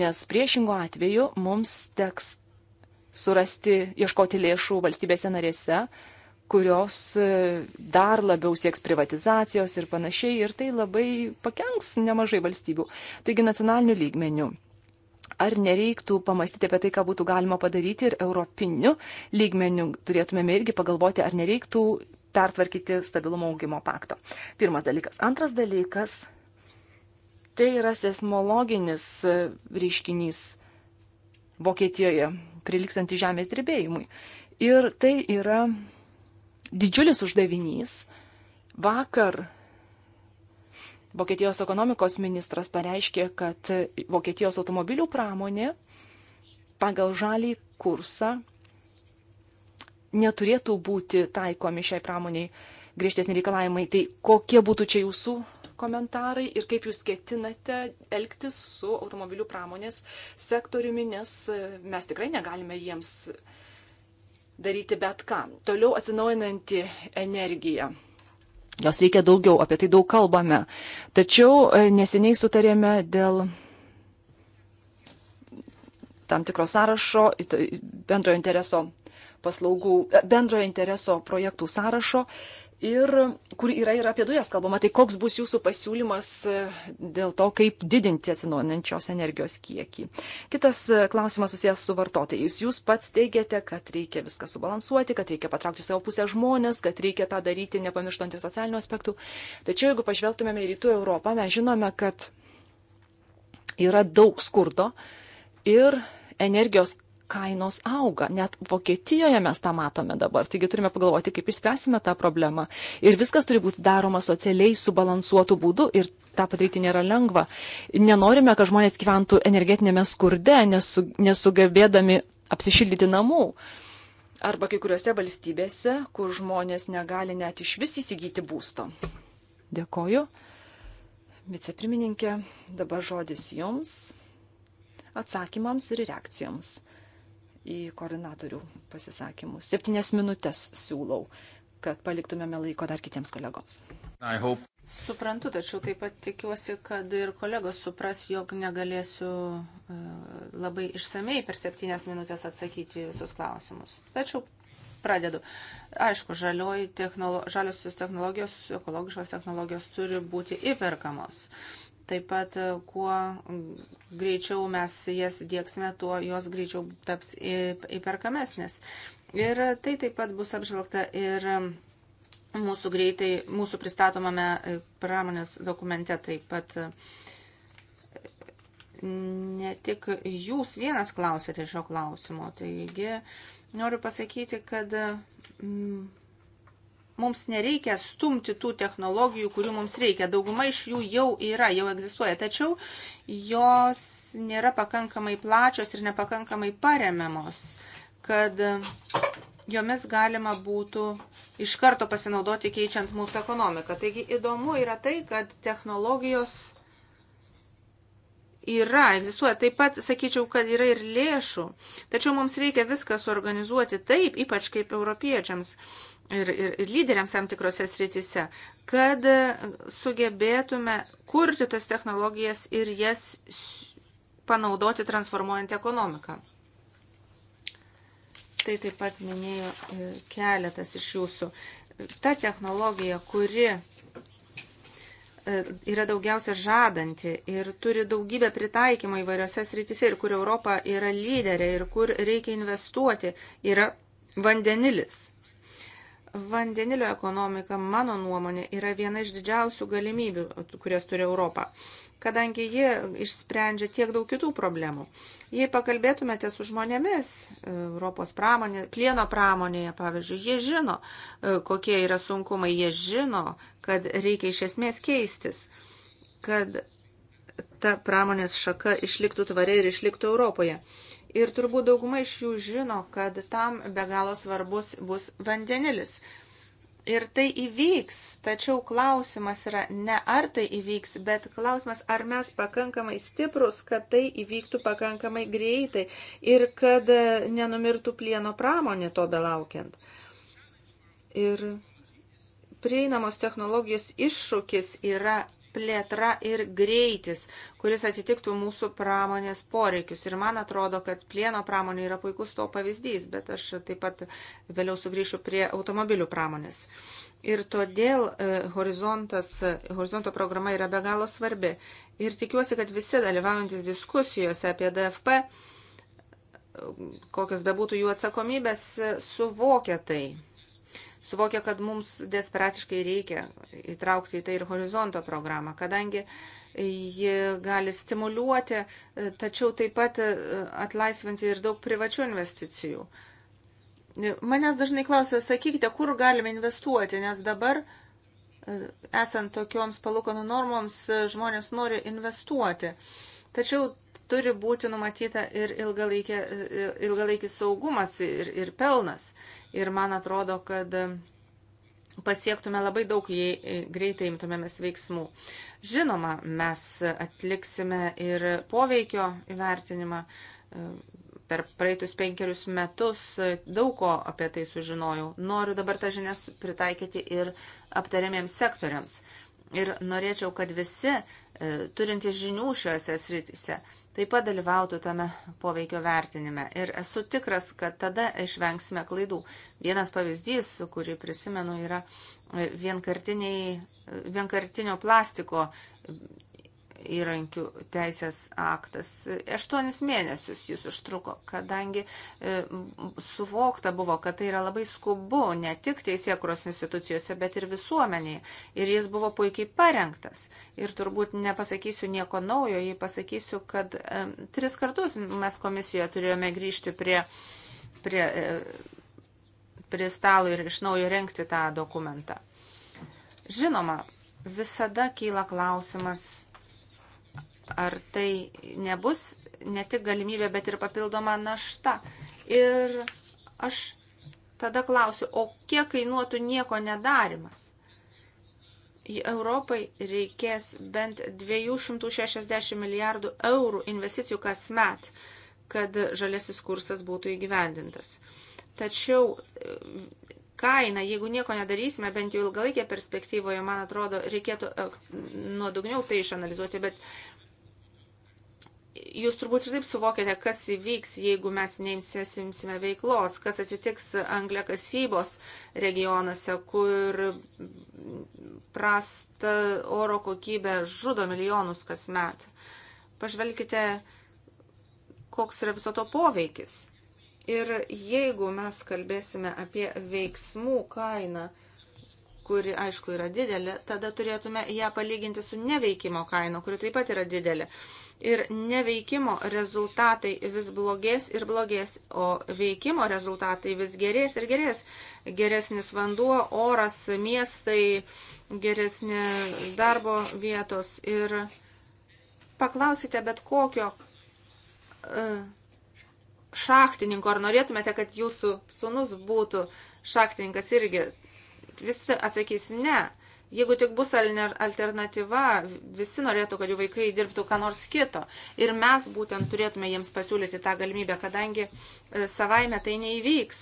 nes priešingo atveju mums teks surasti, ieškoti lėšų valstybėse narėse, kurios e, dar labiau sieks privatizacijos ir panašiai, ir tai labai pakenks nemažai valstybių. Taigi nacionaliniu lygmeniu. Ar nereiktų pamastyti apie tai, ką būtų galima padaryti ir europiniu lygmeniu turėtumėme irgi pagalvoti, ar nereiktų pertvarkyti stabilumo augimo pakto. Pirmas dalykas. Antras dalykas - tai yra seismologinis e, reiškinys Vokietijoje, priliksanti žemės drebėjimui. Ir tai yra didžiulis uždavinys. Vakar Vokietijos ekonomikos ministras pareiškė, kad Vokietijos automobilių pramonė pagal žalį kursą neturėtų būti taikomi šiai pramoniai griežtesni reikalavimai. Tai kokie būtų čia jūsų komentarai ir kaip jūs ketinate elgtis su automobilių pramonės sektoriumi, nes e, mes tikrai negalime jiems daryti bet ką. Toliau atsinaujinanti energija. Jos reikia daugiau, apie tai daug kalbame. Tačiau e, neseniai sutarėme dėl tam tikro sąrašo bendrojo intereso paslaugų, bendrojo intereso projektų sąrašo, ir kur yra ir apie dujas kalbama. Tai koks bus jūsų pasiūlymas e, dėl to, kaip didinti atsinaujinančios energijos kiekį? Kitas e, klausimas susijęs su vartotojais. Jūs pats teigiate, kad reikia viską subalansuoti, kad reikia patraukti savo pusę žmonės, kad reikia tą daryti, nepamirštant ir socialinių aspektų. Tačiau jeigu pažvelgtumėme į rytų Europą, mes žinome, kad yra daug skurdo ir energijos kainos auga. Net Vokietijoje mes tą matome dabar. Taigi turime pagalvoti, kaip išspręsime tą problemą. Ir viskas turi būti daroma socialiai subalansuotų būdų ir tą padaryti nėra lengva. Nenorime, kad žmonės gyventų energetinėme skurde, nesu, nesugebėdami apsišildyti namų. Arba kai kuriuose valstybėse, kur žmonės negali net iš vis įsigyti būsto. Dėkoju. Vicepirmininkė, dabar žodis jums atsakymams ir reakcijoms į koordinatorių pasisakymus. Septynės minutės siūlau, kad paliktumėme laiko dar kitiems kolegoms. Suprantu, tačiau taip pat tikiuosi, kad ir kolegos supras, jog negalėsiu e, labai išsamei per septynės minutės atsakyti visus klausimus. Tačiau pradedu. Aišku, technolo, žaliosios technologijos, ekologiškos technologijos turi būti įperkamos. Taip pat, e, kuo greičiau mes jas dėksime, tuo jos greičiau taps įperkamesnės. Ir tai taip pat bus apžvelgta ir mūsų greitai, mūsų pristatomame e, pramonės dokumente taip pat ne tik jūs vienas klausėte šio klausimo. Taigi noriu pasakyti, kad mm, mums nereikia stumti tų technologijų, kurių mums reikia. Dauguma iš jų jau yra, jau egzistuoja, tačiau jos nėra pakankamai plačios ir nepakankamai paremiamos, kad jomis galima būtų iš karto pasinaudoti keičiant mūsų ekonomiką. Taigi įdomu yra tai, kad technologijos yra, egzistuoja. Taip pat sakyčiau, kad yra ir lėšų. Tačiau mums reikia viską suorganizuoti taip, ypač kaip europiečiams, ir, ir, ir lyderiams tam tikrose srityse, kad sugebėtume kurti tas technologijas ir jas panaudoti transformuojant ekonomiką. Tai taip pat minėjo e, keletas iš jūsų. Ta technologija, kuri e, yra daugiausia žadanti ir turi daugybę pritaikymų įvairiose srityse ir kur Europa yra lyderė ir kur reikia investuoti, yra vandenilis Vandenilio ekonomika, mano nuomonė, yra viena iš didžiausių galimybių, kurias turi Europą, kadangi ji išsprendžia tiek daug kitų problemų. Jei pakalbėtumėte su žmonėmis e, Europos pramonė, plieno pramonėje, pavyzdžiui, jie žino, e, kokie yra sunkumai, jie žino, kad reikia iš esmės keistis, kad ta pramonės šaka išliktų tvariai ir išliktų Europoje. Ir turbūt dauguma iš jų žino, kad tam be galo svarbus bus vandenilis. Ir tai įvyks, tačiau klausimas yra ne ar tai įvyks, bet klausimas, ar mes pakankamai stiprus, kad tai įvyktų pakankamai greitai ir kad nenumirtų plieno pramonė to belaukiant. Ir prieinamos technologijos iššūkis yra plėtra ir greitis, kuris atitiktų mūsų pramonės poreikius. Ir man atrodo, kad plieno pramonė yra puikus to pavyzdys, bet aš taip pat vėliau sugrįšiu prie automobilių pramonės. Ir todėl e, horizonto programa yra be galo svarbi. Ir tikiuosi, kad visi dalyvaujantis diskusijose apie DFP, e, kokios bebūtų jų atsakomybės, suvokia tai suvokia, kad mums desperatiškai reikia įtraukti į tai ir horizonto programą, kadangi ji gali stimuliuoti, tačiau taip pat e, atlaisvinti ir daug privačių investicijų. Manęs dažnai klausia, sakykite, kur galime investuoti, nes dabar, e, esant tokioms palūkanų normoms, žmonės nori investuoti. Tačiau turi būti numatyta ir ilgalaikė, ilgalaikis saugumas ir, ir pelnas. Ir man atrodo, kad pasiektume labai daug, jei greitai imtumėmės veiksmų. Žinoma, mes atliksime ir poveikio įvertinimą. Per praeitus penkerius metus daug ko apie tai sužinojau. Noriu dabar tą žinias pritaikyti ir aptariamiems sektoriams. Ir norėčiau, kad visi e, turinti žinių šiuose srityse taip pat dalyvautų tame poveikio vertinime. Ir esu tikras, kad tada išvengsime klaidų. Vienas pavyzdys, kurį prisimenu, yra vienkartinio plastiko įrankių teisės aktas. Aštuonis mėnesius jis užtruko, kadangi e, suvokta buvo, kad tai yra labai skubu ne tik teisėkuros institucijose, bet ir visuomenėje. Ir jis buvo puikiai parengtas. Ir turbūt nepasakysiu nieko naujo, jei pasakysiu, kad e, tris kartus mes komisijoje turėjome grįžti prie, prie, e, prie stalo ir iš naujo renkti tą dokumentą. Žinoma, visada kyla klausimas, Ar tai nebus ne tik galimybė, bet ir papildoma našta? Ir aš tada klausiu, o kiek kainuotų nieko nedarimas? Europai reikės bent 260 milijardų eurų investicijų kasmet, kad žalėsis kursas būtų įgyvendintas. Tačiau e, kaina, jeigu nieko nedarysime, bent jau ilgalaikė perspektyvoje, man atrodo, reikėtų e, nuodugniau tai išanalizuoti, bet Jūs turbūt ir taip suvokėte, kas įvyks, jeigu mes neimsime veiklos, kas atsitiks angliakasybos regionuose, kur prasta oro kokybė žudo milijonus kasmet. Pažvelkite, koks yra viso to poveikis. Ir jeigu mes kalbėsime apie veiksmų kainą, kuri aišku yra didelė, tada turėtume ją palyginti su neveikimo kaina, kuri taip pat yra didelė. Uh, ir neveikimo rezultatai vis blogės ir blogės, o veikimo rezultatai vis gerės ir gerės. Geresnis vanduo, oras, miestai, geresnė darbo vietos ir paklausite bet kokio e, šachtininko, ar norėtumėte, kad jūsų sunus būtų šachtininkas irgi. Visi atsakys ne. Jeigu tik bus alternatyva, visi norėtų, kad jų vaikai dirbtų ką nors kito. Ir mes būtent turėtume jiems pasiūlyti tą galimybę, kadangi e, savaime tai neįvyks.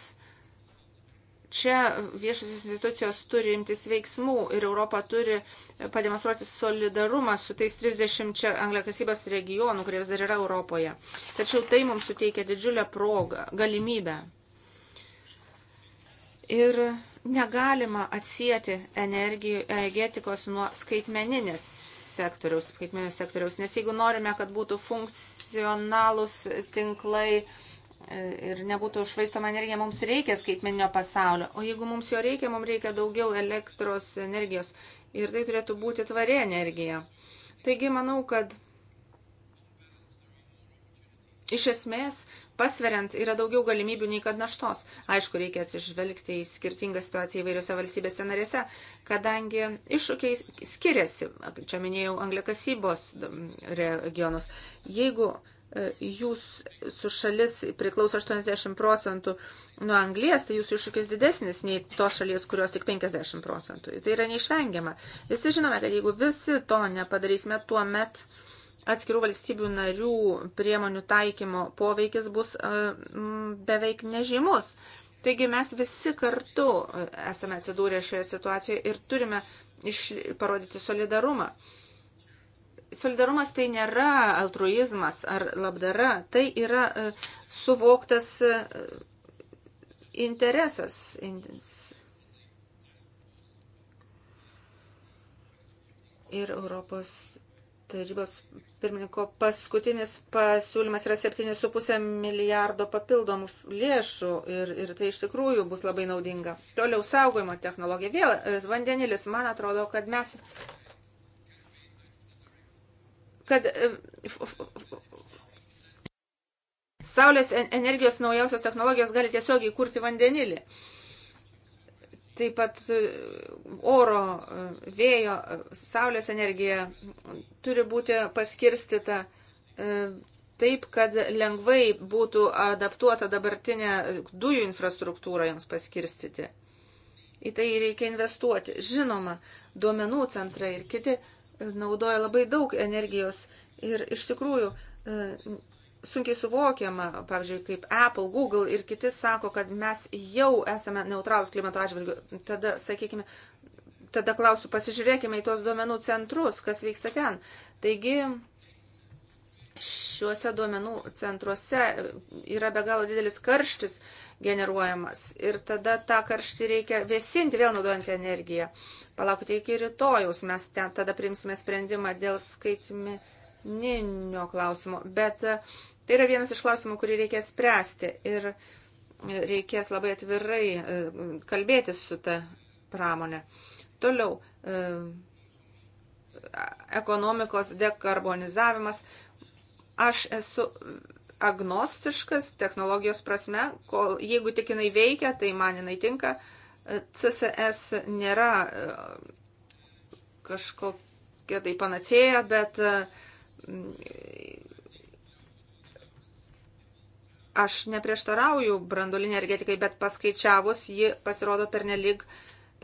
Čia viešosios institucijos turi imtis veiksmų ir Europa turi e, pademonstruoti solidarumą su tais 30 angliakasybės regionų, kurie vis dar yra Europoje. Tačiau tai mums suteikia didžiulę progą, galimybę. Ir Negalima atsijėti energetikos nuo skaitmeninės sektoriaus, skaitmeninės sektoriaus, nes jeigu norime, kad būtų funkcionalūs tinklai e, ir nebūtų švaistoma energija, mums reikia skaitmeninio pasaulio. O jeigu mums jo reikia, mums reikia daugiau elektros energijos ir tai turėtų būti tvari energija. Taigi manau, kad iš esmės pasveriant yra daugiau galimybių nei kad naštos. Aišku, reikia atsižvelgti į skirtingą situaciją įvairiose valstybėse narėse, kadangi iššūkiai skiriasi. Čia minėjau anglikasybos regionus. Jeigu e, jūsų šalis priklauso 80 procentų nuo anglies, tai jūsų iššūkis didesnis nei tos šalies, kurios tik 50 procentų. Tai yra neišvengiama. Visi žinome, kad jeigu visi to nepadarysime, tuo met uh, atskirų valstybių narių priemonių taikymo poveikis bus e, beveik nežymus. Taigi mes visi kartu e, esame atsidūrę šioje situacijoje ir turime iš, parodyti solidarumą. Solidarumas tai nėra altruizmas ar labdara, tai yra e, suvoktas interesas, ir Europos tarybos pirmininko paskutinis pasiūlymas yra 7,5 milijardo papildomų lėšų ir, ir tai iš tikrųjų bus labai naudinga. Toliau saugojimo technologija. Vėl e, vandenilis, man atrodo, kad mes kad e, Saulės energijos naujausios technologijos gali tiesiog įkurti vandenilį. Uh, taip pat e, oro, e, vėjo, e, saulės energija turi būti paskirstita taip, kad lengvai būtų adaptuota dabartinė dujų infrastruktūra jiems paskirstyti. Į tai reikia investuoti. Žinoma, duomenų centrai ir kiti naudoja labai daug energijos ir iš tikrųjų sunkiai suvokiama, pavyzdžiui, kaip Apple, Google ir kiti sako, kad mes jau esame neutralus klimato atžvilgiu. Tada, sakykime, tada klausiu, pasižiūrėkime į tos duomenų centrus, kas vyksta ten. Taigi, šiuose duomenų centruose yra be galo didelis karštis generuojamas ir tada tą karštį reikia vėsinti vėl naudojant energiją. Palaukite iki rytojaus, mes ten tada priimsime sprendimą dėl skaitmeninio klausimo, bet Tai yra vienas iš klausimų, kurį reikės spręsti ir reikės labai atvirai e, kalbėti su ta pramonė. Toliau, e, ekonomikos dekarbonizavimas. Aš esu agnostiškas technologijos prasme, kol, jeigu tik jinai veikia, tai man jinai tinka. E, CCS nėra kažkokia tai panacėja, bet Aš neprieštarauju brandolinė energetikai, bet paskaičiavus ji pasirodo pernelyg,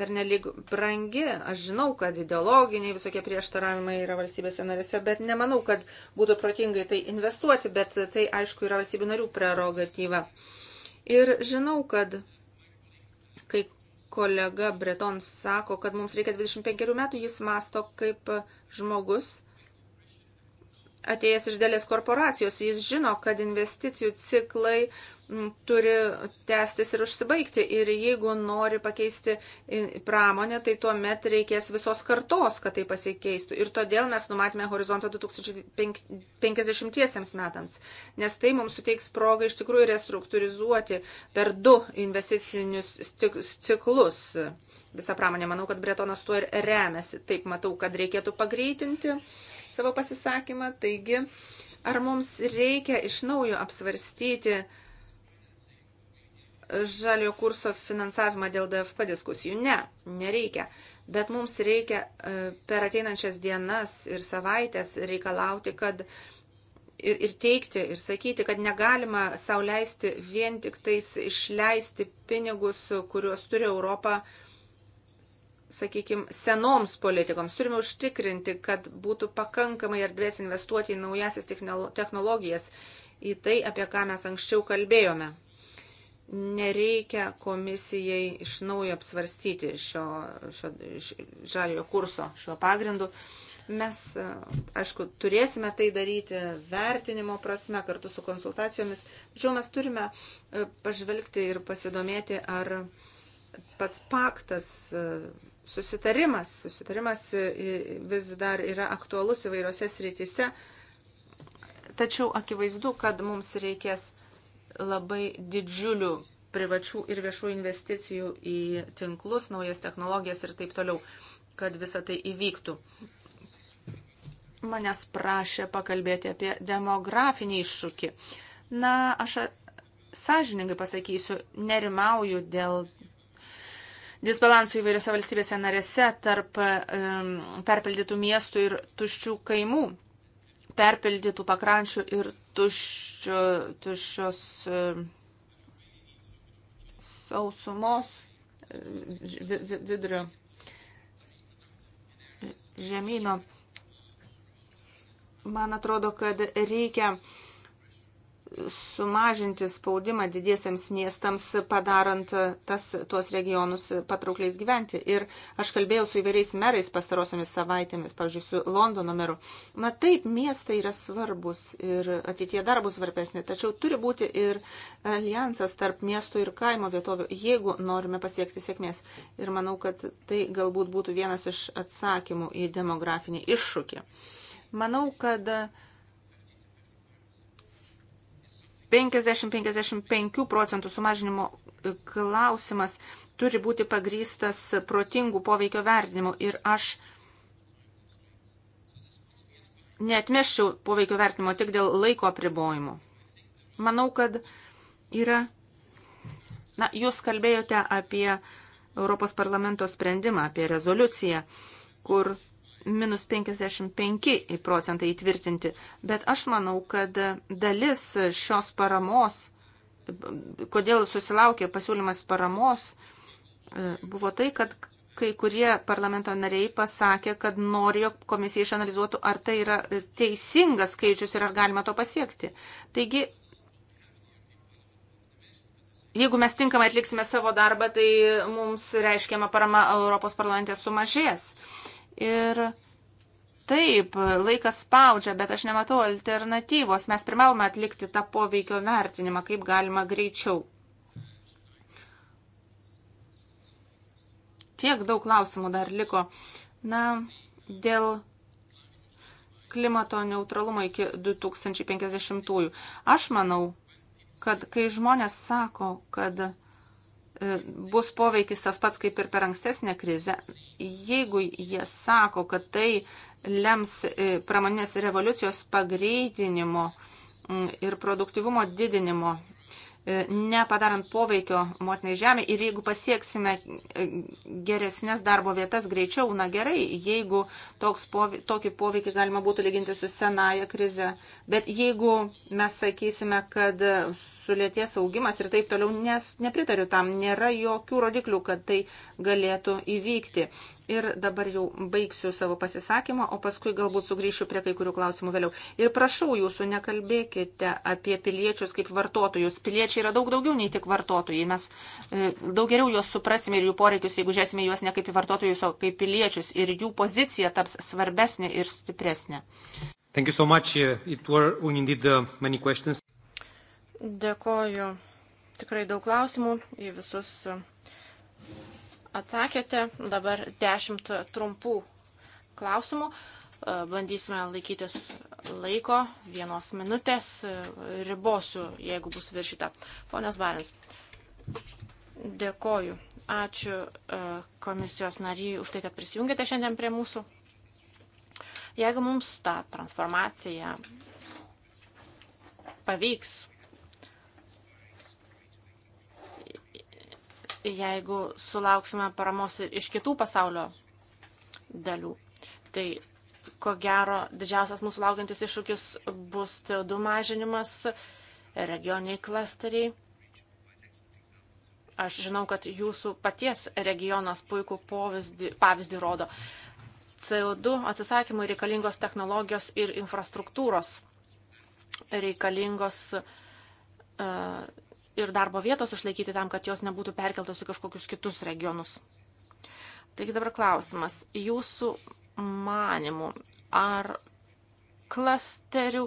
pernelyg brangi. Aš žinau, kad ideologiniai visokie prieštaravimai yra valstybėse narėse, bet nemanau, kad būtų protingai tai investuoti, bet tai aišku yra valstybių narių prerogatyva. Ir žinau, kad kai kolega Breton sako, kad mums reikia 25 metų, jis masto kaip žmogus, atėjęs iš dėlės korporacijos, jis žino, kad investicijų ciklai turi tęstis ir užsibaigti. Ir jeigu nori pakeisti pramonę, tai tuo met reikės visos kartos, kad tai pasikeistų. Ir todėl mes numatėme horizontą 2050 metams, nes tai mums suteiks progą iš tikrųjų restruktūrizuoti per du investicinius ciklus. Visa pramonė, manau, kad Bretonas tuo ir remiasi. Taip, matau, kad reikėtų pagreitinti. Uh, savo pasisakymą. Taigi, ar mums reikia iš naujo apsvarstyti žalio kurso finansavimą dėl DFP diskusijų? Ne, nereikia. Bet mums reikia e, per ateinančias dienas ir savaitės reikalauti, kad ir, ir teikti, ir sakyti, kad negalima sauliaisti vien tik tais išleisti pinigus, kuriuos turi Europą sakykime, senoms politikoms. Turime užtikrinti, kad būtų pakankamai erdvės investuoti į naujasis technologijas, į tai, apie ką mes anksčiau kalbėjome. Nereikia komisijai iš naujo apsvarstyti šio, šio, šio žaliojo kurso, šio pagrindu. Mes, aišku, turėsime tai daryti vertinimo prasme kartu su konsultacijomis, tačiau mes turime e, pažvelgti ir pasidomėti, ar pats paktas e, susitarimas. Susitarimas e, e, vis dar yra aktualus įvairiose srityse, tačiau akivaizdu, kad mums reikės labai didžiulių privačių ir viešų investicijų į tinklus, naujas technologijas ir taip toliau, kad visa tai įvyktų. Manęs prašė pakalbėti apie demografinį iššūkį. Na, aš sąžiningai pasakysiu, nerimauju dėl disbalansų įvairiose valstybėse narėse tarp perpildytų miestų ir tuščių kaimų, perpildytų pakrančių ir tuščio, tuščios sausumos vidurio žemyno. Man atrodo, kad reikia uh, sumažinti spaudimą didiesiams miestams, padarant tas, tuos regionus patraukliais gyventi. Ir aš kalbėjau su įvairiais merais pastarosiomis savaitėmis, pavyzdžiui, su Londono meru. Na taip, miestai yra svarbus ir ateitie dar bus svarbesnė, tačiau turi būti ir alijansas tarp miestų ir kaimo vietovių, jeigu norime pasiekti sėkmės. Ir manau, kad tai galbūt būtų vienas iš atsakymų į demografinį iššūkį. Manau, kad uh, 50-55 procentų sumažinimo klausimas turi būti pagrystas protingų poveikio vertinimu ir aš neatmeščiau poveikio vertinimo tik dėl laiko apribojimų. Manau, kad yra. Na, jūs kalbėjote apie Europos parlamento sprendimą, apie rezoliuciją, kur minus 55 procentai įtvirtinti, bet aš manau, kad dalis šios paramos, kodėl susilaukė pasiūlymas paramos, e, buvo tai, kad kai kurie parlamento nariai pasakė, kad nori, jog komisija išanalizuotų, ar tai yra e, teisingas skaičius ir ar galima to pasiekti. Taigi, jeigu mes tinkamai atliksime savo darbą, tai mums reiškiama parama Europos parlamente sumažės. Ir taip, laikas spaudžia, bet aš nematau alternatyvos. Mes privalome atlikti tą poveikio vertinimą, kaip galima greičiau. Tiek daug klausimų dar liko. Na, dėl klimato neutralumo iki 2050-ųjų. Aš manau, kad kai žmonės sako, kad E, bus poveikis tas pats kaip ir per ankstesnę krizę, jeigu jie sako, kad tai lems e, pramonės revoliucijos pagreitinimo ir produktivumo didinimo, e, nepadarant poveikio motinai žemė ir jeigu pasieksime geresnės darbo vietas greičiau, na gerai, jeigu toks povei, tokį poveikį galima būtų lyginti su senaja krize, bet jeigu mes sakysime, kad sulėties augimas ir taip toliau, nes nepritariu tam, nėra jokių rodiklių, kad tai galėtų įvykti. Ir dabar jau baigsiu savo pasisakymą, o paskui galbūt sugrįšiu prie kai kurių klausimų vėliau. Ir prašau jūsų, nekalbėkite apie piliečius kaip vartotojus. Piliečiai yra daug daugiau nei tik vartotojai. Mes e, daug geriau juos suprasime ir jų poreikius, jeigu žiūrėsime juos ne kaip į vartotojus, o kaip piliečius. Ir jų pozicija taps svarbesnė ir stipresnė. Thank you so much. It were indeed uh, many questions. Dėkoju. Tikrai daug klausimų. Į visus atsakėte. Dabar dešimt trumpų klausimų. E, Bandysime laikytis laiko, vienos minutės, e, ribosiu, jeigu bus viršyta. Ponas Barins, dėkoju. Ačiū e, komisijos nariai už tai, kad prisijungėte šiandien prie mūsų. Jeigu mums ta transformacija pavyks, jeigu sulauksime paramos iš kitų pasaulio dalių. Tai ko gero didžiausias mūsų laukiantis iššūkis bus CO2 mažinimas, regioniai klasteriai. Aš žinau, kad jūsų paties regionas puikų pavyzdį, pavyzdį rodo. CO2 atsisakymui reikalingos technologijos ir infrastruktūros, reikalingos uh, ir darbo vietos išlaikyti tam, kad jos nebūtų perkeltos į kažkokius kitus regionus. Taigi dabar klausimas. Jūsų manimų, ar klasterių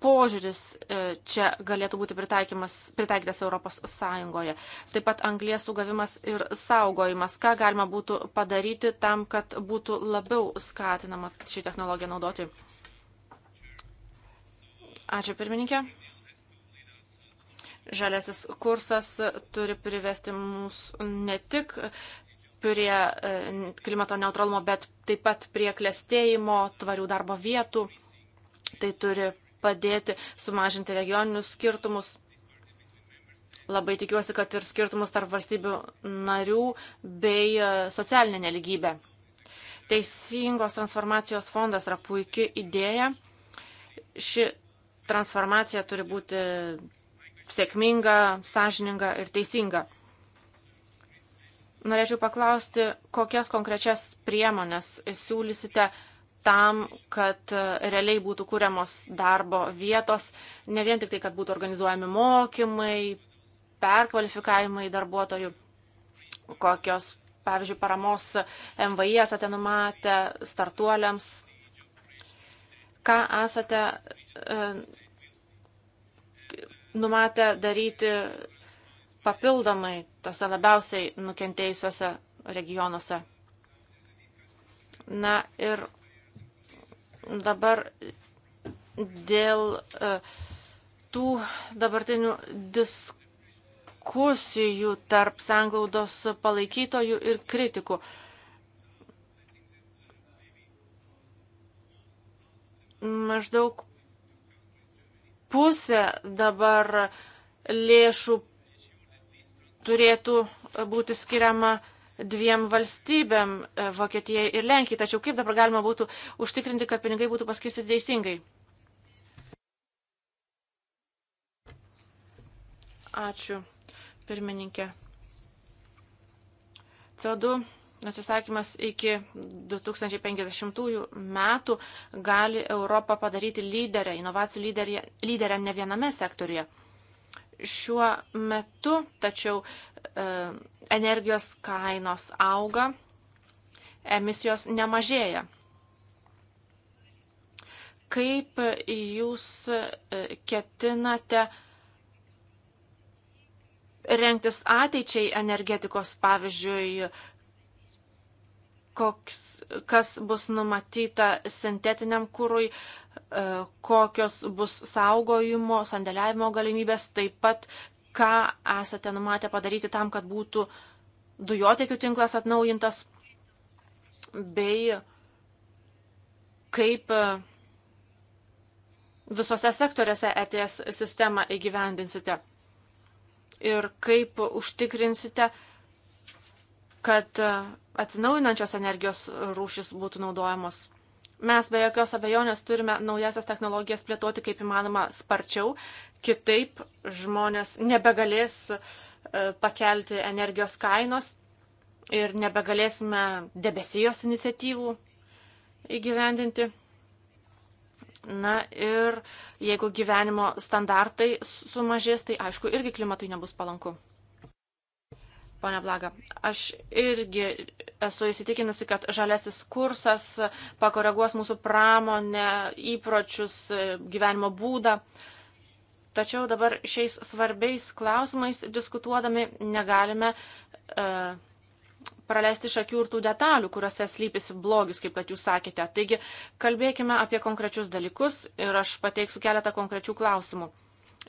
požiūris e, čia galėtų būti pritaikytas Europos Sąjungoje. Taip pat anglės sugavimas ir saugojimas. Ką galima būtų padaryti tam, kad būtų labiau skatinama šį technologiją naudoti? Ačiū pirmininkė. Žalėsis kursas turi privesti mus ne tik prie e, klimato neutralumo, bet taip pat prie klėstėjimo, tvarių darbo vietų. Tai turi padėti sumažinti regioninius skirtumus. Labai tikiuosi, kad ir skirtumus tarp valstybių narių bei e, socialinė neligybė. Teisingos transformacijos fondas yra puikia idėja. Ši transformacija turi būti sėkminga, sąžininga ir teisinga. Norėčiau paklausti, kokias konkrečias priemonės siūlysite tam, kad e, realiai būtų kūriamos darbo vietos, ne vien tik tai, kad būtų organizuojami mokymai, perkvalifikavimai darbuotojų, kokios, pavyzdžiui, paramos MVI esate numatę startuoliams, ką esate e, numatę daryti papildomai tose labiausiai nukentėjusiuose regionuose. Na ir dabar dėl e, tų dabartinių diskusijų tarp sanglaudos palaikytojų ir kritikų. Maždaug pusė dabar lėšų turėtų būti skiriama dviem valstybėm e, - Vokietijai ir Lenkijai. Tačiau kaip dabar galima būtų užtikrinti, kad pinigai būtų paskirsti teisingai? Ačiū, pirmininkė. CO2 atsisakymas iki 2050 metų gali Europą padaryti lyderę, inovacijų lyderę, lyderę ne viename sektoriuje. Šiuo metu, tačiau, e, energijos kainos auga, emisijos nemažėja. Kaip jūs e, ketinate rengtis ateičiai energetikos, pavyzdžiui, koks, kas bus numatyta sintetiniam kūrui, e, kokios bus saugojimo, sandėliavimo galimybės, taip pat ką esate numatę padaryti tam, kad būtų dujotekių tinklas atnaujintas, bei kaip e, visose sektoriuose ETS sistemą įgyvendinsite ir kaip užtikrinsite, kad e, atsinaujinančios energijos rūšis būtų naudojamos. Mes be jokios abejonės turime naujasias technologijas plėtoti kaip įmanoma sparčiau, kitaip žmonės nebegalės e, pakelti energijos kainos ir nebegalėsime debesijos iniciatyvų įgyvendinti. Na ir jeigu gyvenimo standartai sumažės, tai aišku, irgi klimatui nebus palanku. Pane Blaga, aš irgi esu įsitikinusi, kad žalesis kursas pakoreguos mūsų pramonę, įpročius, gyvenimo būdą. Tačiau dabar šiais svarbiais klausimais diskutuodami negalime e, praleisti šakių ir tų detalių, kuriuose slypisi blogis, kaip kad jūs sakėte. Taigi kalbėkime apie konkrečius dalykus ir aš pateiksiu keletą konkrečių klausimų.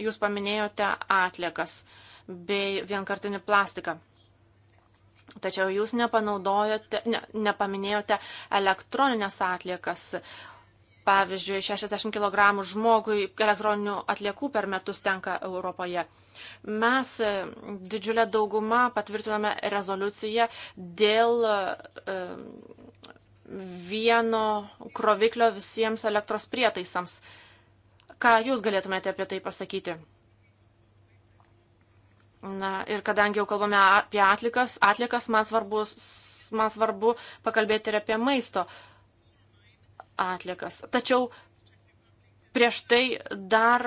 Jūs paminėjote atliekas bei vienkartinį plastiką. Tačiau jūs nepanaudojote, ne, nepaminėjote elektroninės atliekas. Pavyzdžiui, 60 kg žmogui elektroninių atliekų per metus tenka Europoje. Mes e, didžiulę daugumą patvirtiname rezoliuciją dėl e, vieno kroviklio visiems elektros prietaisams. Ką jūs galėtumėte apie tai pasakyti? Na ir kadangi jau kalbame apie atlikas, atlikas man, svarbus, man svarbu pakalbėti ir apie maisto atlikas. Tačiau prieš tai dar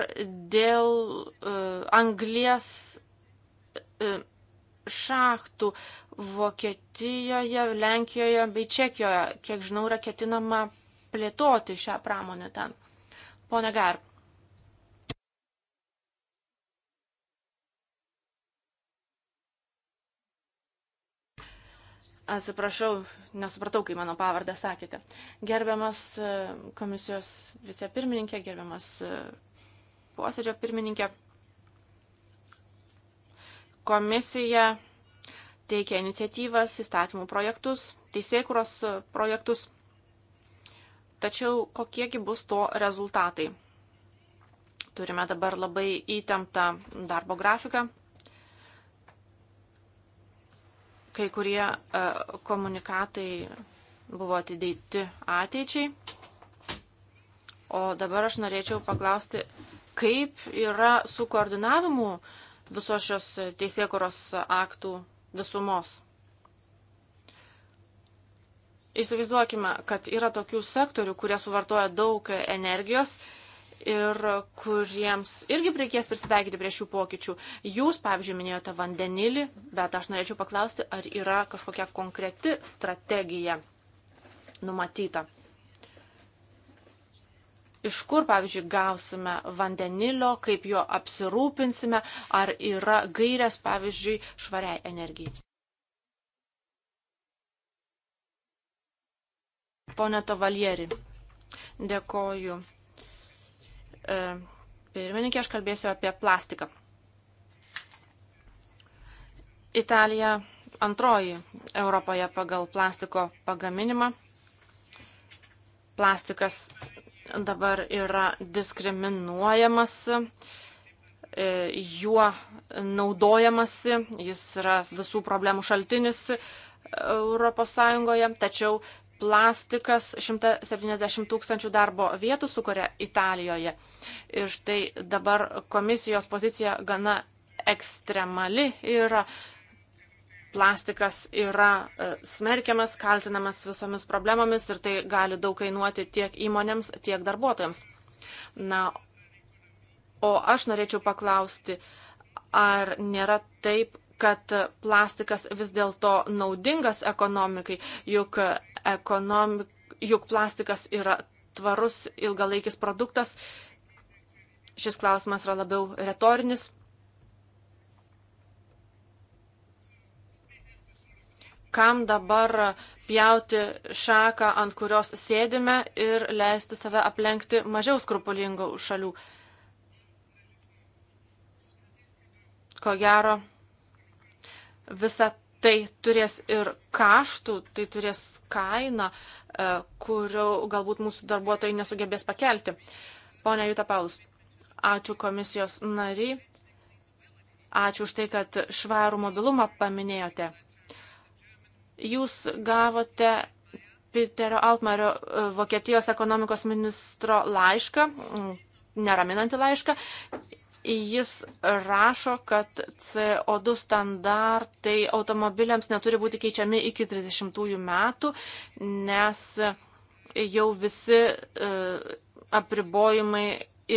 dėl uh, anglies uh, šachtų Vokietijoje, Lenkijoje bei Čekijoje, kiek žinau, yra ketinama plėtoti šią pramonę ten. Pone Garb. Atsiprašau, nesupratau, kai mano pavardę sakėte. Gerbiamas e, komisijos vicepirmininkė, gerbiamas e, posėdžio pirmininkė. Komisija teikia iniciatyvas, įstatymų projektus, teisėkuros e, projektus. Tačiau kokiegi bus to rezultatai? Turime dabar labai įtemptą darbo grafiką. Kai kurie e, komunikatai buvo atidėti ateičiai. O dabar aš norėčiau paklausti, kaip yra su koordinavimu visos šios teisėkuros aktų visumos. Įsivaizduokime, kad yra tokių sektorių, kurie suvartoja daug energijos ir kuriems irgi reikės prisitaikyti prie šių pokyčių. Jūs, pavyzdžiui, minėjote vandenilį, bet aš norėčiau paklausti, ar yra kažkokia konkreti strategija numatyta. Iš kur, pavyzdžiui, gausime vandenilio, kaip jo apsirūpinsime, ar yra gairės, pavyzdžiui, švariai energijai. Pone Tovalieri, dėkoju. E, pirmininkė, aš kalbėsiu apie plastiką. Italija antroji Europoje pagal plastiko pagaminimą. Plastikas dabar yra diskriminuojamas, e, juo naudojamasi, jis yra visų problemų šaltinis ES, tačiau plastikas 170 tūkstančių darbo vietų sukuria Italijoje. Ir štai dabar komisijos pozicija gana ekstremali yra. Plastikas yra e, smerkiamas, kaltinamas visomis problemomis ir tai gali daug kainuoti tiek įmonėms, tiek darbuotojams. Na, o aš norėčiau paklausti, ar nėra taip, kad plastikas vis dėlto naudingas ekonomikai, juk ekonomik, juk plastikas yra tvarus ilgalaikis produktas. Šis klausimas yra labiau retorinis. Kam dabar pjauti šaką, ant kurios sėdime ir leisti save aplenkti mažiau skrupulingų šalių? Ko gero, visą tai turės ir kaštų, tai turės kainą, e, kurio galbūt mūsų darbuotojai nesugebės pakelti. Pone Juta Paulus, ačiū komisijos nariai, ačiū už tai, kad švarų mobilumą paminėjote. Jūs gavote Piterio Altmario e, Vokietijos ekonomikos ministro laišką, mm, neraminantį laišką, jis rašo, kad CO2 standartai automobiliams neturi būti keičiami iki 30 metų, nes jau visi e, apribojimai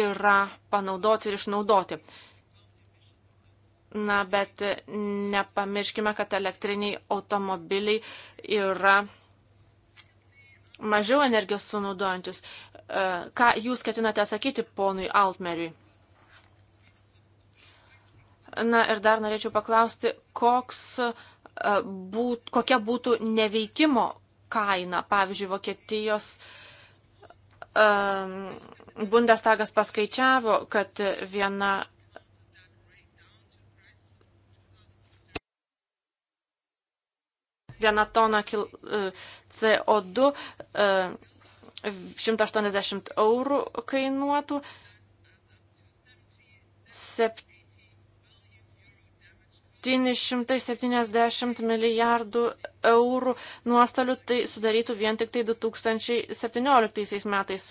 yra panaudoti ir išnaudoti. Na, bet nepamirškime, kad elektriniai automobiliai yra mažiau energijos sunaudojantis. E, ką jūs ketinate atsakyti ponui Altmeriui? Na ir dar norėčiau paklausti, koks, e, būt, kokia būtų neveikimo kaina. Pavyzdžiui, Vokietijos um, Bundestagas paskaičiavo, kad viena. Viena tona e, CO2 180 eurų kainuotų, 7 770 milijardų eurų nuostolių tai sudarytų vien tik tai 2017 metais.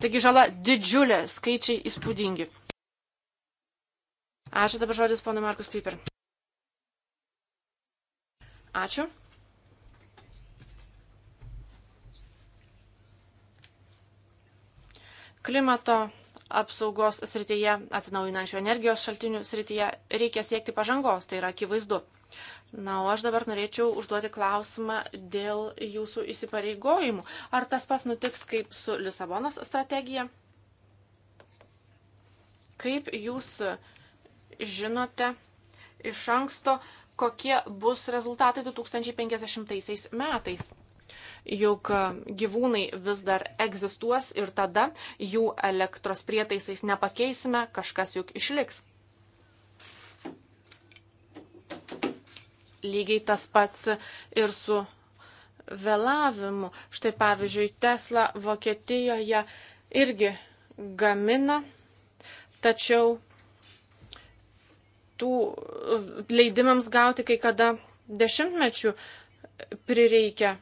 Taigi žala didžiulė, skaičiai įspūdingi. Ačiū dabar žodis ponui Markus Piper. Ačiū. Klimato apsaugos srityje, atsinaujinančių energijos šaltinių srityje reikia siekti pažangos, tai yra akivaizdu. Na, o aš dabar norėčiau užduoti klausimą dėl jūsų įsipareigojimų. Ar tas pas nutiks kaip su Lisabonos strategija? Kaip jūs žinote iš anksto, kokie bus rezultatai 2050 metais? juk e, gyvūnai vis dar egzistuos ir tada jų elektros prietaisais nepakeisime, kažkas juk išliks. Lygiai tas pats ir su vėlavimu. Štai pavyzdžiui, Tesla Vokietijoje irgi gamina, tačiau tų e, leidimams gauti kai kada dešimtmečių prireikia.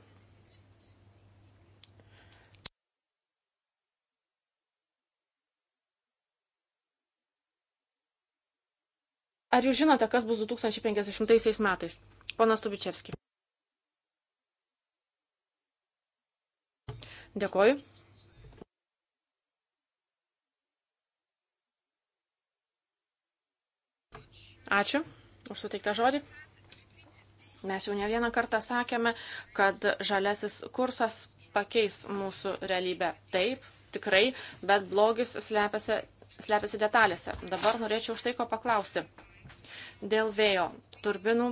Ar jūs žinote, kas bus 2050 metais? Ponas Tubičevski. Dėkoju. Ačiū už suteiktą žodį. Mes jau ne vieną kartą sakėme, kad žalesis kursas pakeis mūsų realybę. Taip, tikrai, bet blogis slepiasi, slepiasi detalėse. Dabar norėčiau štai ko paklausti. Dėl vėjo turbinų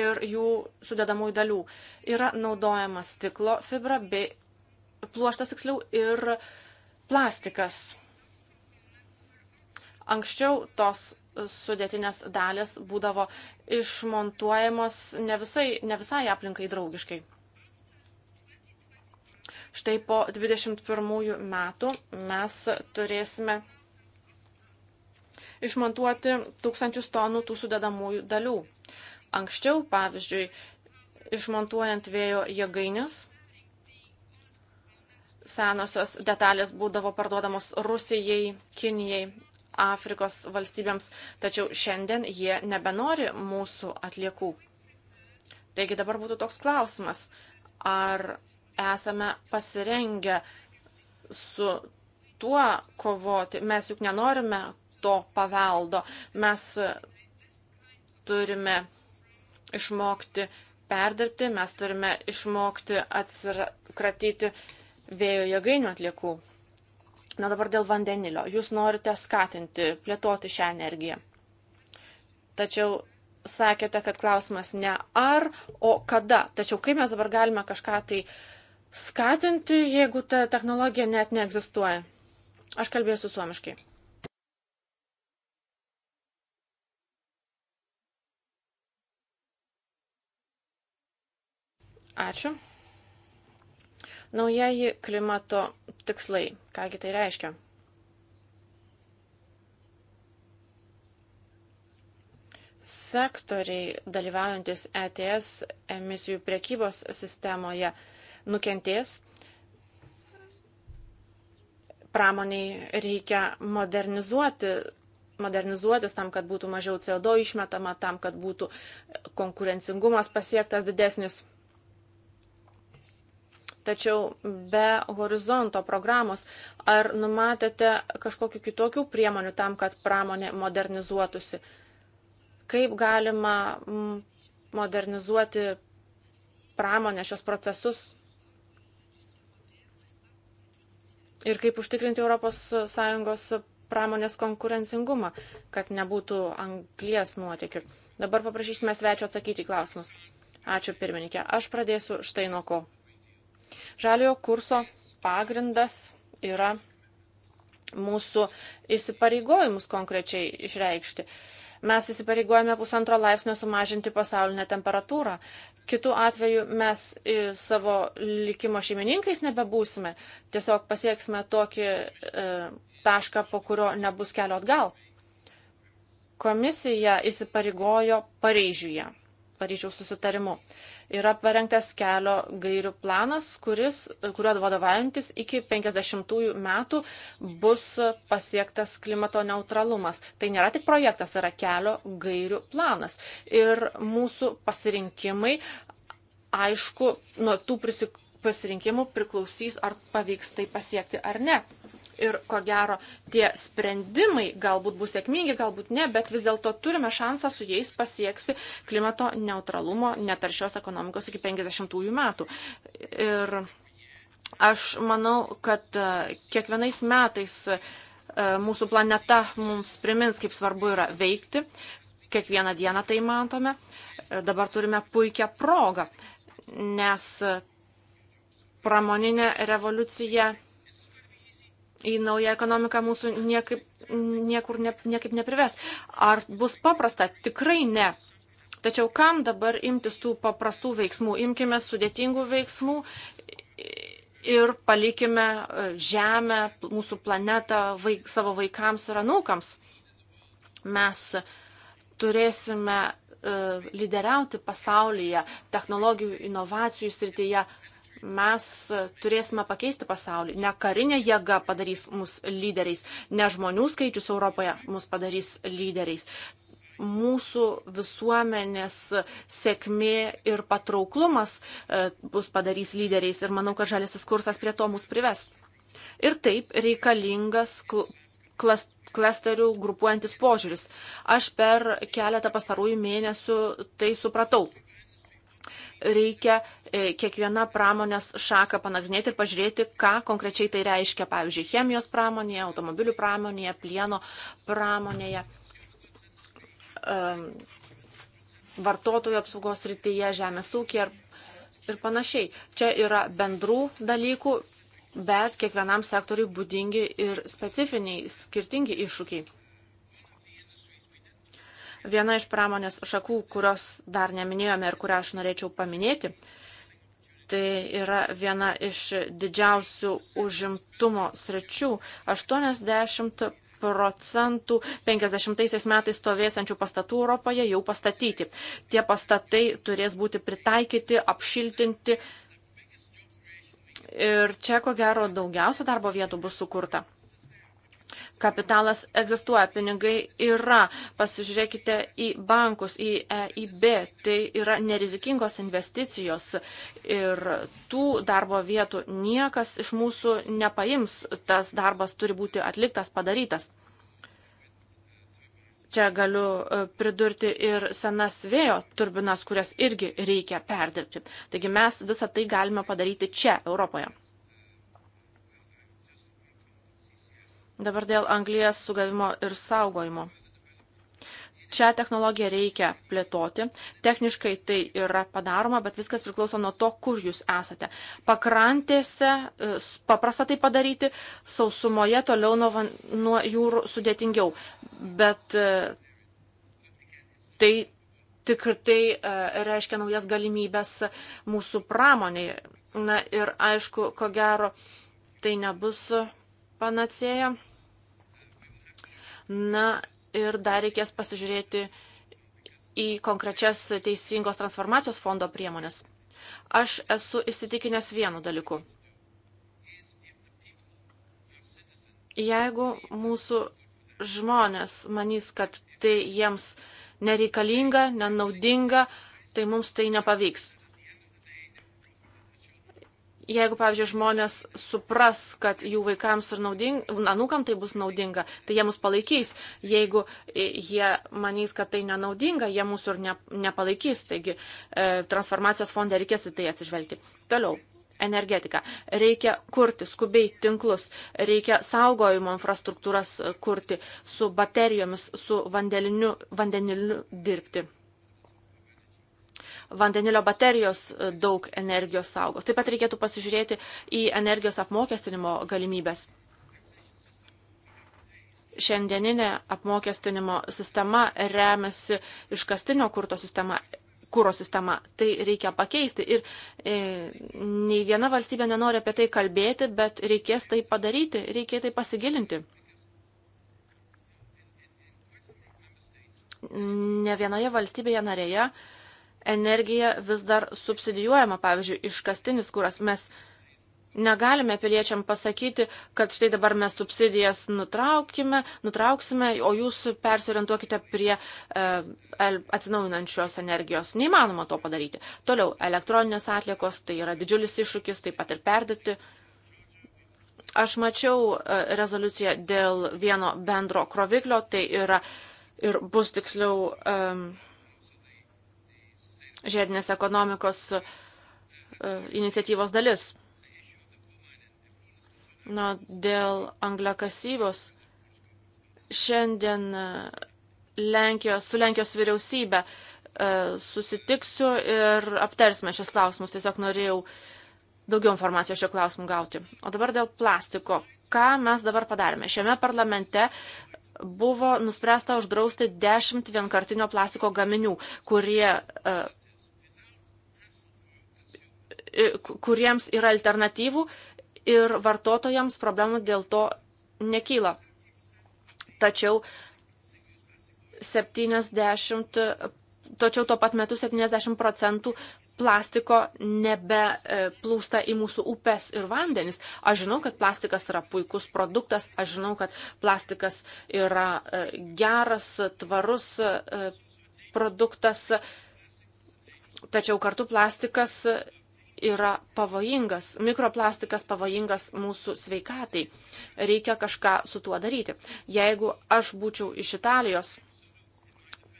ir jų sudedamųjų dalių yra naudojama stiklo fibra bei pluoštas tiksliau ir plastikas. Anksčiau tos sudėtinės dalės būdavo išmontuojamos ne visai, ne visai aplinkai draugiškai. Štai po 21 metų mes turėsime išmontuoti tūkstančius tonų tų sudedamųjų dalių. Anksčiau, pavyzdžiui, išmontuojant vėjo jėgainės, senosios detalės būdavo parduodamos Rusijai, Kinijai, Afrikos valstybėms, tačiau šiandien jie nebenori mūsų atliekų. Taigi dabar būtų toks klausimas, ar esame pasirengę su tuo kovoti. Mes juk nenorime to paveldo. Mes turime išmokti perdirbti, mes turime išmokti atsikratyti vėjo jėgainių atliekų. Na dabar dėl vandenilio. Jūs norite skatinti, plėtoti šią energiją. Tačiau sakėte, kad klausimas ne ar, o kada. Tačiau kaip mes dabar galime kažką tai skatinti, jeigu ta technologija net neegzistuoja? Aš kalbėsiu suomiškai. Ačiū. Naujieji klimato tikslai. Kągi tai reiškia? Sektoriai dalyvaujantis ETS emisijų priekybos sistemoje nukentės. Pramoniai reikia modernizuoti, modernizuotis tam, kad būtų mažiau CO2 išmetama, tam, kad būtų konkurencingumas pasiektas didesnis. Tačiau be horizonto programos, ar numatėte kažkokiu kitokių priemonių tam, kad pramonė modernizuotųsi? Kaip galima modernizuoti pramonę šios procesus? Ir kaip užtikrinti ES pramonės konkurencingumą, kad nebūtų anglies nuotekių. Dabar paprašysime svečio atsakyti į klausimus. Ačiū pirmininkė. Aš pradėsiu štai nuo ko. Žaliojo kurso pagrindas yra mūsų įsipareigojimus konkrečiai išreikšti. Mes įsipareigojame pusantro laipsnio sumažinti pasaulinę temperatūrą. Kitu atveju mes savo likimo šeimininkais nebebūsime. Tiesiog pasieksime tokį e, tašką, po kurio nebus kelio atgal. Komisija įsipareigojo Paryžiuje Paryžiaus susitarimu. Yra parengtas kelio gairių planas, kuris, kuriuo vadovaujantis iki 50 metų bus pasiektas klimato neutralumas. Tai nėra tik projektas, tai yra kelio gairių planas. Ir mūsų pasirinkimai, aišku, nuo tų prisik pasirinkimų priklausys, ar pavyks tai pasiekti ar ne ir ko gero tie sprendimai galbūt bus sėkmingi, galbūt ne, bet vis dėlto turime šansą su jais pasiekti klimato neutralumo netaršios ekonomikos iki 50-ųjų metų. Ir aš manau, kad e, kiekvienais metais e, mūsų planeta mums primins, kaip svarbu yra veikti. Kiekvieną dieną tai matome. E, dabar turime puikią progą, nes pramoninė revoliucija į naują ekonomiką mūsų niekaip, niekur ne, niekaip neprives. Ar bus paprasta? Tikrai ne. Tačiau kam dabar imtis tų paprastų veiksmų? Imkime sudėtingų veiksmų ir palikime e, Žemę, mūsų planetą vaik, savo vaikams ir anūkams. Mes turėsime e, lyderiauti pasaulyje technologijų inovacijų srityje, Mes turėsime pakeisti pasaulį. Ne karinė jėga padarys mus lyderiais, ne žmonių skaičius Europoje mus padarys lyderiais. Mūsų visuomenės sėkmė ir patrauklumas e, bus padarys lyderiais ir manau, kad žalėsis kursas prie to mus prives. Ir taip reikalingas klasterių grupuojantis požiūris. Aš per keletą pastarųjų mėnesių tai supratau reikia e, kiekvieną pramonės šaką panagrinėti ir pažiūrėti, ką konkrečiai tai reiškia, pavyzdžiui, chemijos pramonėje, automobilių pramonėje, plieno pramonėje, vartotojų apsaugos rytyje, žemės ūkija ir panašiai. Čia yra bendrų dalykų, bet kiekvienam sektoriui būdingi ir specifiniai, skirtingi iššūkiai. Viena iš pramonės šakų, kurios dar neminėjome ir kurią aš norėčiau paminėti, tai yra viena iš didžiausių užimtumo sričių. 80 procentų 50 metais stovėsiančių pastatų Europoje jau pastatyti. Tie pastatai turės būti pritaikyti, apšiltinti. Ir čia, ko gero, daugiausia darbo vietų bus sukurta. Kapitalas egzistuoja, pinigai yra. Pasižiūrėkite į bankus, į EIB. Tai yra nerizikingos investicijos ir tų darbo vietų niekas iš mūsų nepaims. Tas darbas turi būti atliktas, padarytas. Čia galiu e, pridurti ir senas vėjo turbinas, kurias irgi reikia perdirbti. Taigi mes visą tai galime padaryti čia, Europoje. Dabar dėl anglijas sugavimo ir saugojimo. Čia technologiją reikia plėtoti. Techniškai tai yra padaroma, bet viskas priklauso nuo to, kur jūs esate. Pakrantėse e, paprasta tai padaryti, sausumoje toliau nuo, van, nuo jūrų sudėtingiau. Bet e, tai tik tai e, reiškia naujas galimybės mūsų pramoniai. Na ir aišku, ko gero, tai nebus panacėja. Na ir dar reikės pasižiūrėti į konkrečias teisingos transformacijos fondo priemonės. Aš esu įsitikinęs vienu dalyku. Jeigu mūsų žmonės manys, kad tai jiems nereikalinga, nenaudinga, tai mums tai nepavyks. Jeigu, pavyzdžiui, žmonės supras, kad jų vaikams ir naudinga, anūkam tai bus naudinga, tai jie mus palaikys. Jeigu jie manys, kad tai nenaudinga, jie mūsų ir ne, nepalaikys. Taigi, e, transformacijos fonde reikės į tai atsižvelgti. Toliau energetiką. Reikia kurti skubiai tinklus, reikia saugojimo infrastruktūras e, kurti, su baterijomis, su vandeniliu, vandeniliu dirbti vandenilio baterijos e, daug energijos saugos. Taip pat reikėtų pasižiūrėti į energijos apmokestinimo galimybės. Šiandieninė apmokestinimo sistema remiasi iškastinio kurto sistema kūro sistema. Tai reikia pakeisti. Ir e, nei viena valstybė nenori apie tai kalbėti, bet reikės tai padaryti, reikia tai pasigilinti. Ne vienoje valstybėje narėje e, energija vis dar subsidijuojama, pavyzdžiui, iškastinis kūras. Mes negalime piliečiam pasakyti, kad štai dabar mes subsidijas nutraukime, nutrauksime, o jūs persiorientuokite prie e, atsinaujinančios energijos. Neįmanoma to padaryti. Toliau, elektroninės atliekos, tai yra didžiulis iššūkis, taip pat ir perdėti. Aš mačiau e, rezoliuciją dėl vieno bendro kroviklio, tai yra ir bus tiksliau. E, žiedinės ekonomikos e, iniciatyvos dalis. Na, dėl angliakasybos šiandien e, Lenkijos, su Lenkijos vyriausybė e, susitiksiu ir aptarsime šis klausimus. Tiesiog norėjau daugiau informacijos šio klausimu gauti. O dabar dėl plastiko. Ką mes dabar padarėme? Šiame parlamente buvo nuspręsta uždrausti 10 vienkartinio plastiko gaminių, kurie kuriems yra alternatyvų ir vartotojams problemų dėl to nekyla. Tačiau 70, tačiau tuo pat metu 70 procentų plastiko nebeplūsta e, į mūsų upes ir vandenis. Aš žinau, kad plastikas yra puikus produktas, aš žinau, kad plastikas yra e, geras, tvarus e, produktas, tačiau kartu plastikas yra pavojingas, mikroplastikas pavojingas mūsų sveikatai. Reikia kažką su tuo daryti. Jeigu aš būčiau iš Italijos,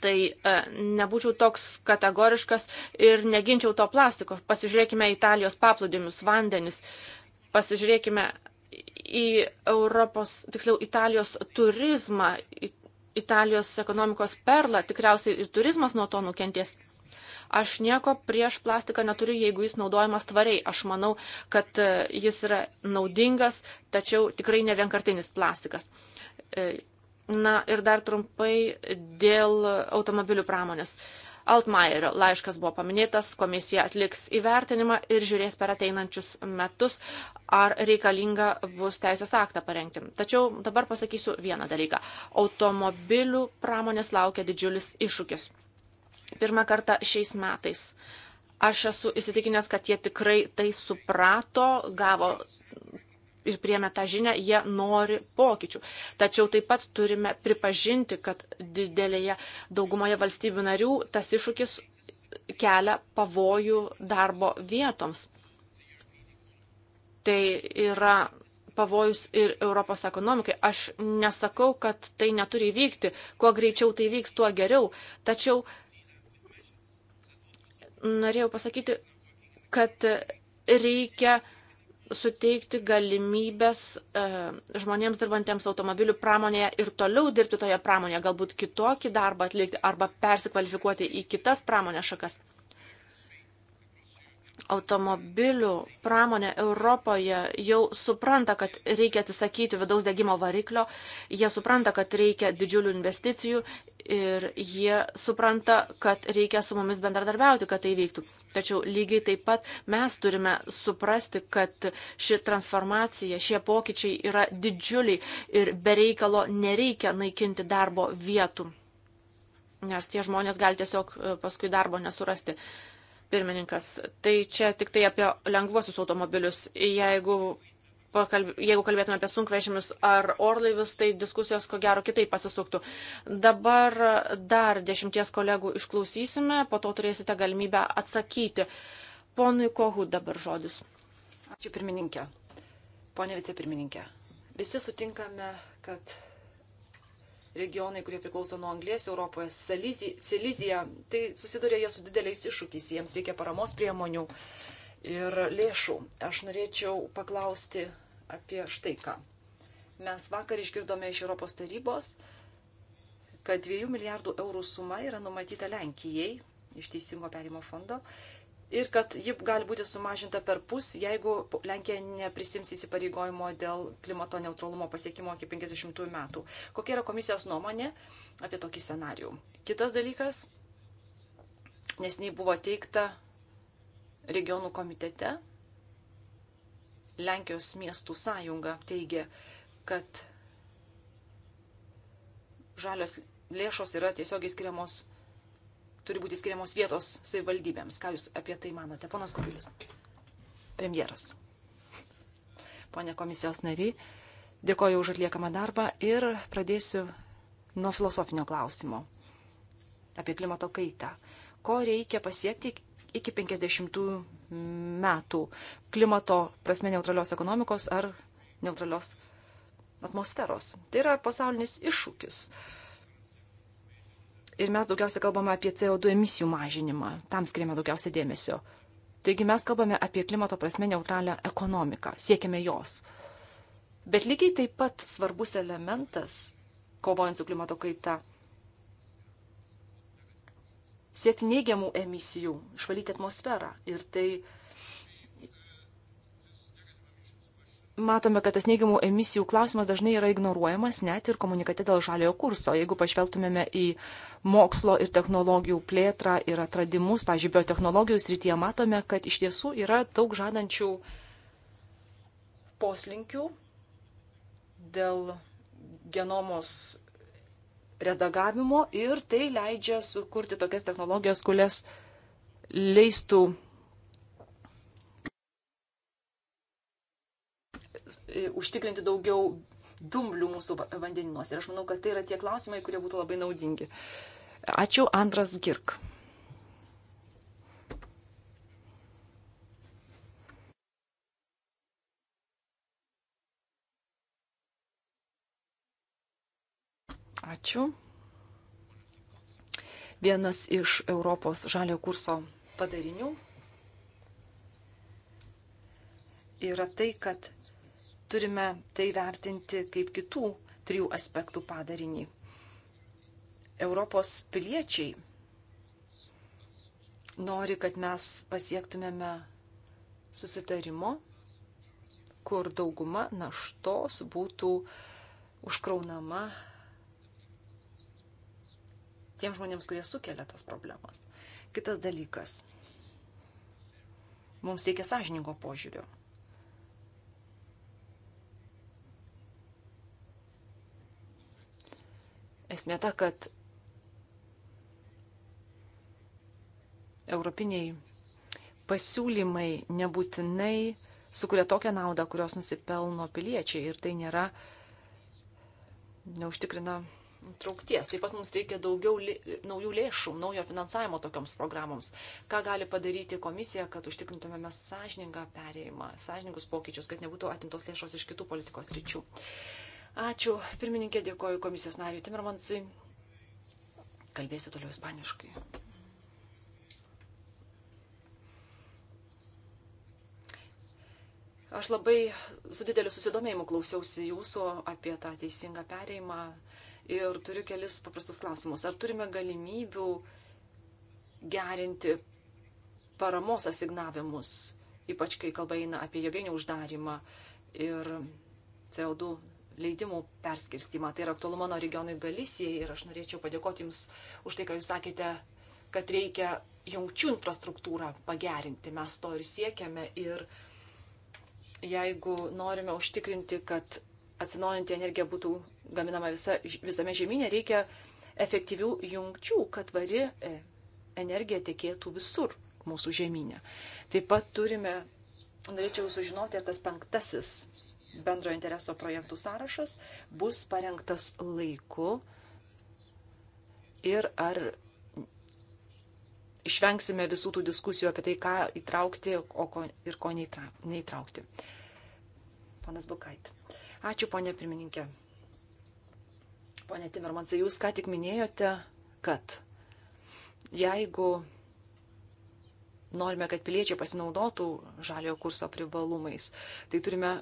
tai e, nebūčiau toks kategoriškas ir neginčiau to plastiko. Pasižiūrėkime Italijos paplūdimius, vandenis, pasižiūrėkime į Europos, tiksliau, Italijos turizmą, Italijos ekonomikos perlą, tikriausiai ir turizmas nuo to nukentės. Aš nieko prieš plastiką neturiu, jeigu jis naudojamas tvariai. Aš manau, kad e, jis yra naudingas, tačiau tikrai ne vienkartinis plastikas. E, na ir dar trumpai dėl automobilių pramonės. Altmaierio laiškas buvo paminėtas, komisija atliks įvertinimą ir žiūrės per ateinančius metus, ar reikalinga bus teisės aktą parengti. Tačiau dabar pasakysiu vieną dalyką. Automobilių pramonės laukia didžiulis iššūkis pirmą kartą šiais metais. Aš esu įsitikinęs, kad jie tikrai tai suprato, gavo ir priemė tą žinę, jie nori pokyčių. Tačiau taip pat turime pripažinti, kad didelėje daugumoje valstybių narių tas iššūkis kelia pavojų darbo vietoms. Tai yra pavojus ir Europos ekonomikai. Aš nesakau, kad tai neturi vykti. Kuo greičiau tai vyks, tuo geriau. Tačiau norėjau pasakyti, kad reikia suteikti galimybės e, žmonėms dirbantiems automobilių pramonėje ir toliau dirbti toje pramonėje, galbūt kitokį darbą atlikti arba persikvalifikuoti į kitas pramonės šakas automobilių pramonė Europoje jau supranta, kad reikia atsisakyti vidaus degimo variklio, jie supranta, kad reikia didžiulių investicijų ir jie supranta, kad reikia su mumis bendradarbiauti, kad tai vyktų. Tačiau lygiai taip pat mes turime suprasti, kad ši transformacija, šie pokyčiai yra didžiuliai ir bereikalo nereikia naikinti darbo vietų, nes tie žmonės gali tiesiog e, paskui darbo nesurasti. Pirmininkas, tai čia tik tai apie lengvuosius automobilius. Jeigu, pakalb... Jeigu kalbėtume apie sunkvežimius ar orlaivius, tai diskusijos ko gero kitaip pasisuktų. Dabar dar dešimties kolegų išklausysime, po to turėsite galimybę atsakyti. Ponui Kohu dabar žodis. Ačiū pirmininkė. Pone vicepirmininkė. Visi sutinkame, kad regionai, kurie priklauso nuo anglės Europoje, Silizija, tai susiduria jie su dideliais iššūkiais, jiems reikia paramos priemonių ir lėšų. Aš norėčiau paklausti apie štai ką. Mes vakar išgirdome iš Europos tarybos, kad 2 milijardų eurų suma yra numatyta Lenkijai iš Teisingo perimo fondo ir kad ji gali būti sumažinta per pus, jeigu Lenkija neprisims įsipareigojimo dėl klimato neutralumo pasiekimo iki 50 metų. Kokia yra komisijos nuomonė apie tokį scenarių? Kitas dalykas, nesiniai buvo teikta regionų komitete, Lenkijos miestų sąjunga teigia, kad žalios lėšos yra tiesiogiai skiriamos turi būti skiriamos vietos savivaldybėms. Ką Jūs apie tai manote, ponas Kubilius? Premjeras. Pone komisijos nariai, dėkoju už atliekamą darbą ir pradėsiu nuo filosofinio klausimo apie klimato kaitą. Ko reikia pasiekti iki 50 metų klimato prasme neutralios ekonomikos ar neutralios atmosferos. Tai yra pasaulinis iššūkis. Uh, ir mes daugiausia kalbame apie CO2 emisijų mažinimą, tam skiriame daugiausia dėmesio. Taigi mes kalbame apie klimato prasme neutralią ekonomiką, siekime jos. Bet lygiai taip pat svarbus elementas, kovojant su klimato kaita, siekti neigiamų emisijų, išvalyti atmosferą. Ir tai matome, kad tas neigiamų emisijų klausimas dažnai yra ignoruojamas net ir komunikate dėl žaliojo kurso. Jeigu pažvelgtumėme į mokslo ir technologijų plėtrą ir atradimus, pavyzdžiui, biotehnologijų srityje, matome, kad iš tiesų yra daug žadančių poslinkių dėl genomos redagavimo ir tai leidžia sukurti tokias technologijas, kurias leistų E, užtikrinti daugiau dumblių mūsų vandeninuose. Ir aš manau, kad tai yra tie klausimai, kurie būtų labai naudingi. Ačiū, Andras Girk. Ačiū. Vienas iš Europos žalio kurso padarinių yra tai, kad turime tai vertinti kaip kitų trijų aspektų padarinį. Europos piliečiai nori, kad mes pasiektumėme susitarimo, kur dauguma naštos būtų užkraunama tiem žmonėms, kurie sukelia tas problemas. Kitas dalykas. Mums reikia sąžininko požiūrio. Esmė ta, kad europiniai pasiūlymai nebūtinai sukuria tokią naudą, kurios nusipelno piliečiai ir tai nėra neužtikrina traukties. Taip pat mums reikia daugiau li, naujų lėšų, naujo finansavimo tokioms programoms. Ką gali padaryti komisija, kad užtikrintumėme sąžiningą perėjimą, sąžiningus pokyčius, kad nebūtų atimtos lėšos iš kitų politikos ryčių. Ačiū, pirmininkė, dėkoju komisijos nariui Timmermansui. Kalbėsiu toliau ispaniškai. Aš labai su dideliu susidomėjimu klausiausi jūsų apie tą teisingą pereimą ir turiu kelis paprastus klausimus. Ar turime galimybių gerinti paramos asignavimus, ypač kai kalba eina apie jėgainių uždarimą ir CO2 leidimų perskirstimą. Tai yra aktualu mano regionui Galisijai ir aš norėčiau padėkoti Jums už tai, ką Jūs sakėte, kad reikia jungčių infrastruktūrą pagerinti. Mes to ir siekiame ir jeigu norime užtikrinti, kad atsinaujantį energiją būtų gaminama visa, visame žemynė, reikia efektyvių jungčių, kad vari e, energija tekėtų visur mūsų žemynė. Taip pat turime, norėčiau sužinoti, ar tas penktasis bendro intereso projektų sąrašas bus parengtas laiku ir ar išvengsime visų tų diskusijų apie tai, ką įtraukti ko, ir ko neįtra, neįtraukti. Ponas Bukait. Ačiū, ponė pirmininkė. Pone Timermansai, jūs ką tik minėjote, kad jeigu norime, kad piliečiai pasinaudotų žaliojo kurso privalumais, tai turime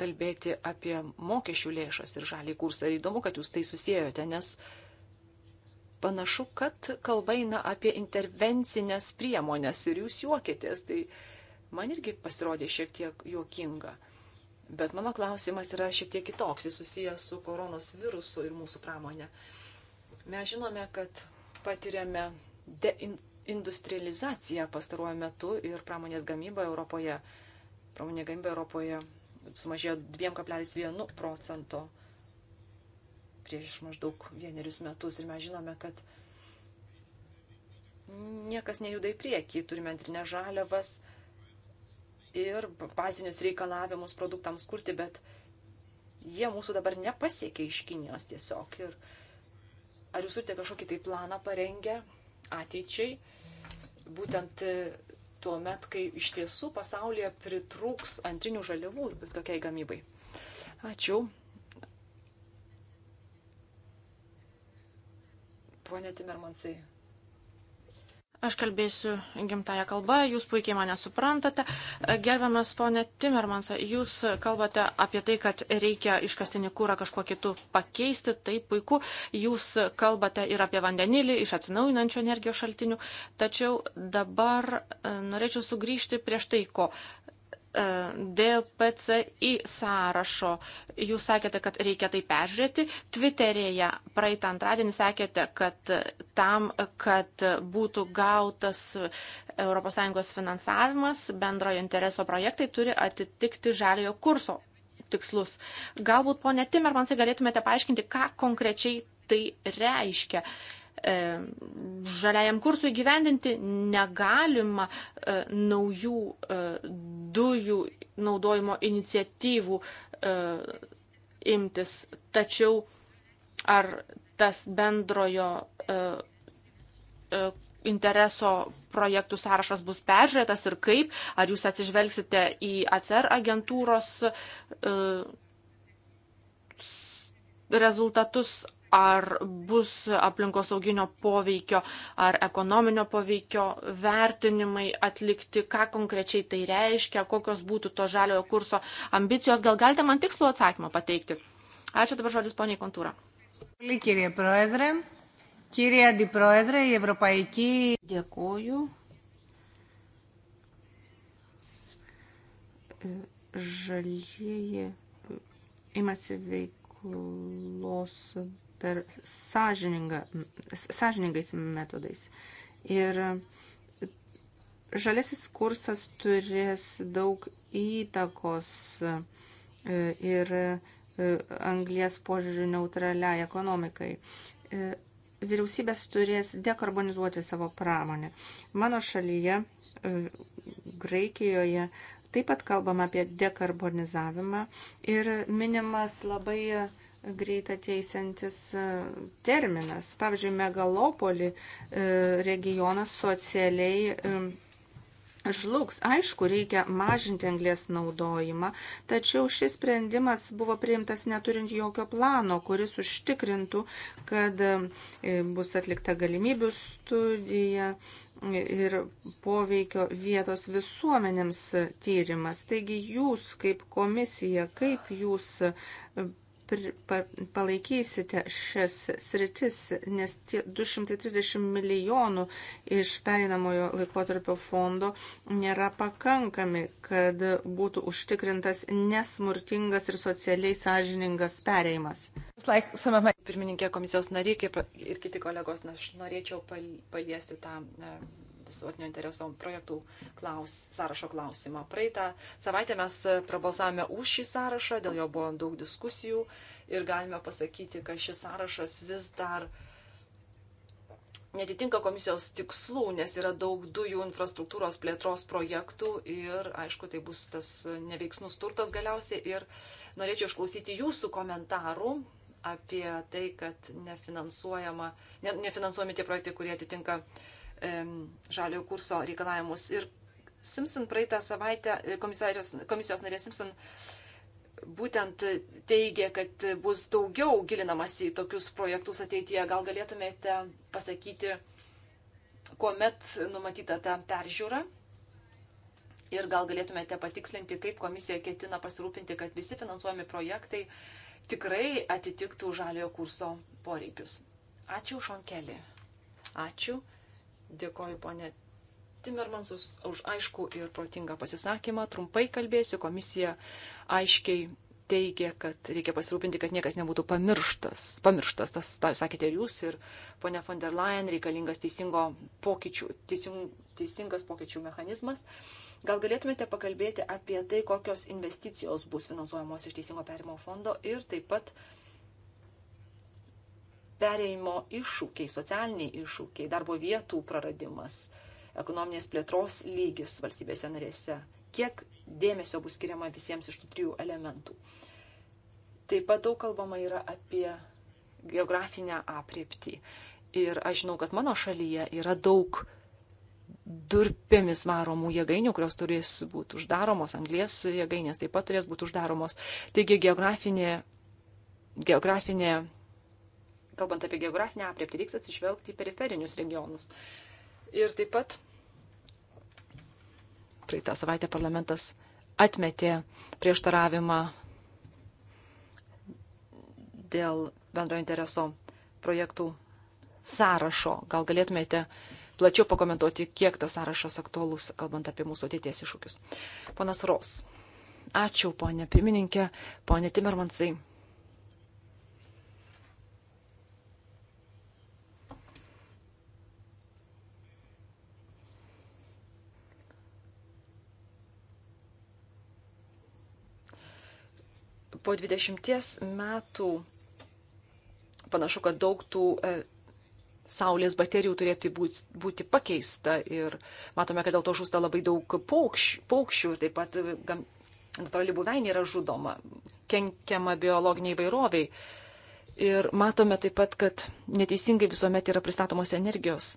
kalbėti apie mokesčių lėšas ir žalį kursą. Ir įdomu, kad jūs tai susijote, nes panašu, kad kalba eina apie intervencinės priemonės ir jūs juokitės. Tai man irgi pasirodė šiek tiek juokinga. Bet mano klausimas yra šiek tiek kitoks, jis susijęs su koronos virusu ir mūsų pramonė. Mes žinome, kad patiriame deindustrializaciją pastaruoju metu ir pramonės gamyba Europoje, pramonė gamyba Europoje sumažėjo 2,1 procento prieš maždaug vienerius metus. Ir mes žinome, kad niekas nejuda į priekį. Turime antrinę žaliavas ir bazinius reikalavimus produktams kurti, bet jie mūsų dabar nepasiekia iš Kinijos tiesiog. Ir ar jūs turite kažkokį tai planą parengę ateičiai, būtent tuo met, kai iš tiesų pasaulyje pritrūks antrinių žaliavų tokiai gamybai. Ačiū. Pone Timermansai, Aš kalbėsiu gimtają kalbą, jūs puikiai mane suprantate. Gerbiamas ponė Timermansą, jūs kalbate apie tai, kad reikia iškastinį kūrą kažkuo kitu pakeisti, tai puiku. Jūs kalbate ir apie vandenilį iš atsinaujinančių energijos šaltinių. Tačiau dabar e, norėčiau sugrįžti prieš tai, ko dėl PCI sąrašo. Jūs sakėte, kad reikia tai peržiūrėti. Twitterėje praeitą antradienį sakėte, kad tam, kad būtų gautas ES finansavimas, bendrojo intereso projektai turi atitikti žaliojo kurso tikslus. Galbūt, ponė Timermansai, galėtumėte paaiškinti, ką konkrečiai tai reiškia. Uh, E, žaliajam kursui gyvendinti negalima e, naujų e, dujų naudojimo iniciatyvų imtis. Tačiau ar tas bendrojo intereso projektų sąrašas bus peržiūrėtas ir kaip, ar jūs atsižvelgsite į ACER agentūros rezultatus, ar bus aplinkosauginio poveikio ar ekonominio poveikio vertinimai atlikti, ką konkrečiai tai reiškia, kokios būtų to žaliojo kurso ambicijos. Gal galite man tikslų atsakymą pateikti? Ačiū dabar žodis poniai Kontūra. Lygiai, proedrė. Κύριε Αντιπρόεδρε, η Ευρωπαϊκή... Dėkoju. Žalieji imasi veiklos per sąžininga, sąžiningais metodais. Ir žalesis kursas turės daug įtakos e, ir e, anglės požiūrių neutraliai ekonomikai. E, vyriausybės turės dekarbonizuoti savo pramonę. Mano šalyje, Graikijoje, taip pat kalbam apie dekarbonizavimą ir minimas labai greitą teisantis e, terminas. Pavyzdžiui, megalopolį e, regionas socialiai e, žlugs. Aišku, reikia mažinti anglės naudojimą, tačiau šis sprendimas buvo priimtas neturint jokio plano, kuris užtikrintų, kad bus atlikta galimybių studija ir poveikio vietos visuomenėms tyrimas. Taigi jūs kaip komisija, kaip jūs palaikysite šias sritis, nes tie 230 milijonų iš pereinamojo laikotarpio fondo nėra pakankami, kad būtų užtikrintas nesmurtingas ir socialiai sąžiningas pereimas. Pirmininkė komisijos nariai ir kiti kolegos, aš norėčiau paliesti tą e, visuotinio intereso projektų klaus, sąrašo klausimą. Praeitą savaitę mes e, prabalsavome už šį sąrašą, dėl jo buvo daug diskusijų ir galime pasakyti, kad šis sąrašas vis dar netitinka komisijos tikslų, nes yra daug dujų infrastruktūros plėtros projektų ir, aišku, tai bus tas neveiksnus turtas galiausiai. Ir norėčiau išklausyti jūsų komentarų apie tai, kad nefinansuojama, ne, nefinansuojami tie projektai, kurie atitinka uh, žaliojo kurso reikalavimus. Ir Simpson praeitą savaitę, e, komisijos, komisijos narė Simpson būtent teigia, kad bus daugiau gilinamas į tokius projektus ateityje. Gal galėtumėte pasakyti, kuomet numatyta ta peržiūra? Ir gal galėtumėte patikslinti, kaip komisija ketina pasirūpinti, kad visi finansuojami projektai tikrai atitiktų žaliojo kurso poreikius. Ačiū, Šonkelį. Ačiū. Dėkoju, ponė Timermansas, už aišku ir protingą pasisakymą. Trumpai kalbėsiu, komisija aiškiai teigia, kad reikia pasirūpinti, kad niekas nebūtų pamirštas. Pamirštas, tas tą sakėte ir jūs, ir ponia von der Leyen reikalingas teisingo pokyčių, teising, teisingas pokyčių mechanizmas. Gal galėtumėte pakalbėti apie tai, kokios investicijos bus finansuojamos iš teisingo perimo fondo ir taip pat perėjimo iššūkiai, socialiniai iššūkiai, darbo vietų praradimas, ekonominės plėtros lygis valstybėse narėse, kiek dėmesio bus skiriama visiems iš tų trijų elementų. Taip pat daug kalbama yra apie geografinę apriepti. Ir aš žinau, kad mano šalyje yra daug durpėmis varomų jėgainių, kurios turės būti uždaromos, anglės jėgainės taip pat turės būti uždaromos. Taigi geografinė, geografinė kalbant apie geografinę apriepti, reiks atsižvelgti į periferinius regionus. Ir taip pat praeitą savaitę parlamentas atmetė prieštaravimą dėl bendro intereso projektų sąrašo. Gal galėtumėte plačiau pakomentuoti, kiek tas sąrašas aktuolus, kalbant apie mūsų ateities iššūkius. Ponas Ros. Ačiū, ponė pirmininkė, ponė Timermansai. po 20 metų panašu, kad daug tų e, saulės baterijų turėtų būti, būti pakeista ir matome, kad dėl to žūsta labai daug paukš, paukščių ir taip pat e, gam, natūrali buveinė yra žudoma, kenkiama biologiniai vairoviai. Ir matome taip pat, kad neteisingai visuomet yra pristatomos energijos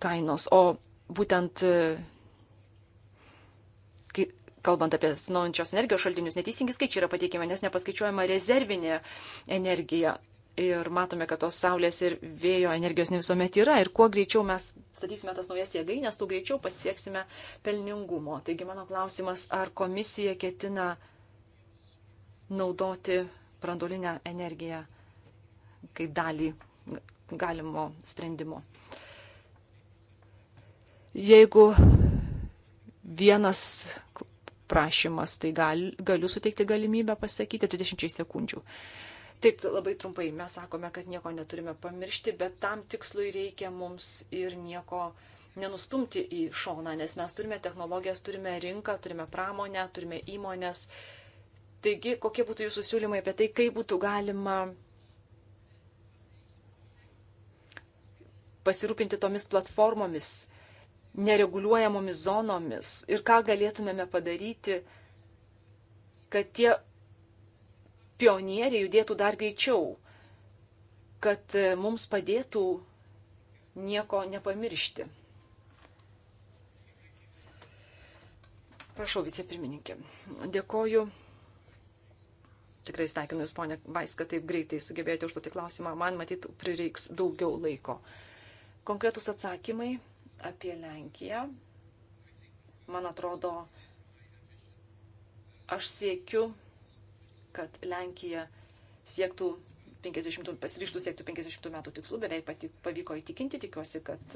kainos, o būtent e, kalbant apie atsinaujančios energijos šaltinius, neteisingi skaičiai yra pateikiami, nes nepaskaičiuojama rezervinė energija. Ir matome, kad tos saulės ir vėjo energijos ne visuomet yra. Ir kuo greičiau mes statysime tas naujas jėgainės, tuo greičiau pasieksime pelningumo. Taigi mano klausimas, ar komisija ketina naudoti brandolinę energiją kaip dalį galimo sprendimo. Jeigu vienas prašymas, tai gal, galiu suteikti galimybę pasakyti 30 sekundžių. Taip, labai trumpai, mes sakome, kad nieko neturime pamiršti, bet tam tikslui reikia mums ir nieko nenustumti į šoną, nes mes turime technologijas, turime rinką, turime pramonę, turime įmonės. Taigi, kokie būtų jūsų siūlymai apie tai, kaip būtų galima pasirūpinti tomis platformomis, nereguliuojamomis zonomis ir ką galėtumėme padaryti, kad tie pionieriai judėtų dar greičiau, kad e, mums padėtų nieko nepamiršti. Prašau, vicepirmininkė. Dėkoju. Tikrai sveikinu Jūs, ponia Vais, kad taip greitai sugebėjote užduoti klausimą. Man matyt, prireiks daugiau laiko. Konkretus atsakymai apie Lenkiją. Man atrodo, aš siekiu, kad Lenkija siektų 50, pasiryštų siekti 50 metų tikslų, beveik pati, pavyko įtikinti, tikiuosi, kad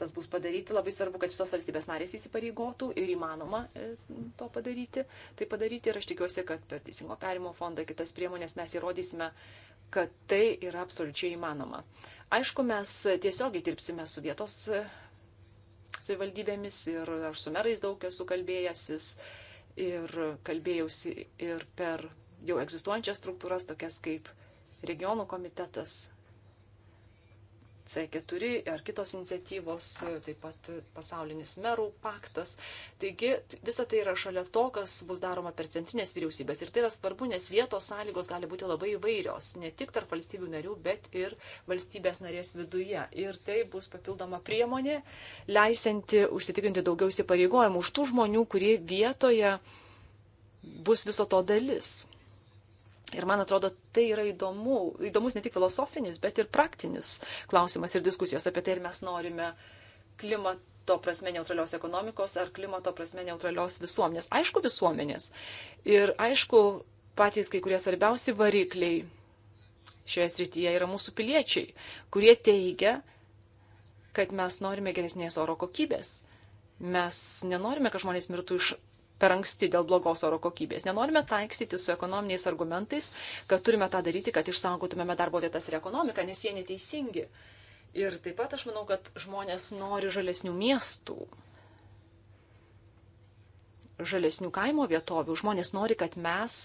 tas bus padaryti. Labai svarbu, kad visos valstybės narės įsipareigotų ir įmanoma e, to padaryti. Tai padaryti ir aš tikiuosi, kad per teisingo perimo fondą kitas priemonės mes įrodysime, kad tai yra absoliučiai įmanoma. Aišku, mes tiesiogiai dirbsime su vietos e, savivaldybėmis ir aš su merais daug esu kalbėjęsis ir kalbėjausi ir per jau egzistuojančias struktūras, tokias kaip regionų komitetas, C4 ar kitos iniciatyvos, taip pat pasaulinis merų paktas. Taigi visa tai yra šalia to, kas bus daroma per centrinės vyriausybės. Ir tai yra svarbu, nes vietos sąlygos gali būti labai įvairios, ne tik tarp valstybių narių, bet ir valstybės narės viduje. Ir tai bus papildoma priemonė, leisinti užsitikrinti daugiau įsipareigojimų už tų žmonių, kurie vietoje bus viso to dalis. Ir man atrodo, tai yra įdomu, įdomus ne tik filosofinis, bet ir praktinis klausimas ir diskusijos apie tai, ar mes norime klimato prasme neutralios ekonomikos ar klimato prasme neutralios visuomenės. Aišku, visuomenės. Ir aišku, patys kai kurie svarbiausi varikliai šioje srityje yra mūsų piliečiai, kurie teigia, kad mes norime geresnės oro kokybės. Mes nenorime, kad žmonės mirtų iš per anksti dėl blogos oro kokybės. Nenorime taikstyti su ekonominiais argumentais, kad turime tą daryti, kad išsaugotumėme darbo vietas ir ekonomiką, nes jie neteisingi. Ir taip pat aš manau, kad žmonės nori žalesnių miestų, žalesnių kaimo vietovių. Žmonės nori, kad mes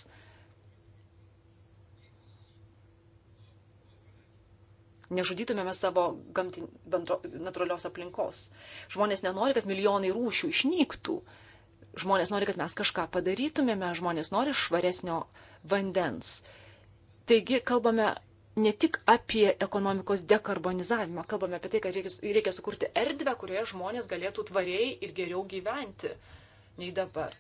nežudytumėme savo gamtin, bendro, natūralios aplinkos. Žmonės nenori, kad milijonai rūšių išnyktų. Uh, Žmonės nori, kad mes kažką padarytumėme, žmonės nori švaresnio vandens. Taigi kalbame ne tik apie ekonomikos dekarbonizavimą, kalbame apie tai, kad reikia, reikia sukurti erdvę, kurioje žmonės galėtų tvariai ir geriau gyventi nei dabar.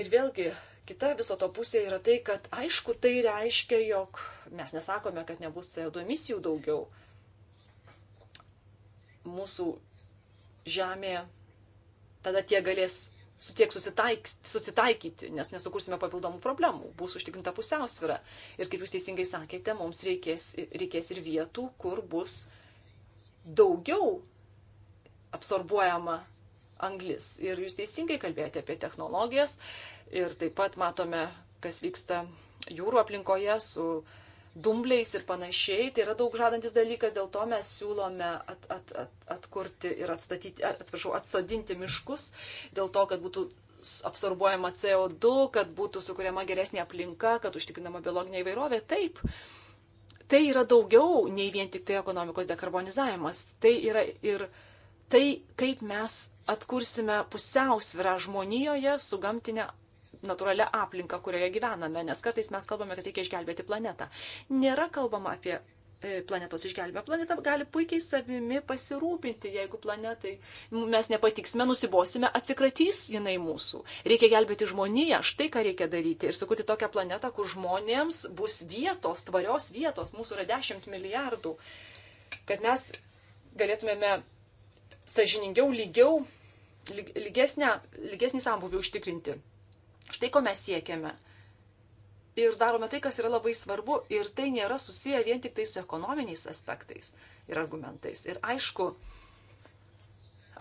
Ir vėlgi, kita viso to pusė yra tai, kad aišku, tai reiškia, jog mes nesakome, kad nebus CO2 emisijų daugiau. Mūsų žemė tada tie galės tiek susitaik, susitaikyti, nes nesukursime papildomų problemų, bus užtikrinta pusiausvyrą. Ir kaip jūs teisingai sakėte, mums reikės, reikės ir vietų, kur bus daugiau absorbuojama anglis. Ir jūs teisingai kalbėjote apie technologijas ir taip pat matome, kas vyksta jūrų aplinkoje su uh, dumbliais ir panašiai. Tai yra daug žadantis dalykas, dėl to mes siūlome at, at, at, atkurti ir atstatyti, atsiprašau, atsodinti miškus, dėl to, kad būtų absorbuojama CO2, kad būtų sukuriama geresnė aplinka, kad užtikrinama biologinė įvairovė. Taip, tai yra daugiau nei vien tik tai ekonomikos dekarbonizavimas. Tai yra ir tai, kaip mes atkursime pusiausvirą žmonijoje su gamtinė natūralią aplinką, kurioje gyvename, nes kartais mes kalbame, kad reikia išgelbėti planetą. Nėra kalbama apie e, planetos išgelbėjimą. Planeta gali puikiai savimi pasirūpinti, jeigu planetai mes nepatiksime, nusibosime, atsikratys jinai mūsų. Reikia gelbėti žmoniją, štai ką reikia daryti ir sukurti tokią planetą, kur žmonėms bus vietos, tvarios vietos, mūsų yra 10 milijardų, kad mes galėtumėme sažiningiau, lygiau, lygesnę, lygesnį sambuvį užtikrinti. Štai ko mes siekiame. Ir darome tai, kas yra labai svarbu, ir tai nėra susiję vien tik tai su ekonominiais aspektais ir argumentais. Ir aišku,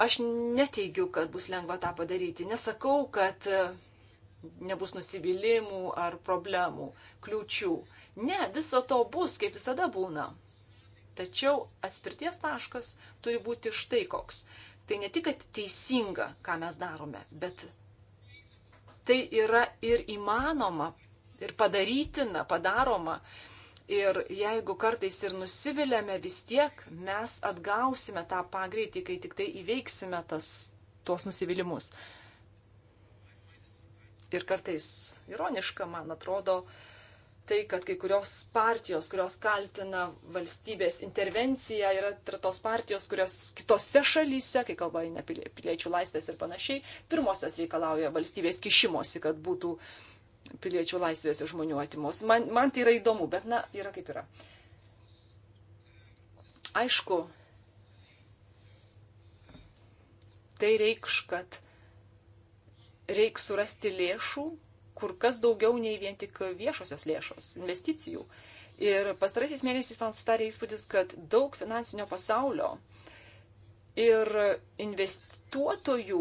aš neteigiu, kad bus lengva tą padaryti. Nesakau, kad e, nebus nusivylimų ar problemų, kliūčių. Ne, viso to bus, kaip visada būna. Tačiau atspirties taškas turi būti štai koks. Tai ne tik, kad teisinga, ką mes darome, bet tai yra ir įmanoma, ir padarytina, padaroma. Ir jeigu kartais ir nusiviliame, vis tiek mes atgausime tą pagreitį, kai tik tai įveiksime tas, tuos nusivylimus. Ir kartais ironiška, man atrodo, uh, tai, kad kai kurios partijos, kurios kaltina valstybės intervenciją, yra tos partijos, kurios kitose šalyse, kai kalba eina piliečių laisvės ir panašiai, pirmosios reikalauja valstybės kišimosi, kad būtų piliečių laisvės ir žmonių atimos. Man, man tai yra įdomu, bet na, yra kaip yra. Aišku, tai reikš, kad reiks surasti lėšų kur kas daugiau nei vien tik viešosios lėšos, investicijų. Ir pastaraisiais mėnesiais man sutarė įspūdis, kad daug finansinio pasaulio ir investuotojų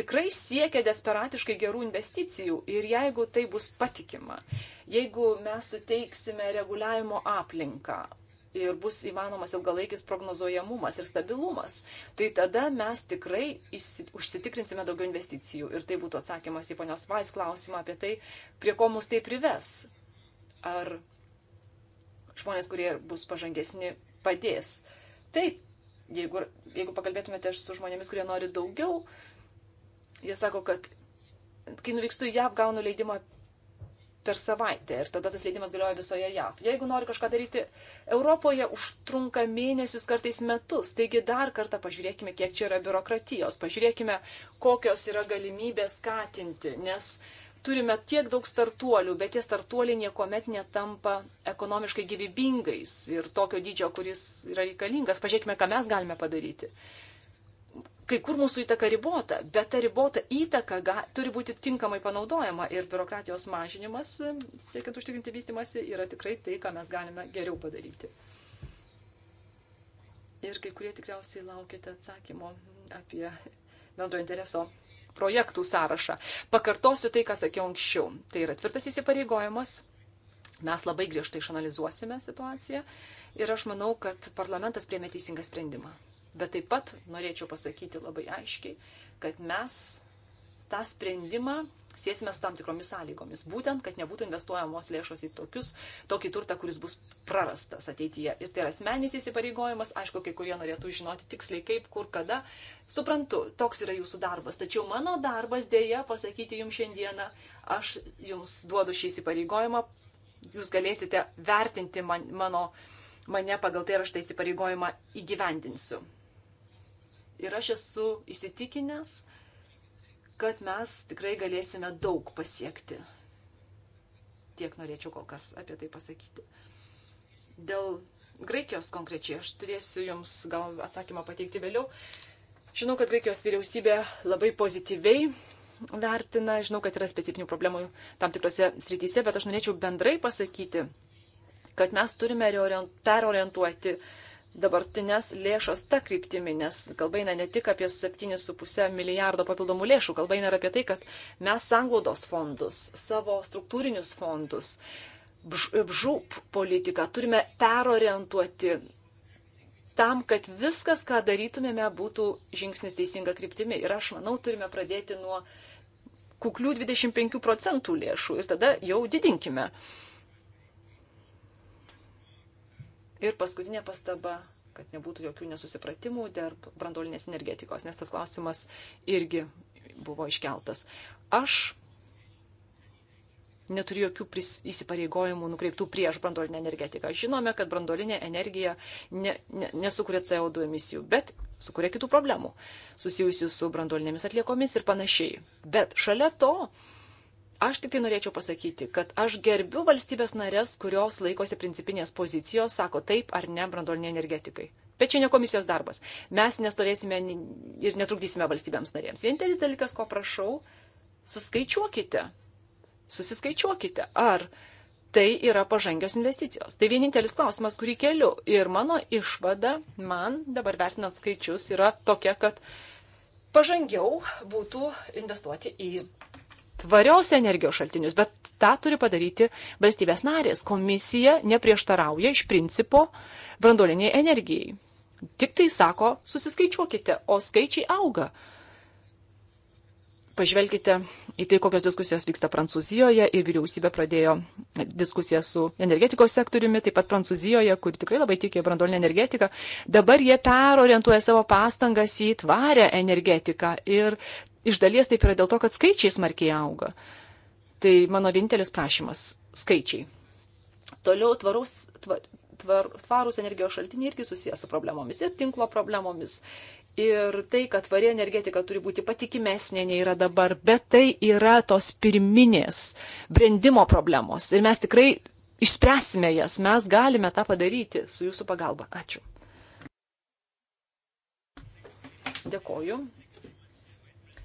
tikrai siekia desperatiškai gerų investicijų ir jeigu tai bus patikima, jeigu mes suteiksime reguliavimo aplinką, ir bus įmanomas ilgalaikis prognozuojamumas ir stabilumas, tai tada mes tikrai užsitikrinsime daugiau investicijų. Ir tai būtų atsakymas į ponios Vais klausimą apie tai, prie ko mus tai prives. Ar žmonės, kurie bus pažangesni, padės. Taip, jeigu, jeigu pakalbėtumėte su žmonėmis, kurie nori daugiau, jie sako, kad kai nuvykstu į JAV, gaunu leidimą per savaitę ir tada tas leidimas galioja visoje JAV. Jeigu nori kažką daryti Europoje, užtrunka mėnesius, kartais metus. Taigi dar kartą pažiūrėkime, kiek čia yra biurokratijos, pažiūrėkime, kokios yra galimybės skatinti, nes turime tiek daug startuolių, bet tie startuoliai niekuomet netampa ekonomiškai gyvybingais ir tokio dydžio, kuris yra reikalingas. Pažiūrėkime, ką mes galime padaryti kai kur mūsų įtaka ribota, bet ta ribota įtaka ga, turi būti tinkamai panaudojama ir biurokratijos mažinimas, e, siekiant užtikrinti vystimasi, yra tikrai tai, ką mes galime geriau padaryti. Ir kai kurie tikriausiai laukite atsakymo apie bendro intereso projektų sąrašą. Pakartosiu tai, ką sakiau anksčiau. Tai yra tvirtas įsipareigojimas. Mes labai griežtai išanalizuosime situaciją ir aš manau, kad parlamentas priemė teisingą sprendimą. Bet taip pat norėčiau pasakyti labai aiškiai, kad mes tą sprendimą siesime su tam tikromis sąlygomis. Būtent, kad nebūtų investuojamos lėšos į tokius, tokį turtą, kuris bus prarastas ateityje. Ir tai yra asmeninis įsipareigojimas, aišku, kai kurie norėtų žinoti tiksliai kaip, kur, kada. Suprantu, toks yra jūsų darbas. Tačiau mano darbas dėja pasakyti jums šiandieną, aš jums duodu šį įsipareigojimą, jūs galėsite vertinti man, mano, mane pagal tai ir aš tą įsipareigojimą įgyvendinsiu. Ir aš esu įsitikinęs, kad mes tikrai galėsime daug pasiekti. Tiek norėčiau kol kas apie tai pasakyti. Dėl Graikijos konkrečiai aš turėsiu jums gal atsakymą pateikti vėliau. Žinau, kad Graikijos vyriausybė labai pozityviai vertina, žinau, kad yra specifinių problemų tam tikrose srityse, bet aš norėčiau bendrai pasakyti, kad mes turime perorientuoti uh, dabartinės lėšas tą kryptimį, nes kalba eina ne tik apie 7,5 milijardo papildomų lėšų, kalba eina ir apie tai, kad mes sanglaudos fondus, savo struktūrinius fondus, žūp politiką turime perorientuoti tam, kad viskas, ką darytumėme, būtų žingsnis teisinga kryptimi. Ir aš manau, turime pradėti nuo kuklių 25 procentų lėšų ir tada jau didinkime. Uh, Ir paskutinė pastaba, kad nebūtų jokių nesusipratimų dėl brandolinės energetikos, nes tas klausimas irgi buvo iškeltas. Aš neturi jokių įsipareigojimų nukreiptų prieš brandolinę energetiką. Žinome, kad brandolinė energija ne, ne, nesukuria CO2 emisijų, bet sukuria kitų problemų susijusių su brandolinėmis atliekomis ir panašiai. Bet šalia to Aš tik tai norėčiau pasakyti, kad aš gerbiu valstybės narės, kurios laikosi principinės pozicijos, sako taip ar ne brandolinė energetikai. Bet čia ne komisijos darbas. Mes nestovėsime ir netrukdysime valstybėms narėms. Vienintelis dalykas, ko prašau, suskaičiuokite. Susiskaičiuokite, ar tai yra pažangios investicijos. Tai vienintelis klausimas, kurį keliu. Ir mano išvada, man dabar vertinant skaičius, yra tokia, kad pažangiau būtų investuoti į tvarios energijos šaltinius, bet tą turi padaryti valstybės narės. Komisija neprieštarauja iš principo brandoliniai energijai. Tik tai sako, susiskaičiuokite, o skaičiai auga. Pažvelkite į tai, kokios diskusijos vyksta Prancūzijoje ir vyriausybė pradėjo diskusiją su energetikos sektoriumi, taip pat Prancūzijoje, kur tikrai labai tikėjo brandolinę energetiką. Dabar jie perorientuoja savo pastangas į tvarę energetiką ir iš dalies taip yra dėl to, kad skaičiai smarkiai auga. Tai mano vienintelis prašymas - skaičiai. Toliau tvarus, tvar, tvar, tvarus energijos šaltiniai irgi susijęs su problemomis ir tinklo problemomis. Ir tai, kad tvari energetika turi būti patikimesnė nei yra dabar, bet tai yra tos pirminės brendimo problemos. Ir mes tikrai išspręsime jas, mes galime tą padaryti su jūsų pagalba. Ačiū. Dėkoju.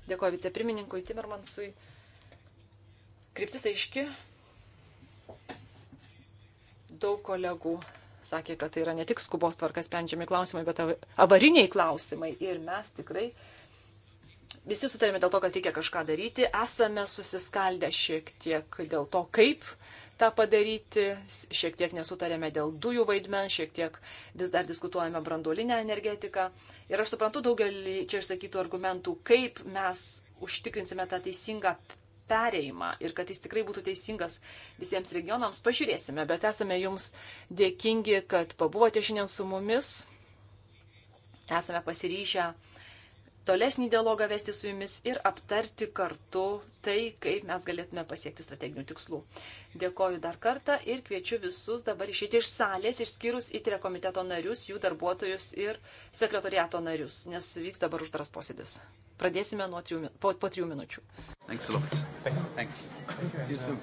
Dėkoju vicepirmininkui Timermansui. Kryptis aiški. Daug kolegų sakė, kad tai yra ne tik skubos tvarkas sprendžiami klausimai, bet avariniai klausimai. Ir mes tikrai visi sutarėme dėl to, kad reikia kažką daryti. Esame susiskaldę šiek tiek dėl to, kaip tą padaryti, šiek tiek nesutarėme dėl dujų vaidmens, šiek tiek vis dar diskutuojame branduolinę energetiką. Ir aš suprantu daugelį čia išsakytų argumentų, kaip mes užtikrinsime tą teisingą perėjimą ir kad jis tikrai būtų teisingas visiems regionams. Pažiūrėsime, bet esame jums dėkingi, kad pabuvote šiandien su mumis. Esame pasiryžę tolesnį dialogą vesti su jumis ir aptarti kartu tai, kaip mes galėtume pasiekti strateginių tikslų. Dėkoju dar kartą ir kviečiu visus dabar išėti iš salės, išskyrus įtrė komiteto narius, jų darbuotojus ir sekretoriato narius, nes vyks dabar uždaras posėdis. Pradėsime nuo trijų, po, po trijų minučių. Thanks a lot. Thanks. Thanks. See you soon.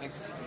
Thanks.